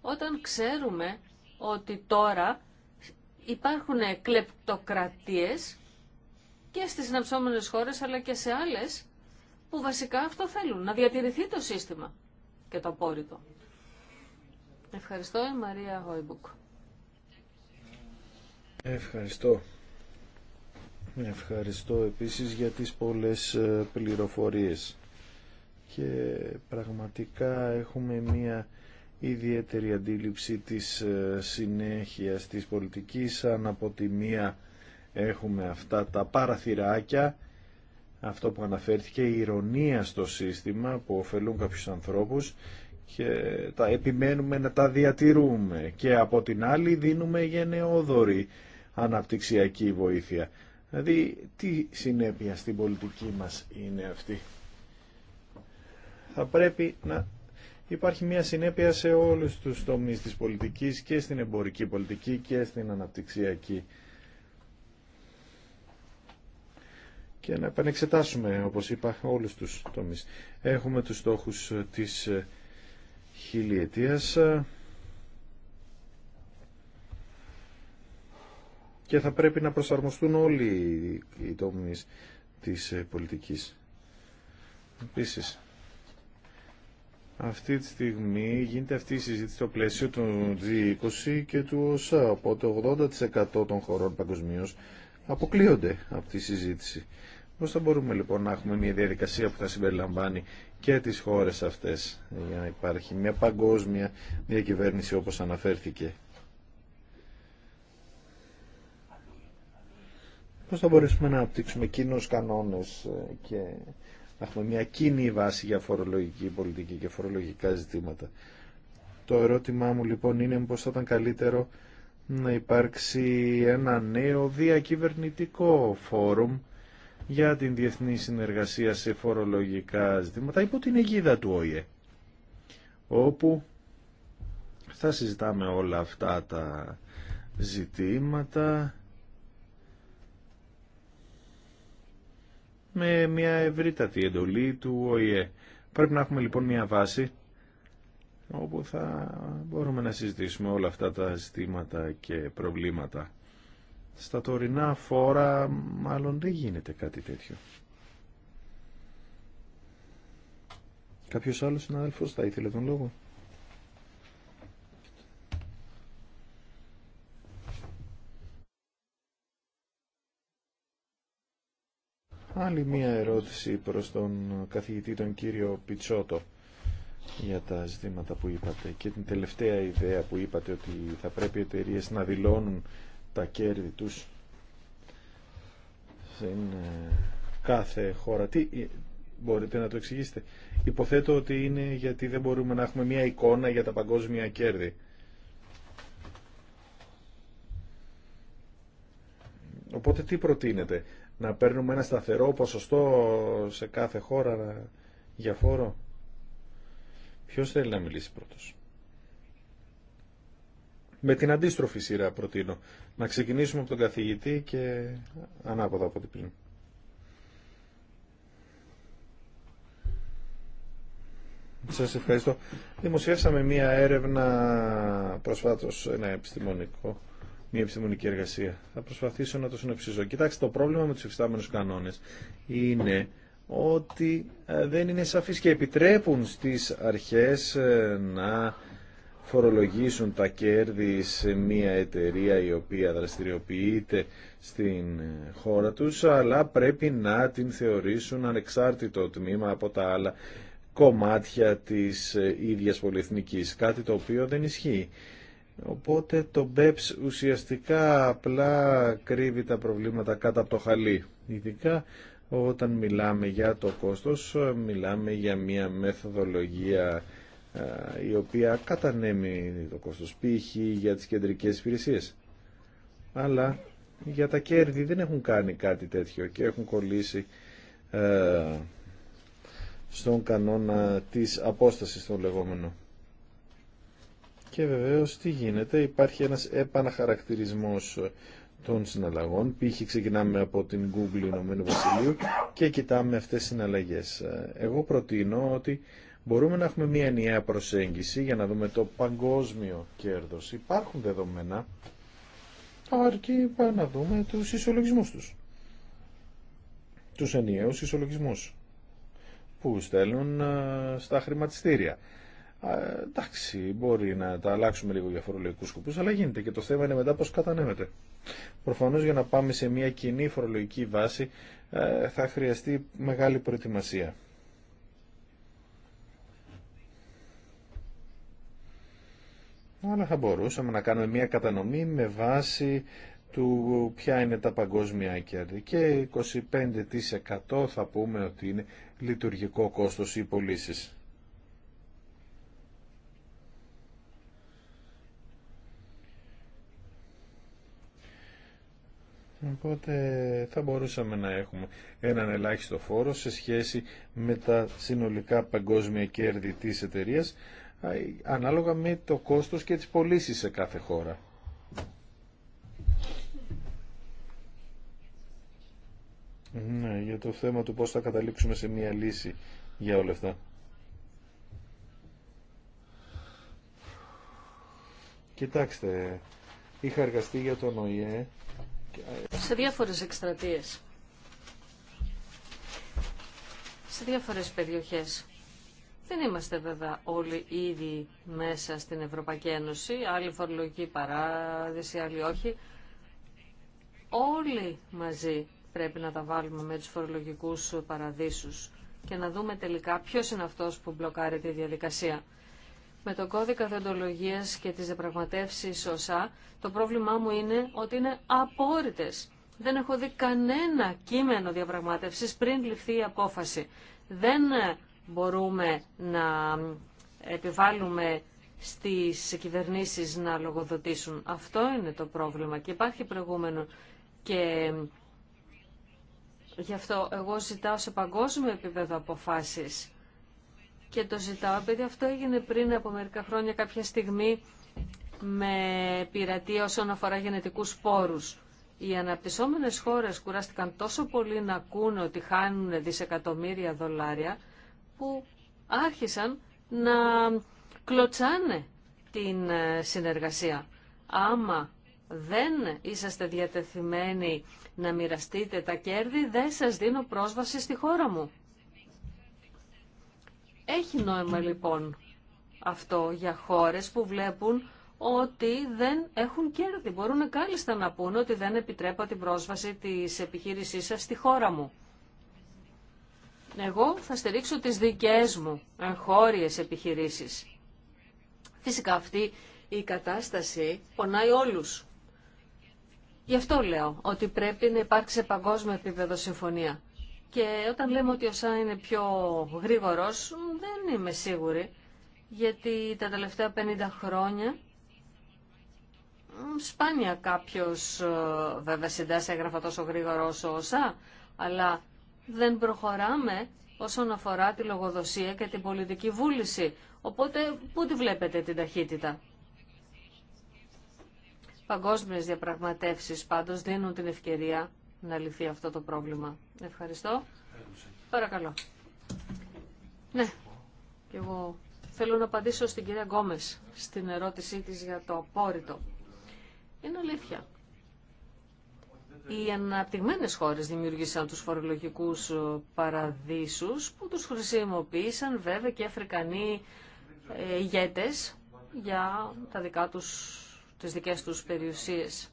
Όταν ξέρουμε ότι τώρα υπάρχουν κλεπτοκρατίες και στις συναψόμενες χώρες αλλά και σε άλλες που βασικά αυτό θέλουν, να διατηρηθεί το σύστημα και το απόρριτο. Ευχαριστώ η Μαρία Γόιμπουκ. Ευχαριστώ Ευχαριστώ επίσης για τις πολλές ε, πληροφορίες και πραγματικά έχουμε μία ιδιαίτερη αντίληψη της ε, συνέχειας της πολιτικής Αν από τη μία έχουμε αυτά τα παραθυράκια αυτό που αναφέρθηκε η ηρωνία στο σύστημα που ωφελούν κάποιους ανθρώπους και τα επιμένουμε να τα διατηρούμε και από την άλλη δίνουμε γενναιόδορη αναπτυξιακή βοήθεια Δηλαδή, τι συνέπεια στην πολιτική μας είναι αυτή. Θα πρέπει να υπάρχει μια συνέπεια σε όλους τους τομείς της πολιτικής και στην εμπορική πολιτική και στην αναπτυξιακή. Και να επανεξετάσουμε, όπως είπα, όλους τους τομείς. Έχουμε τους στόχους της χιλιετίας. και θα πρέπει να προσαρμοστούν όλοι οι τομείς της ε, πολιτικής. Επίσης, αυτή τη στιγμή γίνεται αυτή η συζήτηση στο πλαίσιο του G20 και του ΟΣΑ, οπότε 80% των χωρών παγκοσμίω αποκλείονται από τη συζήτηση. Πώς θα μπορούμε λοιπόν να έχουμε μια διαδικασία που θα συμπεριλαμβάνει και τις χώρες αυτές για να υπάρχει μια παγκόσμια διακυβέρνηση όπως αναφέρθηκε. πώς θα μπορέσουμε να αναπτύξουμε κοινού κανόνες ε, και να έχουμε μια κοινή βάση για φορολογική πολιτική και φορολογικά ζητήματα. Το ερώτημά μου λοιπόν είναι πως θα ήταν καλύτερο να απτύξουμε κοινούς κανονες και να εχουμε ένα νέο διακυβερνητικό φόρουμ για την διεθνή συνεργασία σε φορολογικά ζητήματα υπό την αιγίδα του ΟΗΕ όπου θα συζητάμε όλα αυτά τα ζητήματα με μια ευρύτατη εντολή του ΟΗΕ. Πρέπει να έχουμε λοιπόν μια βάση όπου θα μπορούμε να συζητήσουμε όλα αυτά τα ζητήματα και προβλήματα. Στα τωρινά φόρα μάλλον δεν γίνεται κάτι τέτοιο. Κάποιος άλλος συνάδελφος θα ήθελε τον λόγο. Άλλη μία ερώτηση προς τον καθηγητή τον κύριο Πιτσότο για τα ζητήματα που είπατε και την τελευταία ιδέα που είπατε ότι θα πρέπει οι εταιρείε να δηλώνουν τα κέρδη τους σε κάθε χώρα. Τι ε, μπορείτε να το εξηγήσετε. Υποθέτω ότι είναι γιατί δεν μπορούμε να έχουμε μία εικόνα για τα παγκόσμια κέρδη. Οπότε τι προτείνετε να παίρνουμε ένα σταθερό ποσοστό σε κάθε χώρα για φόρο. Ποιος θέλει να μιλήσει πρώτος. Με την αντίστροφη σειρά προτείνω. Να ξεκινήσουμε από τον καθηγητή και ανάποδα από την πριν. Σας ευχαριστώ. Δημοσιεύσαμε μία έρευνα προσφάτως, ένα επιστημονικό μια επιστημονική εργασία. Θα προσπαθήσω να το συνοψίζω. Κοιτάξτε, το πρόβλημα με του υφιστάμενου κανόνες είναι ότι ε, δεν είναι σαφείς και επιτρέπουν στις αρχές ε, να φορολογήσουν τα κέρδη σε μια εταιρεία η οποία δραστηριοποιείται στην ε, χώρα τους, αλλά πρέπει να την θεωρήσουν ανεξάρτητο τμήμα από τα άλλα κομμάτια της ίδιας πολυεθνικής, κάτι το οποίο δεν ισχύει. Οπότε το BEPS ουσιαστικά απλά κρύβει τα προβλήματα κάτω από το χαλί. Ειδικά όταν μιλάμε για το κόστος, μιλάμε για μια μεθοδολογία η οποία κατανέμει το κόστος π.χ. για τις κεντρικές υπηρεσίες. Αλλά για τα κέρδη δεν έχουν κάνει κάτι τέτοιο και έχουν κολλήσει στον κανόνα της απόστασης των λεγόμενων. Και βεβαίω τι γίνεται, υπάρχει ένας επαναχαρακτηρισμός των συναλλαγών. Π.χ. ξεκινάμε από την Google Ηνωμένου Βασιλείου και κοιτάμε αυτές τις συναλλαγές. Εγώ προτείνω ότι μπορούμε να έχουμε μια ενιαία προσέγγιση για να δούμε το παγκόσμιο κέρδος. Υπάρχουν δεδομένα, αρκεί να δούμε τους ισολογισμούς τους. Τους ενιαίους ισολογισμού που στέλνουν ε, στα χρηματιστήρια εντάξει, μπορεί να τα αλλάξουμε λίγο για φορολογικού σκοπού, αλλά γίνεται και το θέμα είναι μετά πώ κατανέμεται. Προφανώ για να πάμε σε μια κοινή φορολογική βάση ε, θα χρειαστεί μεγάλη προετοιμασία. Αλλά θα μπορούσαμε να κάνουμε μια κατανομή με βάση του ποια είναι τα παγκόσμια κέρδη και 25% θα πούμε ότι είναι λειτουργικό κόστος ή πωλήσει. Οπότε θα μπορούσαμε να έχουμε έναν ελάχιστο φόρο σε σχέση με τα συνολικά παγκόσμια κέρδη της εταιρεία ανάλογα με το κόστος και τις πωλήσει σε κάθε χώρα. Ναι, για το θέμα του πώς θα καταλήξουμε σε μια λύση για όλα αυτά. Κοιτάξτε, είχα εργαστεί για τον ΟΗΕ σε διάφορες εκστρατείες, σε διάφορες περιοχές. Δεν είμαστε βέβαια όλοι ήδη μέσα στην Ευρωπαϊκή Ένωση, άλλη φορολογική παράδειση, άλλη όχι. Όλοι μαζί πρέπει να τα βάλουμε με τους φορολογικούς παραδείσους και να δούμε τελικά ποιος είναι αυτός που μπλοκάρει τη διαδικασία με τον κώδικα δεοντολογίας και τις διαπραγματεύσεις ΩΣΑ, το πρόβλημά μου είναι ότι είναι απόρριτες. Δεν έχω δει κανένα κείμενο διαπραγματεύσεις πριν ληφθεί η απόφαση. Δεν ε, μπορούμε να επιβάλλουμε στις κυβερνήσεις να λογοδοτήσουν. Αυτό είναι το πρόβλημα και υπάρχει προηγούμενο και γι' αυτό εγώ ζητάω σε παγκόσμιο επίπεδο αποφάσεις και το ζητάω επειδή αυτό έγινε πριν από μερικά χρόνια κάποια στιγμή με πειρατεία όσον αφορά γενετικούς πόρους. Οι αναπτυσσόμενες χώρες κουράστηκαν τόσο πολύ να ακούνε ότι χάνουν δισεκατομμύρια δολάρια που άρχισαν να κλωτσάνε την ε, συνεργασία. Άμα δεν είσαστε διατεθειμένοι να μοιραστείτε τα κέρδη, δεν σας δίνω πρόσβαση στη χώρα μου. Έχει νόημα λοιπόν αυτό για χώρες που βλέπουν ότι δεν έχουν κέρδη. Μπορούν κάλλιστα να πούνε ότι δεν επιτρέπω την πρόσβαση της επιχείρησής σας στη χώρα μου. Εγώ θα στηρίξω τις δικές μου εγχώριες επιχειρήσεις. Φυσικά αυτή η κατάσταση πονάει όλους. Γι' αυτό λέω ότι πρέπει να υπάρξει σε παγκόσμιο επίπεδο συμφωνία. Και όταν λέμε ότι ο ΣΑ είναι πιο γρήγορος, δεν είμαι σίγουρη, γιατί τα τελευταία 50 χρόνια σπάνια κάποιος ε, βέβαια συντάσσει έγραφα τόσο γρήγορο όσο ο ΣΑ, αλλά δεν προχωράμε όσον αφορά τη λογοδοσία και την πολιτική βούληση. Οπότε, πού τη βλέπετε την ταχύτητα. Παγκόσμιες διαπραγματεύσεις πάντως δίνουν την ευκαιρία να λυθεί αυτό το πρόβλημα. Ευχαριστώ. Παρακαλώ. Ναι, και εγώ θέλω να απαντήσω στην κυρία Γκόμες στην ερώτησή της για το απόρριτο. Είναι αλήθεια. Οι αναπτυγμένες χώρες δημιούργησαν τους φορολογικούς ε, παραδείσους που τους χρησιμοποίησαν βέβαια και Αφρικανοί ε, ηγέτες για τα δικά τους, τις δικές τους περιουσίες.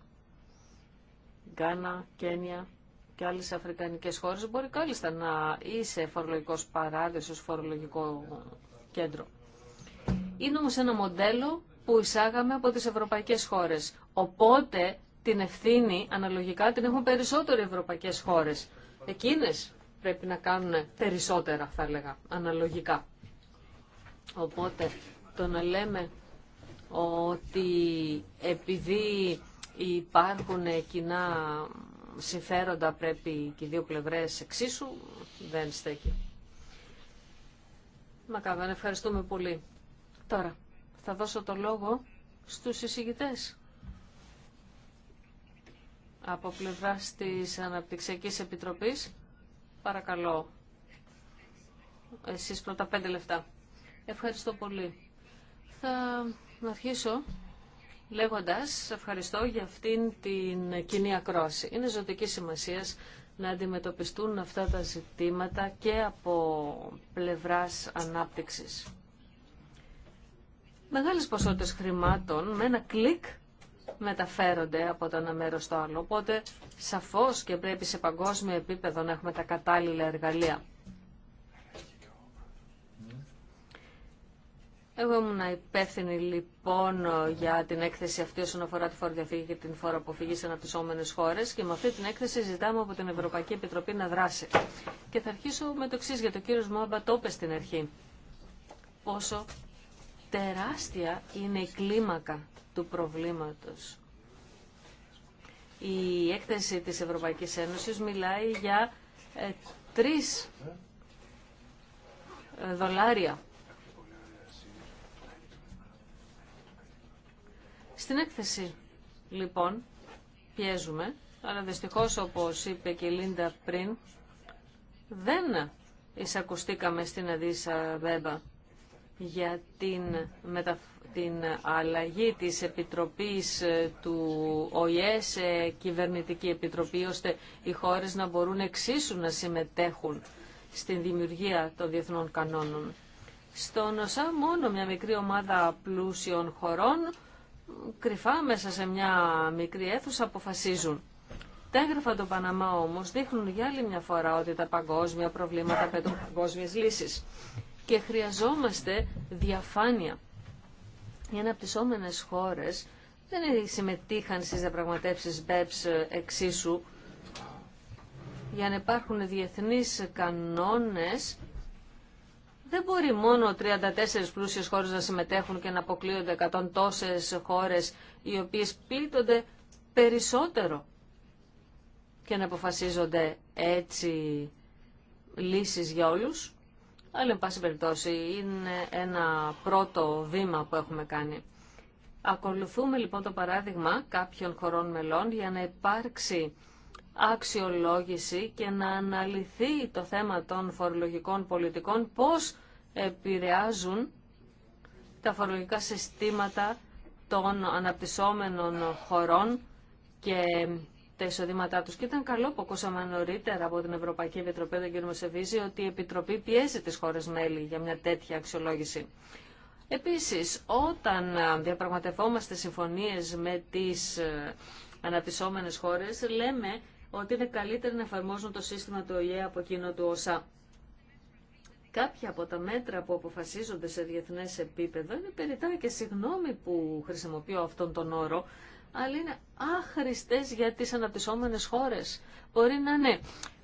Γκάνα, Κένια και άλλε αφρικανικές χώρες μπορεί κάλλιστα να είσαι φορολογικός παράδεισος, φορολογικό κέντρο. Είναι όμω ένα μοντέλο που εισάγαμε από τις ευρωπαϊκές χώρες. Οπότε την ευθύνη αναλογικά την έχουν περισσότερο οι ευρωπαϊκές χώρες. Εκείνες πρέπει να κάνουν περισσότερα θα έλεγα, αναλογικά. Οπότε το να λέμε ότι επειδή υπάρχουν κοινά συμφέροντα πρέπει και οι δύο πλευρές εξίσου, δεν στέκει. Μακάβαν, ευχαριστούμε πολύ. Τώρα, θα δώσω το λόγο στους εισηγητές. Από πλευρά της Αναπτυξιακής Επιτροπής, παρακαλώ, εσείς πρώτα πέντε λεφτά. Ευχαριστώ πολύ. Θα αρχίσω λέγοντας ευχαριστώ για αυτήν την κοινή ακρόση. Είναι ζωτική σημασία να αντιμετωπιστούν αυτά τα ζητήματα και από πλευράς ανάπτυξης. Μεγάλες ποσότητες χρημάτων με ένα κλικ μεταφέρονται από το ένα μέρος στο άλλο, οπότε σαφώς και πρέπει σε παγκόσμιο επίπεδο να έχουμε τα κατάλληλα εργαλεία. Εγώ ήμουν υπεύθυνη λοιπόν για την έκθεση αυτή όσον αφορά τη φοροδιαφύγη και την φοροαποφυγή σε αναπτυσσόμενε χώρε και με αυτή την έκθεση ζητάμε από την Ευρωπαϊκή Επιτροπή να δράσει. Και θα αρχίσω με το εξή, για ο κύριο Μόμπα το είπε στην αρχή. Πόσο τεράστια είναι η κλίμακα του προβλήματος. Η έκθεση της Ευρωπαϊκής Ένωσης μιλάει για ε, ε δολάρια Στην έκθεση, λοιπόν, πιέζουμε, αλλά δυστυχώ όπως είπε και η Λίντα πριν, δεν εισακουστήκαμε στην Αδίσα Βέμπα για την, μετα... την αλλαγή της Επιτροπής ε, του ΟΗΕ σε κυβερνητική επιτροπή, ώστε οι χώρες να μπορούν εξίσου να συμμετέχουν στην δημιουργία των διεθνών κανόνων. Στον ΩΣΑ μόνο μια μικρή ομάδα πλούσιων χωρών κρυφά μέσα σε μια μικρή αίθουσα αποφασίζουν. Τα έγγραφα του Παναμά όμω δείχνουν για άλλη μια φορά ότι τα παγκόσμια προβλήματα πέτουν παγκόσμιε λύσεις. Και χρειαζόμαστε διαφάνεια. Οι αναπτυσσόμενε χώρες δεν συμμετείχαν στι διαπραγματεύσει BEPS εξίσου για να υπάρχουν διεθνείς κανόνες δεν μπορεί μόνο 34 πλούσιες χώρες να συμμετέχουν και να αποκλείονται 100 τόσες χώρες οι οποίες πλήττονται περισσότερο και να αποφασίζονται έτσι λύσεις για όλους. Αλλά, εν πάση περιπτώσει, είναι ένα πρώτο βήμα που έχουμε κάνει. Ακολουθούμε λοιπόν το παράδειγμα κάποιων χωρών μελών για να υπάρξει αξιολόγηση και να αναλυθεί το θέμα των φορολογικών πολιτικών, πώς επηρεάζουν τα φορολογικά συστήματα των αναπτυσσόμενων χωρών και τα εισοδήματά τους. Και ήταν καλό που ακούσαμε νωρίτερα από την Ευρωπαϊκή Επιτροπή, τον κ. Μεσεβίζη, ότι η Επιτροπή πιέζει τις χώρες μέλη για μια τέτοια αξιολόγηση. Επίσης, όταν διαπραγματευόμαστε συμφωνίες με τις ε, αναπτυσσόμενες χώρες, λέμε ότι είναι καλύτερο να εφαρμόζουν το σύστημα του ΟΗΕ από εκείνο του ΟΣΑ. Κάποια από τα μέτρα που αποφασίζονται σε διεθνές επίπεδο είναι περιτά και συγγνώμη που χρησιμοποιώ αυτόν τον όρο, αλλά είναι άχρηστες για τις αναπτυσσόμενες χώρες. Μπορεί να είναι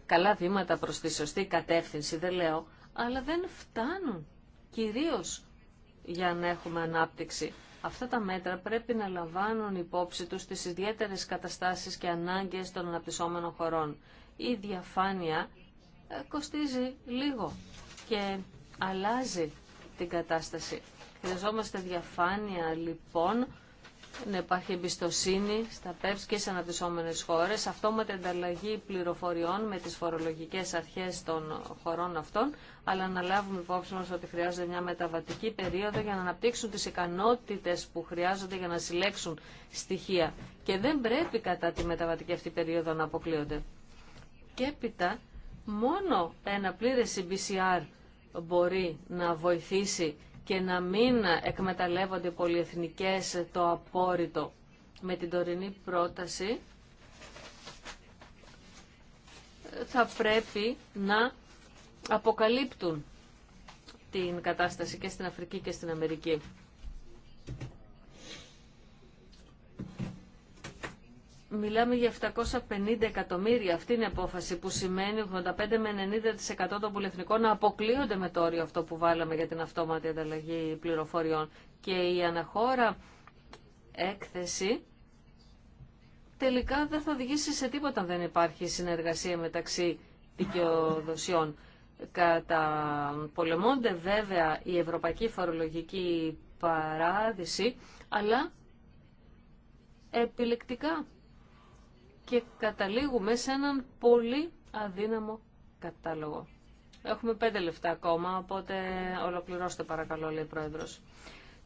καλά βήματα προς τη σωστή κατεύθυνση, δεν λέω, αλλά δεν φτάνουν κυρίως για να έχουμε ανάπτυξη. Αυτά τα μέτρα πρέπει να λαμβάνουν υπόψη τους τις ιδιαίτερες καταστάσεις και ανάγκες των αναπτυσσόμενων χωρών. Η διαφάνεια ε, κοστίζει λίγο και αλλάζει την κατάσταση. Χρειαζόμαστε διαφάνεια λοιπόν να υπάρχει εμπιστοσύνη στα ΠΕΠΣ και σε αναπτυσσόμενες χώρες, την ανταλλαγή πληροφοριών με τις φορολογικές αρχές των χωρών αυτών, αλλά να λάβουμε υπόψη μας ότι χρειάζεται μια μεταβατική περίοδο για να αναπτύξουν τις ικανότητες που χρειάζονται για να συλλέξουν στοιχεία. Και δεν πρέπει κατά τη μεταβατική αυτή περίοδο να αποκλείονται. Και έπειτα, μόνο ένα πλήρες CBCR μπορεί να βοηθήσει και να μην εκμεταλλεύονται οι πολυεθνικές το απόρριτο. Με την τωρινή πρόταση θα πρέπει να αποκαλύπτουν την κατάσταση και στην Αφρική και στην Αμερική. Μιλάμε για 750 εκατομμύρια. Αυτή είναι η απόφαση που σημαίνει 85 με 90% των πολυεθνικών να αποκλείονται με το όριο αυτό που βάλαμε για την αυτόματη ανταλλαγή πληροφοριών. Και η αναχώρα έκθεση τελικά δεν θα οδηγήσει σε τίποτα αν δεν υπάρχει συνεργασία μεταξύ δικαιοδοσιών. πολεμώνται βέβαια η ευρωπαϊκή φορολογική παράδειση, αλλά επιλεκτικά και καταλήγουμε σε έναν πολύ αδύναμο κατάλογο. Έχουμε πέντε λεφτά ακόμα, οπότε ολοκληρώστε παρακαλώ, λέει ο Πρόεδρος.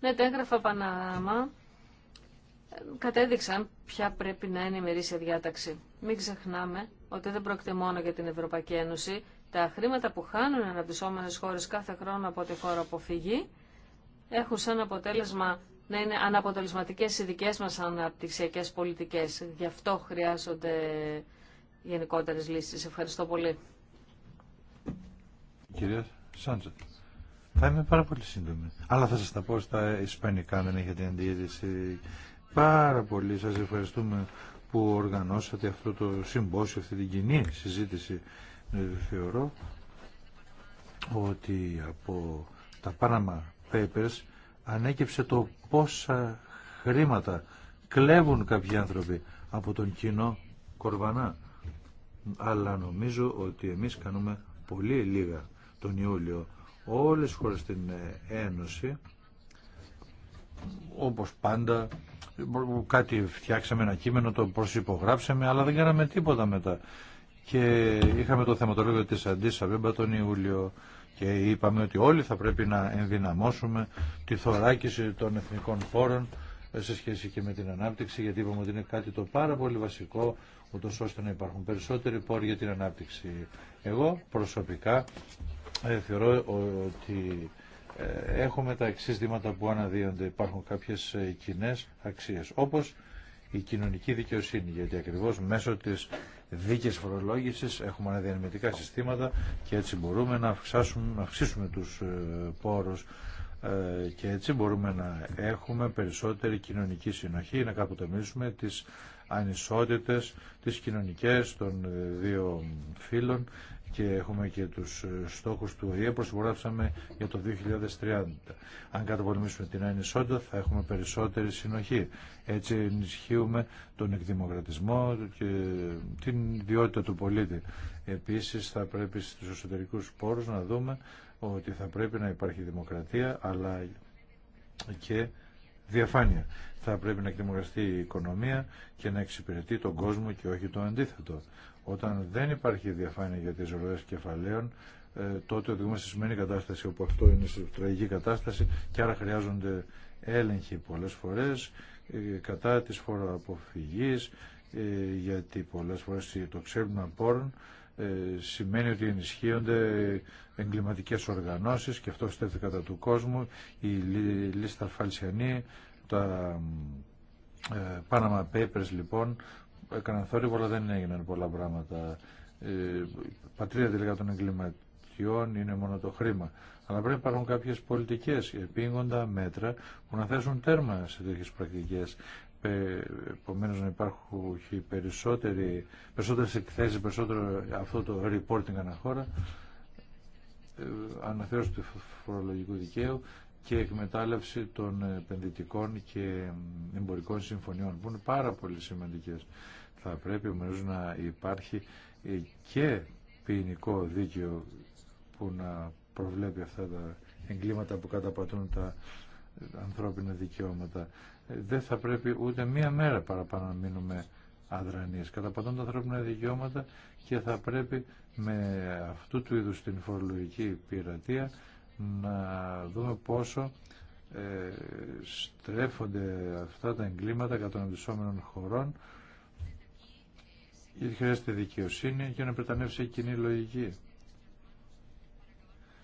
Ναι, τα έγγραφα Παναμά κατέδειξαν ποια πρέπει να είναι η μερίσια διάταξη. Μην ξεχνάμε ότι δεν πρόκειται μόνο για την Ευρωπαϊκή Ένωση. Τα χρήματα που χάνουν οι αναπτυσσόμενες χώρες κάθε χρόνο από τη χώρα αποφυγή έχουν σαν αποτέλεσμα να είναι αναποτελεσματικές οι δικές μας αναπτυξιακές πολιτικές. Γι' αυτό χρειάζονται γενικότερες λύσεις. Ευχαριστώ πολύ. Κυρία Σάντζετ, θα είμαι πάρα πολύ σύντομη. Αλλά θα σας τα πω στα ισπανικά, δεν έχετε αντίθεση. Πάρα πολύ σας ευχαριστούμε που οργανώσατε αυτό το συμπόσιο, αυτή την κοινή συζήτηση. Ε, θεωρώ ότι από τα Panama Papers ανέκυψε το πόσα χρήματα κλέβουν κάποιοι άνθρωποι από τον κοινό κορβανά. Αλλά νομίζω ότι εμείς κάνουμε πολύ λίγα τον Ιούλιο. Όλες οι χώρες στην Ένωση, όπως πάντα, κάτι φτιάξαμε ένα κείμενο, το προσυπογράψαμε, αλλά δεν κάναμε τίποτα μετά. Και είχαμε το θεματολόγιο της Αντίσα τον Ιούλιο και είπαμε ότι όλοι θα πρέπει να ενδυναμώσουμε τη θωράκιση των εθνικών πόρων σε σχέση και με την ανάπτυξη, γιατί είπαμε ότι είναι κάτι το πάρα πολύ βασικό, ούτω ώστε να υπάρχουν περισσότεροι πόροι για την ανάπτυξη. Εγώ προσωπικά ε, θεωρώ ότι ε, έχουμε τα εξή δήματα που αναδύονται. Υπάρχουν κάποιε κοινέ αξίε, όπω η κοινωνική δικαιοσύνη, γιατί ακριβώ μέσω τη δίκαιες φορολόγησης, έχουμε αναδιανεμητικά συστήματα και έτσι μπορούμε να, αυξάσουμε, να αυξήσουμε τους ε, πόρους ε, και έτσι μπορούμε να έχουμε περισσότερη κοινωνική συνοχή, να καποτεμήσουμε τις ανισότητες, τις κοινωνικές των ε, δύο φύλων και έχουμε και τους ε, στόχους του ΟΗΕ που για το 2030. Αν καταπολεμήσουμε την ανισότητα θα έχουμε περισσότερη συνοχή. Έτσι ενισχύουμε τον εκδημοκρατισμό και την ιδιότητα του πολίτη. Επίσης θα πρέπει στους εσωτερικούς πόρους να δούμε ότι θα πρέπει να υπάρχει δημοκρατία αλλά και διαφάνεια. Θα πρέπει να εκδημοκραστεί η οικονομία και να εξυπηρετεί τον κόσμο και όχι το αντίθετο. Όταν δεν υπάρχει διαφάνεια για τις ροές κεφαλαίων, ε, τότε οδηγούμε σε σημαίνει κατάσταση όπου αυτό είναι σε τραγική κατάσταση και άρα χρειάζονται έλεγχοι πολλές φορές ε, κατά της φοροαποφυγής ε, γιατί πολλές φορές το ξέρουν πόρων σημαίνει ότι ενισχύονται εγκληματικές οργανώσεις και αυτό στέφεται κατά του κόσμου η λίστα Φαλσιανή τα Panama Papers λοιπόν έκαναν θόρυβο, αλλά δεν έγιναν πολλά πράγματα. Ε, πατρίδα των εγκληματιών είναι μόνο το χρήμα. Αλλά πρέπει να υπάρχουν κάποιε πολιτικέ, επίγοντα μέτρα που να θέσουν τέρμα σε τέτοιε πρακτικέ. Ε, Επομένω να υπάρχουν περισσότερε εκθέσει, περισσότερο αυτό το reporting αναχώρα, ε, αναθεώρηση του φορολογικού δικαίου και εκμετάλλευση των επενδυτικών και εμπορικών συμφωνιών που είναι πάρα πολύ σημαντικές. Θα πρέπει όμως να υπάρχει και ποινικό δίκαιο που να προβλέπει αυτά τα εγκλήματα που καταπατούν τα ανθρώπινα δικαιώματα. Δεν θα πρέπει ούτε μία μέρα παραπάνω να μείνουμε αδρανείς. Καταπατούν τα ανθρώπινα δικαιώματα και θα πρέπει με αυτού του είδους την φορολογική πειρατεία να δούμε πόσο ε, στρέφονται αυτά τα εγκλήματα κατά των εμπισόμενων χωρών γιατί χρειάζεται δικαιοσύνη για να πρετανεύσει η κοινή λογική.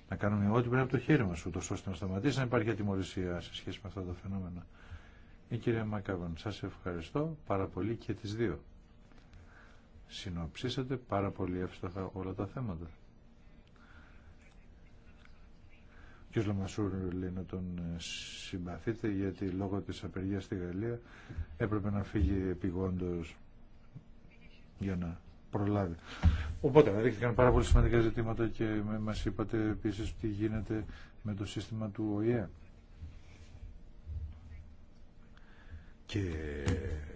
Να κάνουμε ό,τι πρέπει από το χέρι μας, ούτως ώστε να σταματήσει να υπάρχει ατιμορρησία σε σχέση με αυτά τα φαινόμενα. Η κυρία Μακάβαν, σας ευχαριστώ πάρα πολύ και τις δύο. Συνοψίσατε πάρα πολύ εύστοχα όλα τα θέματα. κ. Λαμασούρ λέει να τον ε, συμπαθείτε γιατί λόγω της απεργίας στη Γαλλία έπρεπε να φύγει επιγόντως για να προλάβει. Οπότε αναδείχθηκαν δηλαδή, πάρα πολύ σημαντικά ζητήματα και μας είπατε επίσης τι γίνεται με το σύστημα του ΟΗΕ. Και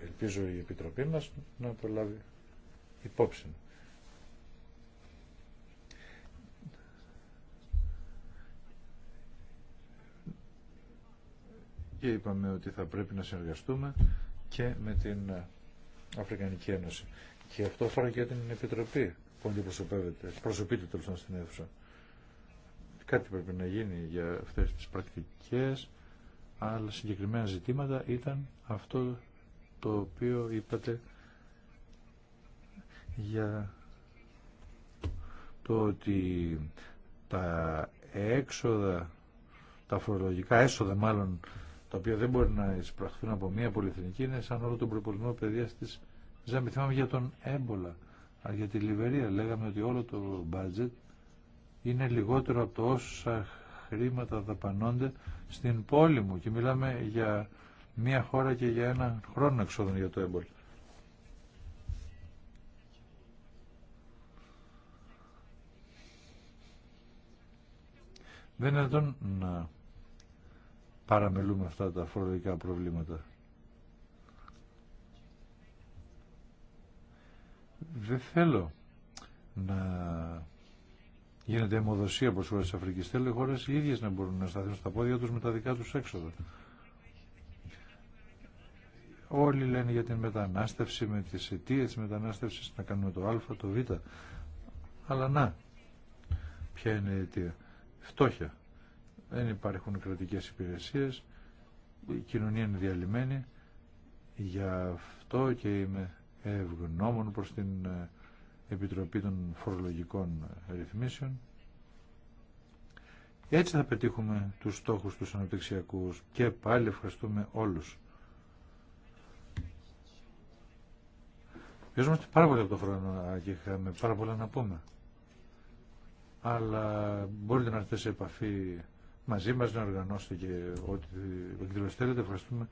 ελπίζω η Επιτροπή μας να προλάβει υπόψη. και είπαμε ότι θα πρέπει να συνεργαστούμε και με την ε, Αφρικανική Ένωση. Και αυτό αφορά και την Επιτροπή που αντιπροσωπεύεται, προσωπείται τέλο στην αίθουσα. Κάτι πρέπει να γίνει για αυτέ τι πρακτικέ, αλλά συγκεκριμένα ζητήματα ήταν αυτό το οποίο είπατε για το ότι τα έξοδα, τα φορολογικά έσοδα μάλλον τα οποία δεν μπορεί να εισπραχθούν από μία πολυεθνική είναι σαν όλο τον προπολισμό παιδεία τη Ζάμπη. Θυμάμαι για τον έμπολα, για τη Λιβερία. Λέγαμε ότι όλο το μπάτζετ είναι λιγότερο από το όσα χρήματα δαπανώνται στην πόλη μου και μιλάμε για μία χώρα και για ένα χρόνο εξόδων για το έμπολα. Δεν είναι να παραμελούμε αυτά τα φορολογικά προβλήματα. Δεν θέλω να γίνεται αιμοδοσία προς χώρες της Αφρικής. Θέλω οι χώρες οι ίδιες να μπορούν να σταθούν στα πόδια τους με τα δικά τους έξοδα. Όλοι λένε για την μετανάστευση, με τις αιτίε της μετανάστευσης, να κάνουμε το α, το β. Αλλά να, ποια είναι η αιτία. Φτώχεια, δεν υπάρχουν κρατικές υπηρεσίες, η κοινωνία είναι διαλυμένη, γι' αυτό και είμαι ευγνώμων προς την ε, Επιτροπή των Φορολογικών Ρυθμίσεων. Έτσι θα πετύχουμε τους στόχους τους αναπτυξιακούς και πάλι ευχαριστούμε όλους. Βιώσαμε πάρα πολύ από το χρόνο και είχαμε πάρα πολλά να πούμε. Αλλά μπορείτε να έρθετε σε επαφή μαζί μας να οργανώσετε και ό,τι θέλετε. Ευχαριστούμε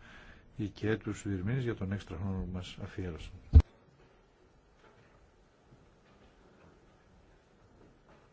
και του διερμήνες για τον έξτρα χρόνο που μας αφιέρωσαν.